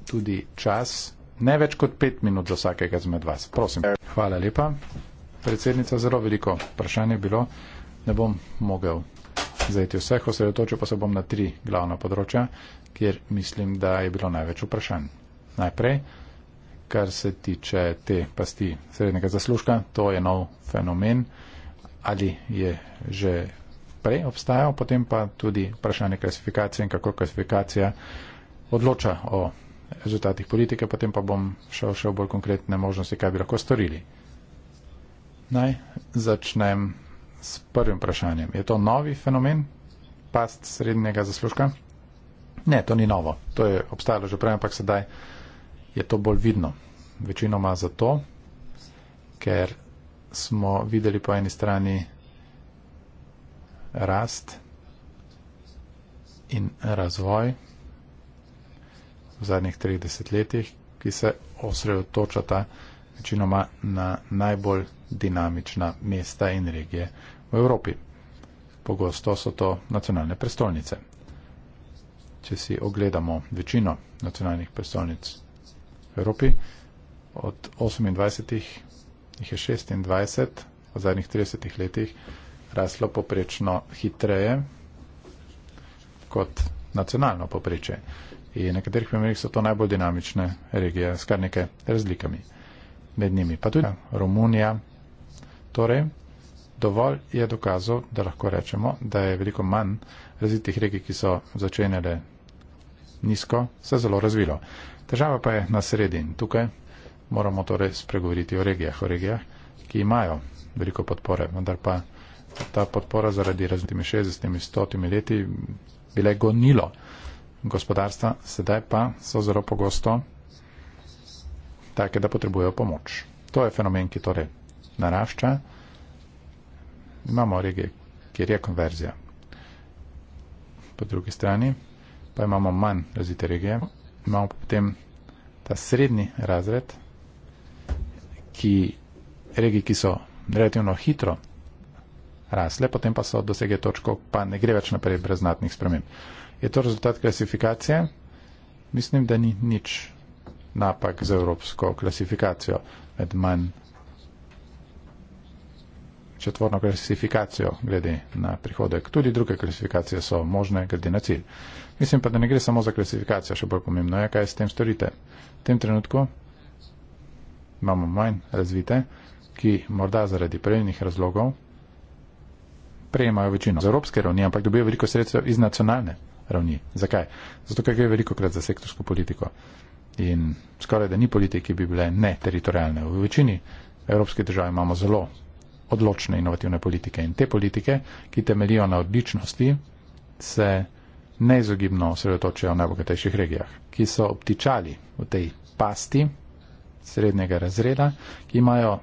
tudi čas, ne več kot pet minut za vsakega izmed vas. Prosim. Hvala lepa. Predsednica, zelo veliko vprašanje je bilo. Ne bom mogel zajeti vseh, osredotočil pa se bom na tri glavna področja, kjer mislim, da je bilo največ vprašanj. Najprej kar se tiče te pasti srednjega zaslužka, to je nov fenomen ali je že prej obstajal, potem pa tudi vprašanje klasifikacije in kako klasifikacija odloča o rezultatih politike, potem pa bom šel še v bolj konkretne možnosti, kaj bi lahko storili. Naj začnem s prvim vprašanjem. Je to novi fenomen past srednjega zaslužka? Ne, to ni novo. To je obstajalo že prej, ampak sedaj je to bolj vidno. Večinoma zato, ker smo videli po eni strani rast in razvoj v zadnjih treh desetletjih, ki se osredotočata večinoma na najbolj dinamična mesta in regije v Evropi. Pogosto so to nacionalne prestolnice. Če si ogledamo večino nacionalnih prestolnic v Evropi. Od 28 jih je 26 v zadnjih 30 letih raslo poprečno hitreje kot nacionalno poprečje. In v nekaterih primerih so to najbolj dinamične regije, s kar nekaj razlikami med njimi. Pa tudi Romunija. Torej, dovolj je dokazov, da lahko rečemo, da je veliko manj razvitih regij, ki so začenjale nizko, se zelo razvilo. Država pa je na sredin. Tukaj moramo torej spregovoriti o regijah, o regijah, ki imajo veliko podpore, vendar pa ta podpora zaradi različnimi 60, 100 leti bile gonilo gospodarstva, sedaj pa so zelo pogosto take, da potrebujejo pomoč. To je fenomen, ki torej narašča. Imamo regije, kjer je konverzija. Po drugi strani pa imamo manj razite regije, imamo potem ta srednji razred, ki regi, ki so relativno hitro rasle, potem pa so dosegli točko, pa ne gre več naprej brez znatnih sprememb. Je to rezultat klasifikacije? Mislim, da ni nič napak za evropsko klasifikacijo med manj četvorno klasifikacijo glede na prihodek. Tudi druge klasifikacije so možne glede na cilj. Mislim pa, da ne gre samo za klasifikacijo, še bolj pomembno je, kaj s tem storite. V tem trenutku imamo manj razvite, ki morda zaradi prejnih razlogov prejemajo večino z evropske ravni, ampak dobijo veliko sredstev iz nacionalne ravni. Zakaj? Zato, ker gre veliko krat za sektorsko politiko. In skoraj da ni politike, ki bi bile ne teritorijalne. V večini evropskih držav imamo zelo odločne inovativne politike. In te politike, ki temelijo na odličnosti, se neizogibno osredotočajo v najbogatejših regijah, ki so obtičali v tej pasti srednjega razreda, ki imajo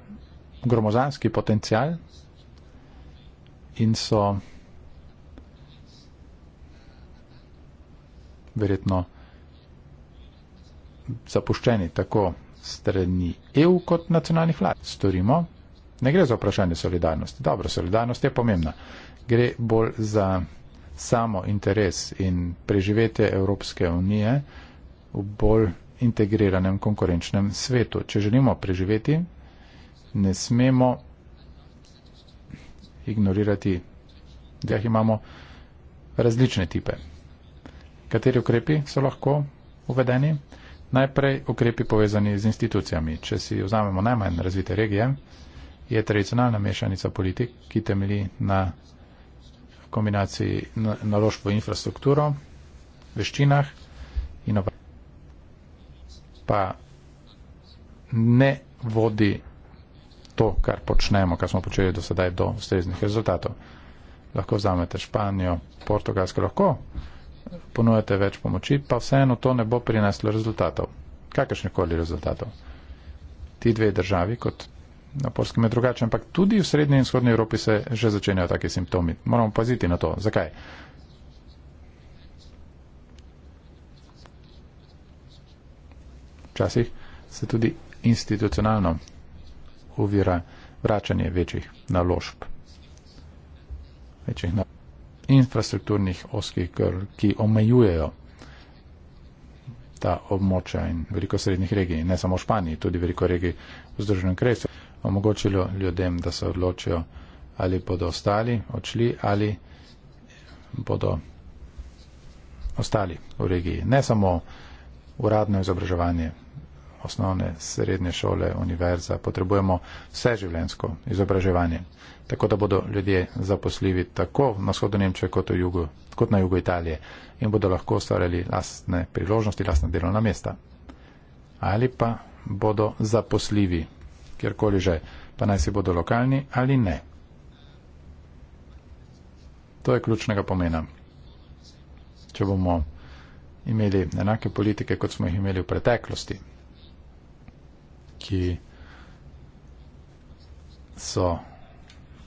gromozanski potencial in so verjetno zapuščeni tako strani EU kot nacionalnih vlad. Storimo, Ne gre za vprašanje solidarnosti. Dobro, solidarnost je pomembna. Gre bolj za samo interes in preživetje Evropske unije v bolj integriranem konkurenčnem svetu. Če želimo preživeti, ne smemo ignorirati, da imamo različne tipe. Kateri ukrepi so lahko uvedeni? Najprej ukrepi povezani z institucijami. Če si vzamemo najmanj razvite regije, je tradicionalna mešanica politik, ki temeli na kombinaciji naložb v infrastrukturo, veščinah in pa ne vodi to, kar počnemo, kar smo počeli do sedaj, do ustreznih rezultatov. Lahko vzamete Španijo, Portugalsko, lahko ponujate več pomoči, pa vseeno to ne bo prineslo rezultatov, kakršnekoli rezultatov. Ti dve državi, kot na polskem je drugače, ampak tudi v srednji in vzhodni Evropi se že začenjajo taki simptomi. Moramo paziti na to. Zakaj? Včasih se tudi institucionalno uvira vračanje večjih naložb, večjih naložb, infrastrukturnih oskih grl, ki omejujejo ta območja in veliko srednjih regij, ne samo v Španiji, tudi veliko regij v Združenem kraljestvu omogočilo ljudem, da se odločijo, ali bodo ostali, odšli ali bodo ostali v regiji. Ne samo uradno izobraževanje, osnovne, srednje šole, univerza, potrebujemo vse življensko izobraževanje, tako da bodo ljudje zaposljivi tako na vzhodu Nemčije kot, jugu, kot na jugu Italije in bodo lahko ustvarjali lastne priložnosti, lastne delovna mesta. Ali pa bodo zaposljivi kjerkoli že, pa naj si bodo lokalni ali ne. To je ključnega pomena. Če bomo imeli enake politike, kot smo jih imeli v preteklosti, ki so,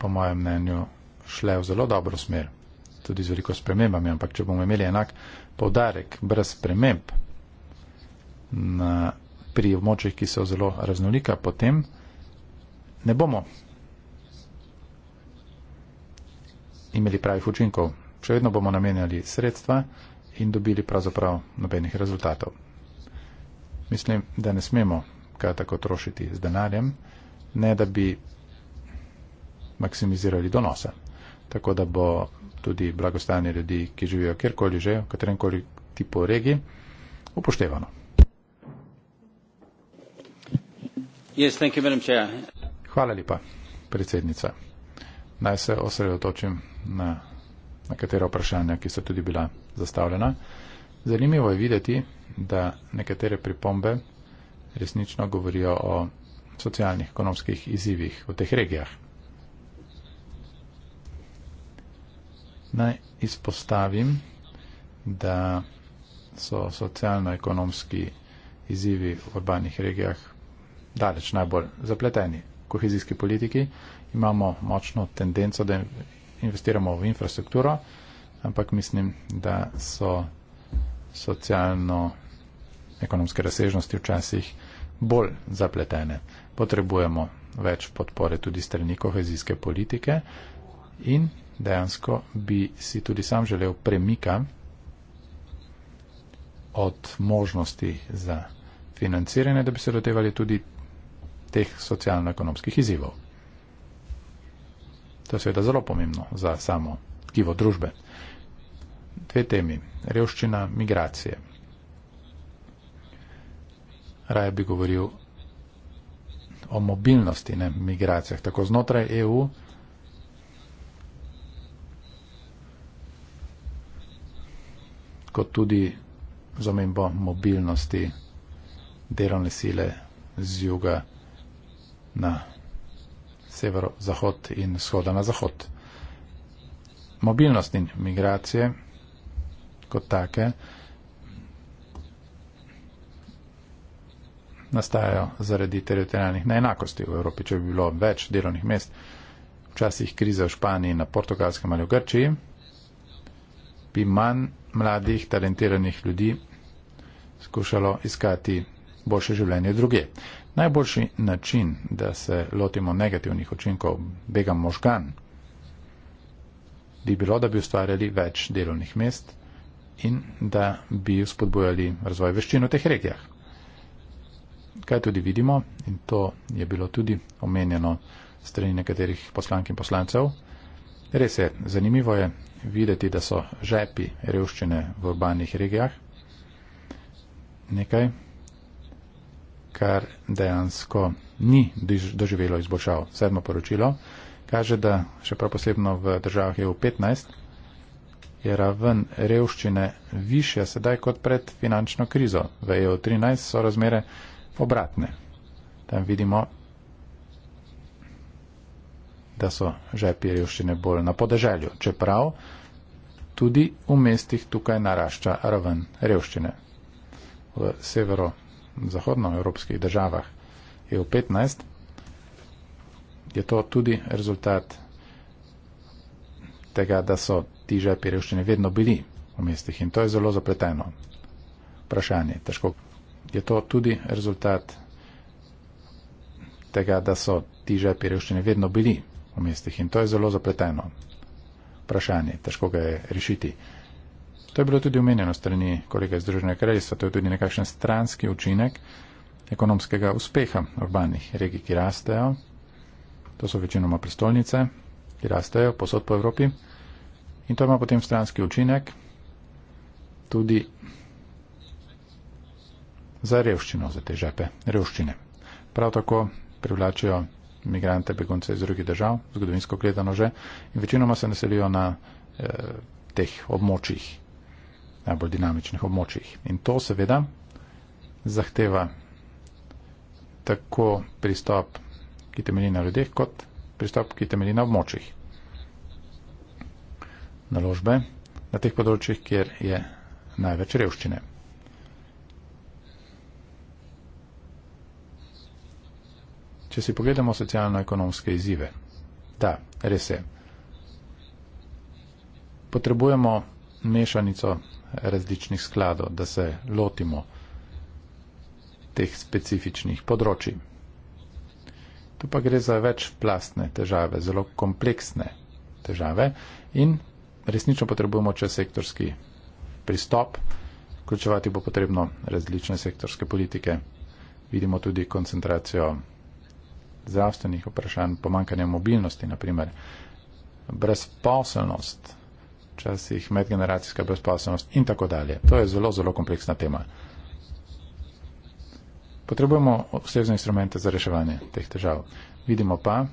po mojem mnenju, šle v zelo dobro smer, tudi z veliko spremembami, ampak če bomo imeli enak povdarek brez sprememb na, pri območjih, ki so zelo raznolika, potem ne bomo imeli pravih učinkov. Še vedno bomo namenjali sredstva in dobili pravzaprav nobenih rezultatov. Mislim, da ne smemo kaj tako trošiti z denarjem, ne da bi maksimizirali donose. Tako da bo tudi blagostanje ljudi, ki živijo kjerkoli že, v kateremkoli tipu regi, upoštevano. Yes, thank you, Madam Chair. Hvala lepa, predsednica. Naj se osredotočim na nekatera vprašanja, ki so tudi bila zastavljena. Zanimivo je videti, da nekatere pripombe resnično govorijo o socialnih, ekonomskih izzivih v teh regijah. Naj izpostavim, da so socialno-ekonomski izzivi v urbanih regijah daleč najbolj zapleteni kohezijski politiki. Imamo močno tendenco, da investiramo v infrastrukturo, ampak mislim, da so socialno-ekonomske razsežnosti včasih bolj zapletene. Potrebujemo več podpore tudi strani kohezijske politike in dejansko bi si tudi sam želel premika od možnosti za financiranje, da bi se lotevali tudi teh socialno-ekonomskih izzivov. To je seveda zelo pomembno za samo tkivo družbe. Dve temi. Revščina, migracije. Raje bi govoril o mobilnosti, ne migracijah, tako znotraj EU. kot tudi z omembo mobilnosti delovne sile z juga na severozahod in shoda na zahod. Mobilnost in migracije kot take nastajajo zaradi teritorijalnih neenakosti v Evropi. Če bi bilo več delovnih mest, včasih krize v Španiji, na Portugalskem ali v Grčiji, bi manj mladih, talentiranih ljudi skušalo iskati boljše življenje druge. Najboljši način, da se lotimo negativnih učinkov bega možgan, bi bilo, da bi ustvarjali več delovnih mest in da bi spodbojali razvoj veščin v teh regijah. Kaj tudi vidimo, in to je bilo tudi omenjeno strani nekaterih poslank in poslancev, res je, zanimivo je videti, da so žepi revščine v urbanih regijah nekaj, kar dejansko ni doživelo izboljšav. Sedmo poročilo kaže, da še prav posebno v državah EU15 je raven revščine višja sedaj kot pred finančno krizo. V EU13 so razmere obratne. Tam vidimo, da so žepi revščine bolj na podeželju, čeprav tudi v mestih tukaj narašča raven revščine. V severo zahodnoevropskih državah EU15, je to tudi rezultat tega, da so ti žepi revščine vedno bili v mestih in to je zelo zapleteno vprašanje. Težko. Je to tudi rezultat tega, da so ti žepi revščine vedno bili v mestih in to je zelo zapleteno vprašanje. Težko ga je rešiti. To je bilo tudi omenjeno strani kolega iz Združenega kraljestva, to je tudi nekakšen stranski učinek ekonomskega uspeha urbanih regij, ki rastejo. To so večinoma prestolnice, ki rastejo posod po Evropi. In to ima potem stranski učinek tudi za revščino, za te žepe revščine. Prav tako privlačijo migrante, begunce iz drugih držav, zgodovinsko gledano že, in večinoma se naselijo na eh, teh območjih najbolj dinamičnih območjih. In to seveda zahteva tako pristop, ki temelji na ljudeh, kot pristop, ki temelji na območjih. Naložbe na teh področjih, kjer je največ revščine. Če si pogledamo socialno-ekonomske izzive, da, res je. Potrebujemo mešanico različnih skladov, da se lotimo teh specifičnih področji. Tu pa gre za večplastne težave, zelo kompleksne težave in resnično potrebujemo česektorski pristop. Vključevati bo potrebno različne sektorske politike. Vidimo tudi koncentracijo zdravstvenih vprašanj, pomankanje mobilnosti, naprimer brezposelnost, včasih medgeneracijska brezposobnost in tako dalje. To je zelo, zelo kompleksna tema. Potrebujemo ustrezne instrumente za reševanje teh težav. Vidimo pa,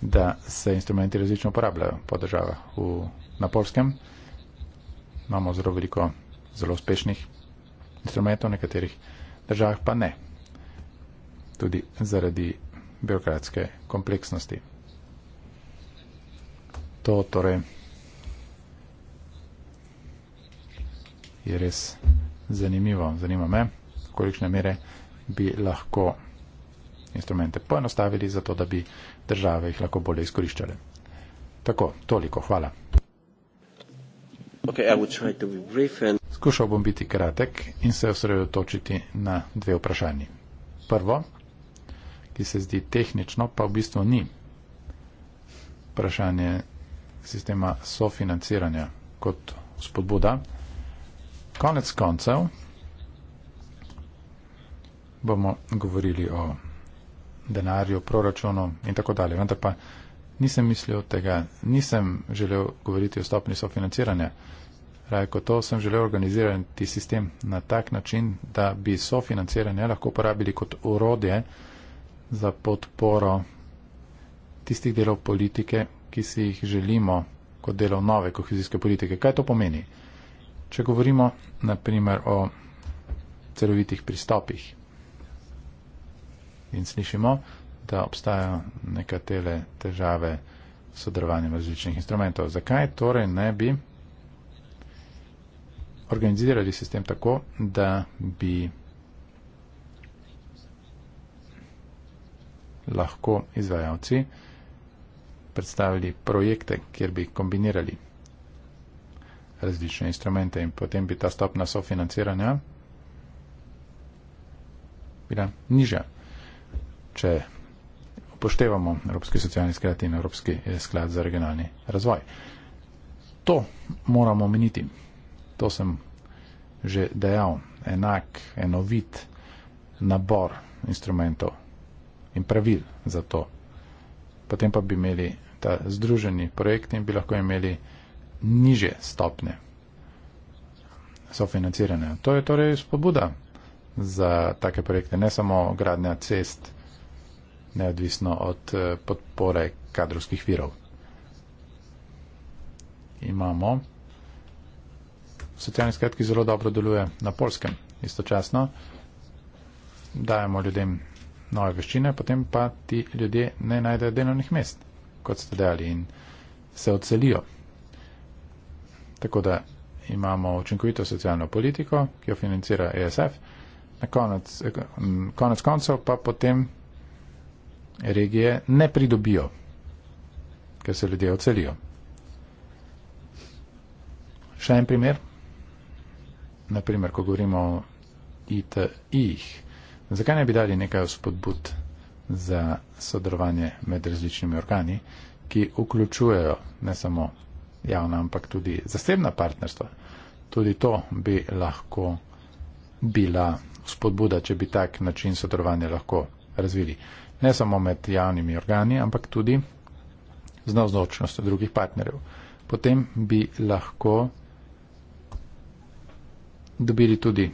da se instrumenti različno uporabljajo po državah. V, na Polskem imamo zelo veliko zelo uspešnih instrumentov, v nekaterih državah pa ne. Tudi zaradi birokratske kompleksnosti to torej je res zanimivo. Zanima me, kolikšne mere bi lahko instrumente poenostavili, zato da bi države jih lahko bolje izkoriščale. Tako, toliko, hvala. Okay, I will try to be brief and... Skušal bom biti kratek in se osredotočiti na dve vprašanji. Prvo, ki se zdi tehnično, pa v bistvu ni. Vprašanje sistema sofinanciranja kot spodbuda. Konec koncev bomo govorili o denarju, proračunu in tako dalje. Vendar pa nisem mislil tega, nisem želel govoriti o stopni sofinanciranja. Raje kot to sem želel organizirati sistem na tak način, da bi sofinanciranje lahko uporabili kot urodje za podporo tistih delov politike, ki si jih želimo kot delov nove kohezijske politike. Kaj to pomeni? Če govorimo naprimer o celovitih pristopih in slišimo, da obstajajo nekatere težave s sodelovanjem različnih instrumentov. Zakaj torej ne bi organizirali sistem tako, da bi lahko izvajalci predstavili projekte, kjer bi kombinirali različne instrumente in potem bi ta stopna sofinanciranja bila nižja, če upoštevamo Evropski socialni sklad in Evropski eh, sklad za regionalni razvoj. To moramo omeniti. To sem že dejal. Enak, enovit nabor instrumentov in pravil za to. Potem pa bi imeli ta združeni projekt in bi lahko imeli niže stopne sofinanciranja. To je torej spodbuda za take projekte, ne samo gradnja cest, neodvisno od eh, podpore kadrovskih virov. Imamo. Socialni skratki zelo dobro deluje na polskem. Istočasno dajemo ljudem nove veščine, potem pa ti ljudje ne najdejo delovnih mest kot ste dejali, in se odselijo. Tako da imamo učinkovito socialno politiko, ki jo financira ESF, na konec, konec koncev pa potem regije ne pridobijo, ker se ljudje odselijo. Še en primer. Naprimer, ko govorimo o ITI-jih, zakaj ne bi dali nekaj spodbud? za sodelovanje med različnimi organi, ki vključujejo ne samo javna, ampak tudi zasebna partnerstva. Tudi to bi lahko bila spodbuda, če bi tak način sodelovanja lahko razvili. Ne samo med javnimi organi, ampak tudi z navzočnostjo drugih partnerjev. Potem bi lahko dobili tudi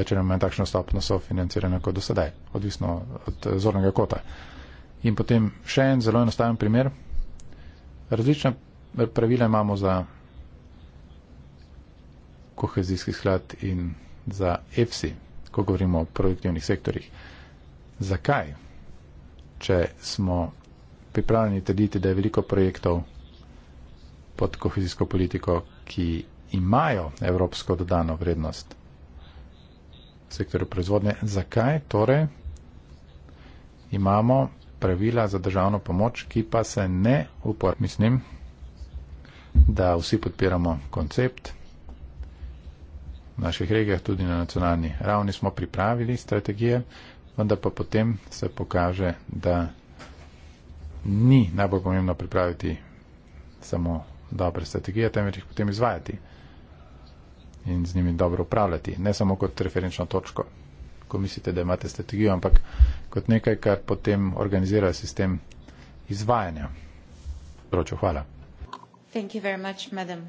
več ali manj takšno stopno sofinanciranja kot do sedaj, odvisno od eh, zornega kota. In potem še en zelo enostaven primer. Različna eh, pravila imamo za kohezijski sklad in za EFSI, ko govorimo o produktivnih sektorjih. Zakaj, če smo pripravljeni trditi, da je veliko projektov pod kohezijsko politiko, ki imajo evropsko dodano vrednost, sektorju proizvodnje. Zakaj torej imamo pravila za državno pomoč, ki pa se ne uporabljajo? Mislim, da vsi podpiramo koncept. V naših regijah, tudi na nacionalni ravni, smo pripravili strategije, vendar pa potem se pokaže, da ni najbolj pomembno pripraviti samo dobre strategije, temveč jih potem izvajati in z njimi dobro upravljati. Ne samo kot referenčno točko, ko mislite, da imate strategijo, ampak kot nekaj, kar potem organizira sistem izvajanja. Pročo, hvala. Thank you very much, madam.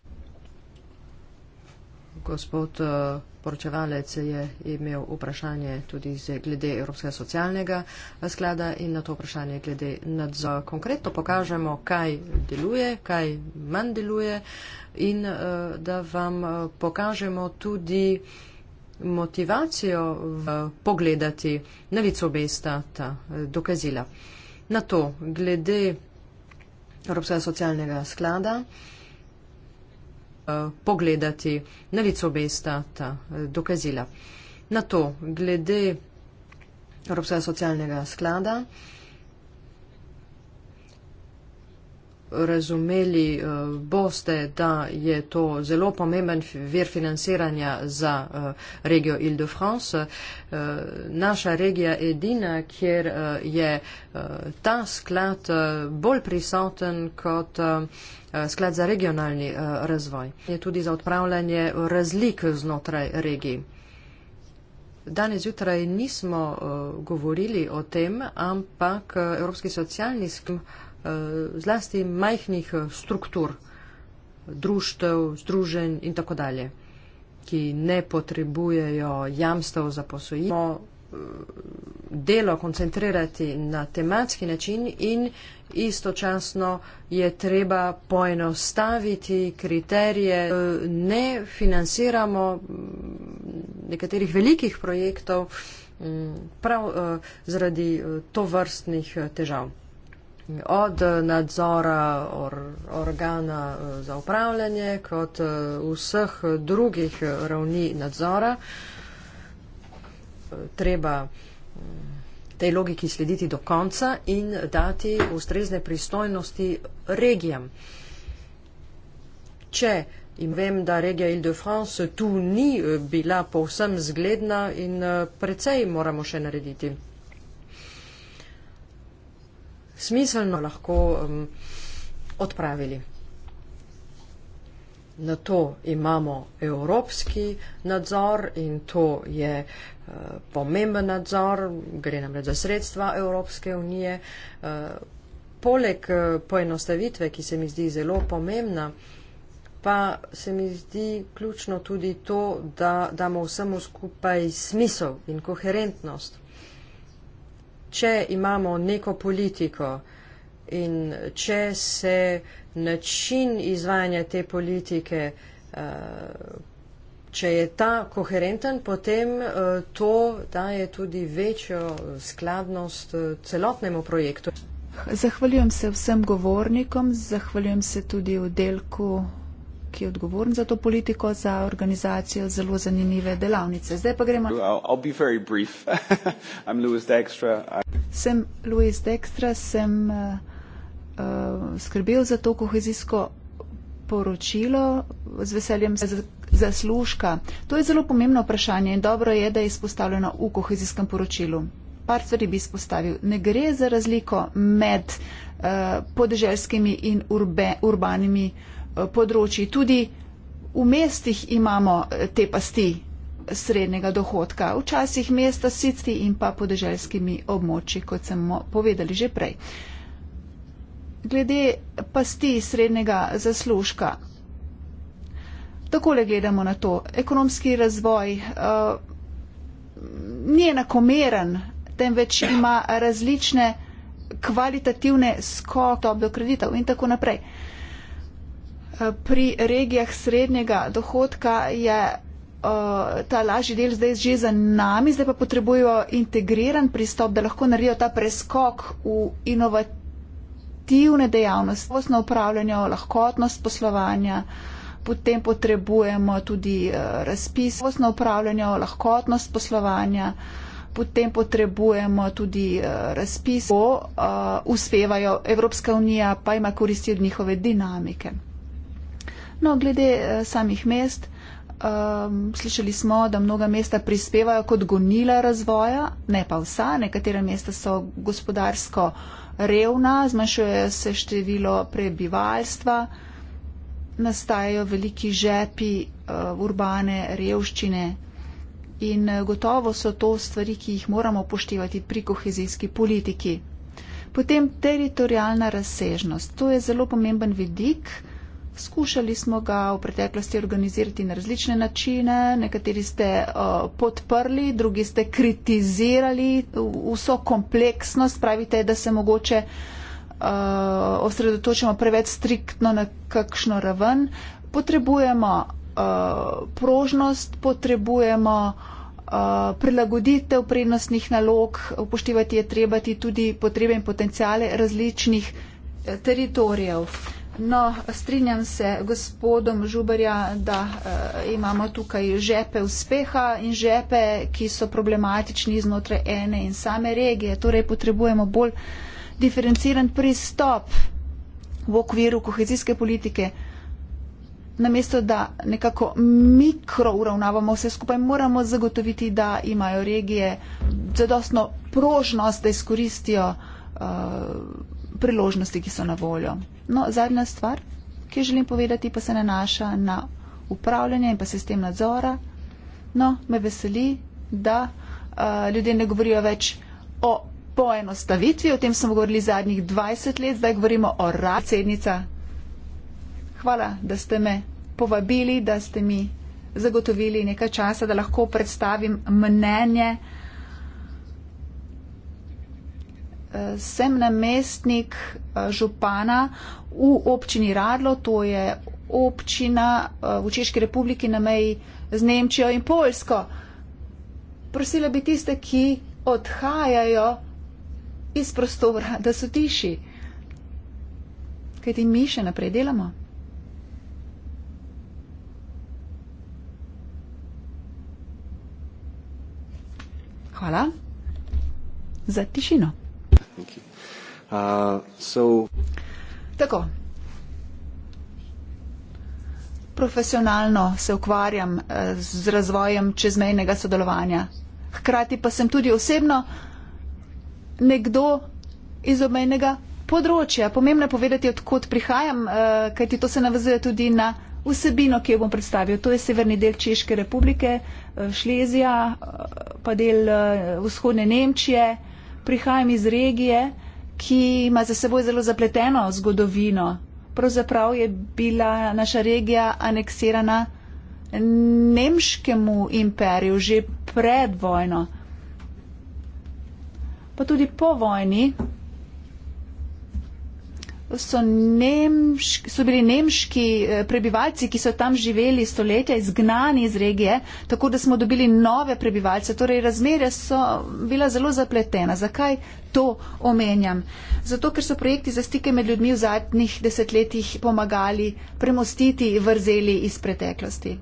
Gospod eh, poročevalec je imel vprašanje tudi glede Evropskega socialnega eh, sklada in na to vprašanje glede nadzora. Konkretno pokažemo, kaj deluje, kaj manj deluje in eh, da vam pokažemo tudi motivacijo pogledati na lico mesta ta dokazila. Na to glede Evropskega socialnega sklada. Eh, pogledati na lico mesta ta eh, dokazila. Na to, glede Evropskega socialnega sklada, razumeli, eh, boste, da je to zelo pomemben vir financiranja za eh, regijo Ile-de-France. Eh, naša regija je edina, kjer je ta sklad bolj prisoten kot sklad za regionalni razvoj. Je tudi za odpravljanje razlik znotraj regij. Danes jutraj nismo uh, govorili o tem, ampak uh, Evropski socialni skupaj Eh, zlasti majhnih eh, struktur, društev, združenj in tako dalje, ki ne potrebujejo jamstev za posojilo, eh, delo koncentrirati na tematski način in istočasno je treba poenostaviti kriterije. Ne financiramo mm, nekaterih velikih projektov mm, prav zaradi to vrstnih težav od nadzora or, organa eh, za upravljanje kot eh, vseh drugih ravni nadzora. Eh, treba mm, tej logiki slediti do konca in dati ustrezne pristojnosti regijam. Če in vem, da regija Ile-de-France tu ni bila povsem zgledna in precej moramo še narediti smiselno lahko um, odpravili. Na to imamo evropski nadzor in to je uh, pomemben nadzor, gre namreč za sredstva Evropske unije. Uh, poleg uh, poenostavitve, ki se mi zdi zelo pomembna, pa se mi zdi ključno tudi to, da damo vsemu skupaj smisel in koherentnost če imamo neko politiko in če se način izvajanja te politike, eh, če je ta koherenten, potem eh, to daje tudi večjo skladnost eh, celotnemu projektu. Zahvaljujem se vsem govornikom, zahvaljujem se tudi v delku ki je odgovoren za to politiko, za organizacijo zelo zanimive delavnice. Zdaj pa gremo. sem Louis Dextra, sem uh, uh, skrbel za to kohezijsko poročilo z veseljem zaslužka. To je zelo pomembno vprašanje in dobro je, da je izpostavljeno v kohezijskem poročilu. Par stvari bi izpostavil. Ne gre za razliko med uh, podeželskimi in urbe, urbanimi uh, Eh, področji. Tudi v mestih imamo eh, te pasti srednjega dohodka, včasih mesta s sicti in pa podeželskimi območji, kot smo povedali že prej. Glede pasti srednjega zaslužka. Takole gledamo na to. Ekonomski razvoj uh, ni enakomeren, temveč ima različne kvalitativne skotobe kreditov in tako naprej. Uh, Eh, pri regijah srednjega dohodka je uh, ta lažji del zdaj že za nami, zdaj pa potrebujejo integriran pristop, da lahko naredijo ta preskok v inovativne dejavnosti, osno upravljanje, lahkotnost poslovanja. Potem potrebujemo tudi eh, razpis, osno upravljanje, lahkotnost poslovanja, potem potrebujemo tudi razpis, ko uh, uspevajo Evropska unija, pa ima koristi od njihove dinamike. No, glede eh, samih mest, um, slišali smo, da mnoga mesta prispevajo kot gonila razvoja, ne pa vsa, nekatera mesta so gospodarsko revna, zmanjšuje se število prebivalstva, nastajajo veliki žepi uh, urbane revščine in eh, gotovo so to stvari, ki jih moramo upoštevati pri kohezijski politiki. Potem teritorijalna razsežnost. To je zelo pomemben vidik. Skušali smo ga v preteklosti organizirati na različne načine, nekateri ste uh, podprli, drugi ste kritizirali vso kompleksnost, pravite, da se mogoče uh, osredotočamo preveč striktno na kakšno raven. Potrebujemo uh, prožnost, potrebujemo uh, prilagoditev prednostnih nalog, upoštevati je treba tudi potrebe in potencijale različnih eh, teritorijev. No, strinjam se gospodom Žubarja, da uh, imamo tukaj žepe uspeha in žepe, ki so problematični iznotraj ene in same regije. Torej potrebujemo bolj diferenciran pristop v okviru kohezijske politike. Namesto, da nekako mikro uravnavamo vse skupaj, moramo zagotoviti, da imajo regije zadostno prožnost, da izkoristijo uh, priložnosti, ki so na voljo. No, zadnja stvar, ki želim povedati, pa se nanaša na upravljanje in pa sistem nadzora. No, me veseli, da uh, ljudje ne govorijo več o poenostavitvi, o tem smo govorili zadnjih 20 let, zdaj govorimo o radcednica. Hvala, da ste me povabili, da ste mi zagotovili nekaj časa, da lahko predstavim mnenje. sem namestnik eh, župana v občini Radlo, to je občina eh, v Češki republiki na meji z Nemčijo in Polsko. Prosila bi tiste, ki odhajajo iz prostora, da so tiši, kajti mi še naprej delamo. Hvala za tišino. Thank you. Uh, Tako. Profesionalno se ukvarjam eh, z razvojem čezmejnega sodelovanja. Hkrati pa sem tudi osebno nekdo iz obmejnega področja. Pomembno je povedati, odkot prihajam, eh, kajti to se navazuje tudi na vsebino, ki jo bom predstavil. To je severni del Češke republike, eh, Šlezija, pa del vzhodne Nemčije prihajam iz regije, ki ima za seboj zelo zapleteno zgodovino. Pravzaprav je bila naša regija aneksirana nemškemu imperiju že pred vojno. Pa tudi po vojni so, nemški, so bili nemški eh, prebivalci, ki so tam živeli stoletja, izgnani iz regije, tako da smo dobili nove prebivalce. Torej, razmere so bila zelo zapletena. Zakaj to omenjam? Zato, ker so projekti za stike med ljudmi v zadnjih desetletjih pomagali premostiti vrzeli iz preteklosti.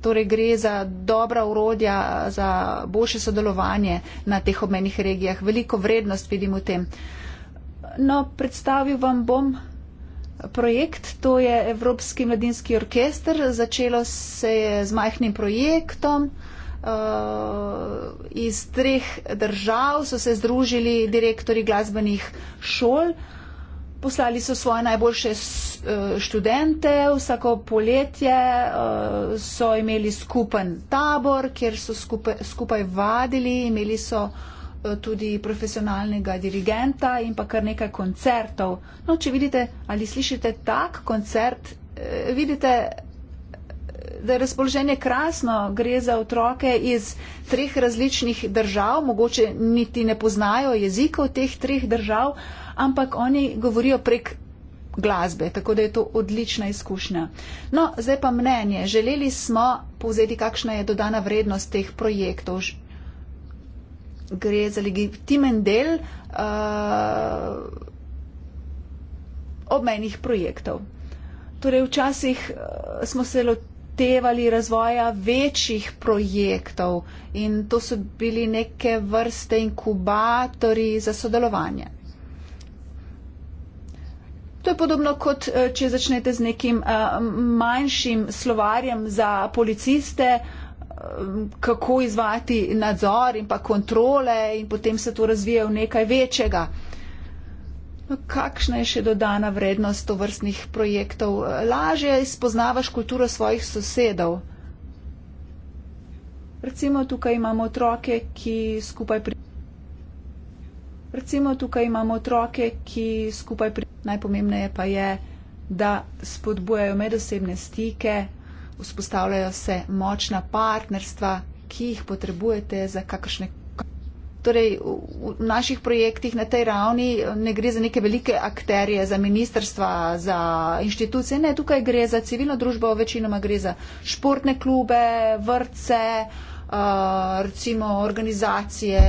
Torej gre za dobra urodja, za boljše sodelovanje na teh obmenih regijah. Veliko vrednost vidim v tem. Uh, No, predstavil vam bom projekt, to je Evropski mladinski orkester. Začelo se je z majhnim projektom. Uh, iz treh držav so se združili direktori glasbenih šol. Poslali so svoje najboljše eh, študente, vsako poletje eh, so imeli skupen tabor, kjer so skupaj, skupaj vadili, imeli so uh, Eh, tudi profesionalnega dirigenta in pa kar nekaj koncertov. No, če vidite ali slišite tak koncert, eh, vidite, eh, da je razpoloženje krasno, gre za otroke iz treh različnih držav, mogoče niti ne poznajo jezikov teh treh držav, ampak oni govorijo prek glasbe, tako da je to odlična izkušnja. No, zdaj pa mnenje. Želeli smo povzeti, kakšna je dodana vrednost teh projektov gre za legitimen del uh, obmejnih projektov. Torej, včasih eh, smo se lotevali razvoja večjih projektov in to so bili neke vrste inkubatori za sodelovanje. To je podobno, kot eh, če začnete z nekim manjšim slovarjem za policiste, uh, kako izvajati nadzor in pa kontrole in potem se to razvije v nekaj večjega. No, kakšna je še dodana vrednost to vrstnih projektov? Lažje spoznavaš kulturo svojih sosedov. Recimo tukaj imamo otroke, ki skupaj pri... Recimo tukaj imamo otroke, ki skupaj pri... Najpomembneje pa je, da spodbujajo medosebne stike, vzpostavljajo se močna partnerstva, ki jih potrebujete za kakršne. Torej, v, v naših projektih na tej ravni ne gre za neke velike akterje, za ministerstva, za inštitucije, ne, tukaj gre za civilno družbo, večinoma gre za športne klube, vrtce, uh, recimo organizacije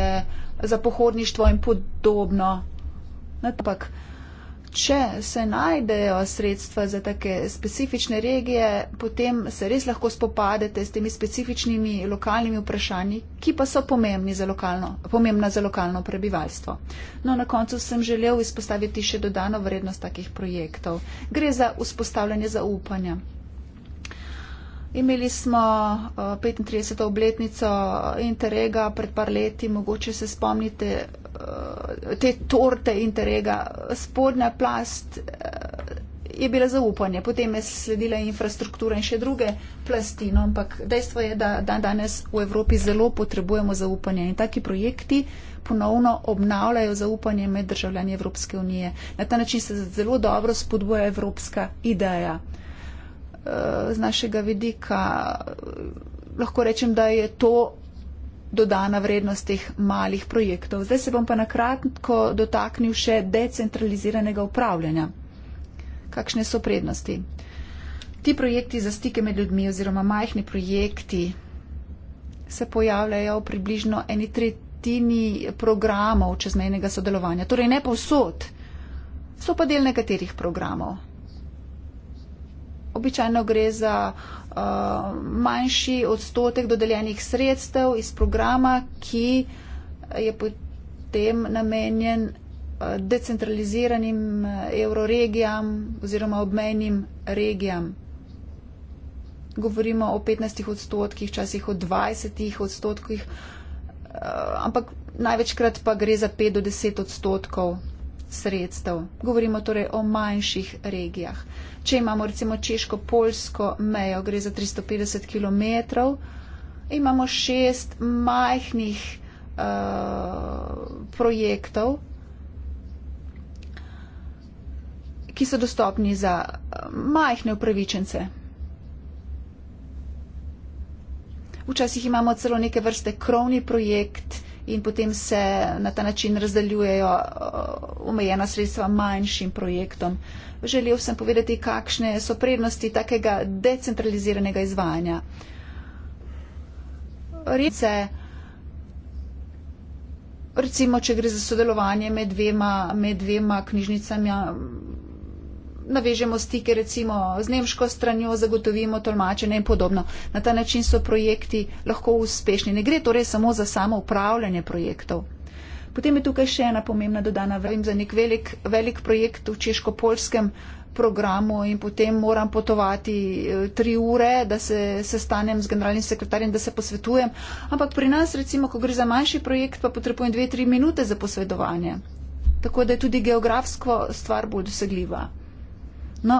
za pohodništvo in podobno. Ne, tupak, uh, če se najdejo sredstva za take specifične regije, potem se res lahko spopadete s temi specifičnimi lokalnimi vprašanji, ki pa so za lokalno, pomembna za lokalno prebivalstvo. No, na koncu sem želel izpostaviti še dodano vrednost takih projektov. Gre za vzpostavljanje zaupanja. Imeli smo 35. Eh, obletnico Interrega pred par leti, mogoče se spomnite, Eh, te torte interega, spodnja plast eh, je bila zaupanje, potem je sledila infrastruktura in še druge plasti, no, ampak dejstvo je, da, da danes v Evropi zelo potrebujemo zaupanje in taki projekti ponovno obnavljajo zaupanje med državljani Evropske unije. Na ta način se zelo dobro spodbuja evropska ideja. Eh, z našega vidika lahko rečem, da je to dodana vrednost teh malih projektov. Zdaj se bom pa nakratko dotaknil še decentraliziranega upravljanja. Kakšne so prednosti? Ti projekti za stike med ljudmi oziroma majhni projekti se pojavljajo v približno eni tretjini programov čezmejnega sodelovanja, torej ne povsod, so pa del nekaterih programov. Običajno gre za uh, manjši odstotek dodeljenih sredstev iz programa, ki je potem namenjen uh, decentraliziranim uh, euroregijam oziroma obmejnim regijam. Govorimo o 15 odstotkih, včasih o 20 odstotkih, uh, ampak največkrat pa gre za 5 do 10 odstotkov sredstev. Govorimo torej o manjših regijah. Če imamo recimo češko-polsko mejo, gre za 350 km, imamo šest majhnih uh, projektov, ki so dostopni za eh, majhne upravičence. Včasih imamo celo neke vrste krovni projekt, in potem se na ta način razdaljujejo eh, omejena sredstva manjšim projektom. Želel sem povedati, kakšne so prednosti takega decentraliziranega izvajanja. Rece, recimo, če gre za sodelovanje med dvema, med dvema knjižnicama, navežemo stike recimo z nemško stranjo, zagotovimo tolmačenje in podobno. Na ta način so projekti lahko uspešni. Ne gre torej samo za samo upravljanje projektov. Potem je tukaj še ena pomembna dodana vrem za nek velik, velik projekt v češko-polskem programu in potem moram potovati eh, tri ure, da se sestanem z generalnim sekretarjem, da se posvetujem. Ampak pri nas, recimo, ko gre za manjši projekt, pa potrebujem dve, tri minute za posvetovanje. Tako da je tudi geografsko stvar bolj dosegljiva. No,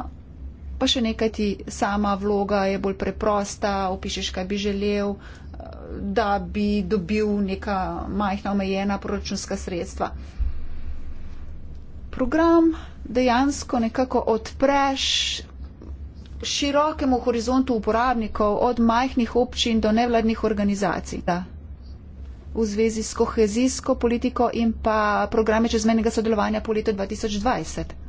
pa še nekaj ti sama vloga je bolj preprosta, opišeš, kaj bi želel, eh, da bi dobil neka majhna omejena proračunska sredstva. Program dejansko nekako odpreš širokemu horizontu uporabnikov, od majhnih občin do nevladnih organizacij. Da. V zvezi s kohezijsko politiko in pa programe čezmenjega sodelovanja po letu 2020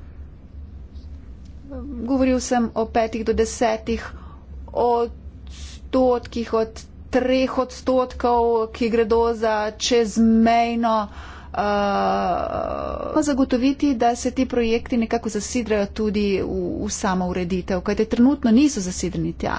govoril sem o petih do desetih odstotkih od treh odstotkov, ki gredo za čezmejno uh, zagotoviti, da se ti projekti nekako zasidrajo tudi v, v samo ureditev, kajte trenutno niso zasidreni tja. Uh,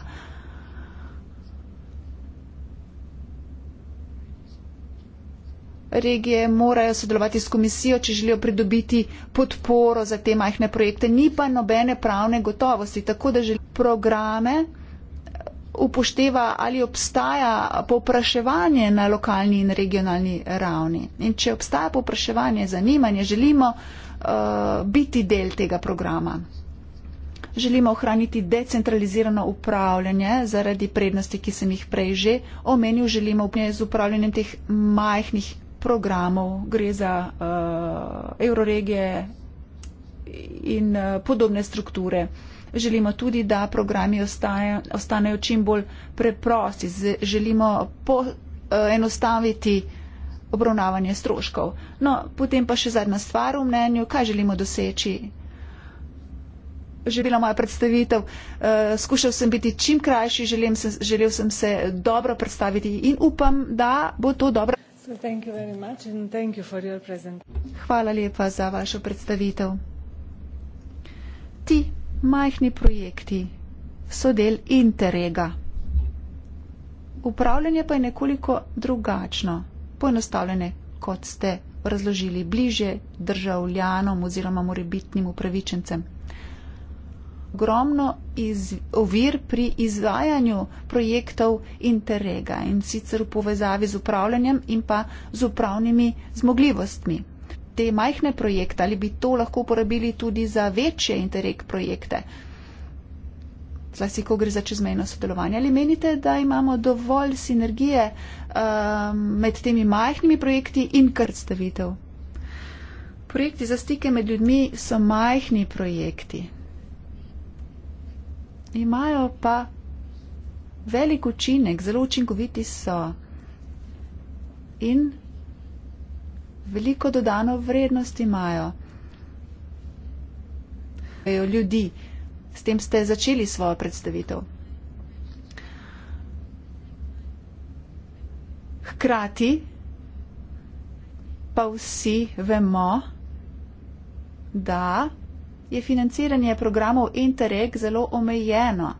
regije morajo sodelovati s komisijo, če želijo pridobiti podporo za te majhne projekte. Ni pa nobene pravne gotovosti, tako da že programe eh, upošteva ali obstaja popraševanje na lokalni in regionalni ravni. In če obstaja popraševanje, zanimanje, želimo uh, biti del tega programa. Želimo ohraniti decentralizirano upravljanje zaradi prednosti, ki sem jih prej že omenil. Želimo upnje z upravljanjem teh majhnih programov, gre za uh, eh, euroregije in uh, podobne strukture. Želimo tudi, da programi ostaje, ostanejo čim bolj preprosti. Z, želimo poenostaviti eh, uh, obravnavanje stroškov. No, potem pa še zadnja stvar v mnenju, kaj želimo doseči. Želela moja predstavitev, uh, skušal sem biti čim krajši, želim, želel sem se dobro predstaviti in upam, da bo to dobro. Hvala lepa za vašo predstavitev. Ti majhni projekti so del interrega. Upravljanje pa je nekoliko drugačno, poenostavljene, kot ste razložili, bližje državljanom oziroma morebitnim upravičencem ogromno iz, ovir pri izvajanju projektov interrega in sicer v povezavi z upravljanjem in pa z upravnimi zmogljivostmi. Te majhne projekte ali bi to lahko uporabili tudi za večje interreg projekte, zlasti ko gre za čezmejno sodelovanje. Ali menite, da imamo dovolj sinergije um, med temi majhnimi projekti in krstavitev? Projekti za stike med ljudmi so majhni projekti imajo pa velik učinek, zelo učinkoviti so in veliko dodano vrednost imajo. Ljudi. S tem ste začeli svojo predstavitev. Hkrati pa vsi vemo, da je financiranje programov Interreg zelo omejeno.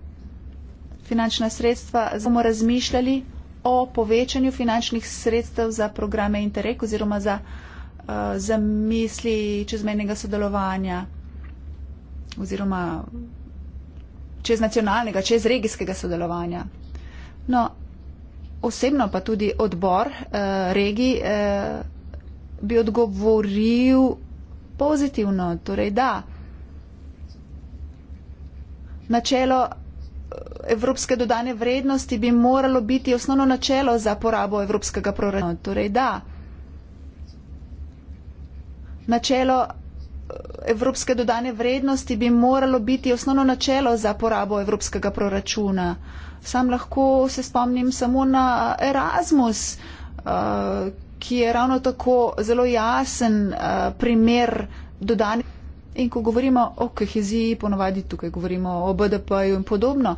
Finančna sredstva smo razmišljali o povečanju finančnih sredstev za programe Interreg oziroma za uh, eh, zamisli čezmejnega sodelovanja oziroma čez nacionalnega, čez regijskega sodelovanja. No, osebno pa tudi odbor eh, regij eh, bi odgovoril pozitivno, torej da načelo eh, evropske dodane vrednosti bi moralo biti osnovno načelo za porabo evropskega proračuna. Torej da, načelo eh, evropske dodane vrednosti bi moralo biti osnovno načelo za porabo evropskega proračuna. Sam lahko se spomnim samo na Erasmus, eh, ki je ravno tako zelo jasen primer dodane. In ko govorimo o koheziji, ponovadi tukaj govorimo o BDP-ju in podobno.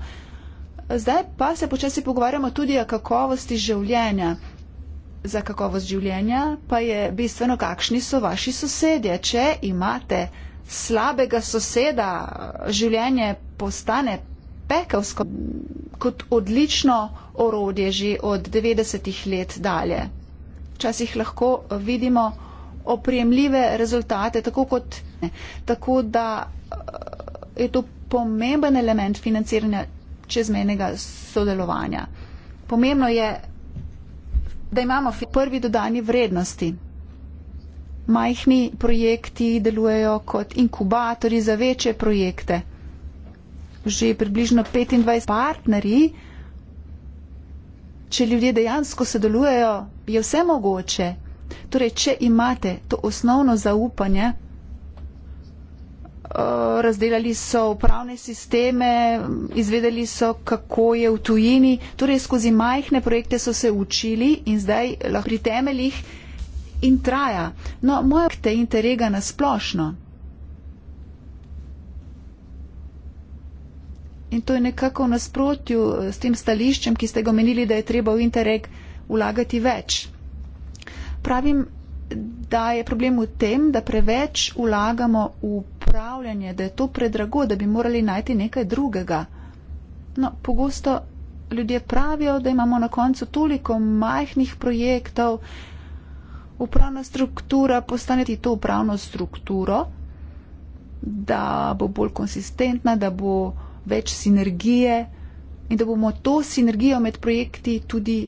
Zdaj pa se počasi pogovarjamo tudi o kakovosti življenja. Za kakovost življenja pa je bistveno, kakšni so vaši sosedje. Če imate slabega soseda, življenje postane pekelsko kot odlično orodje že od 90-ih let dalje. Včasih lahko vidimo, oprijemljive rezultate, tako, kot, ne, tako da eh, je to pomemben element financiranja čezmenega sodelovanja. Pomembno je, da imamo prvi dodani vrednosti. Majhni projekti delujejo kot inkubatori za večje projekte. Že približno 25 partnerji, če ljudje dejansko sodelujejo, je vse mogoče. Torej, če imate to osnovno zaupanje, eh, razdelali so upravne sisteme, izvedeli so, kako je v tujini, torej skozi majhne projekte so se učili in zdaj lahko pri temeljih in traja. No, moja te interega nasplošno. In to je nekako v nasprotju eh, s tem stališčem, ki ste ga omenili, da je treba v interreg vlagati več pravim, da je problem v tem, da preveč vlagamo v upravljanje, da je to predrago, da bi morali najti nekaj drugega. No, pogosto ljudje pravijo, da imamo na koncu toliko majhnih projektov, upravna struktura postane ti to upravno strukturo, da bo bolj konsistentna, da bo več sinergije in da bomo to sinergijo med projekti tudi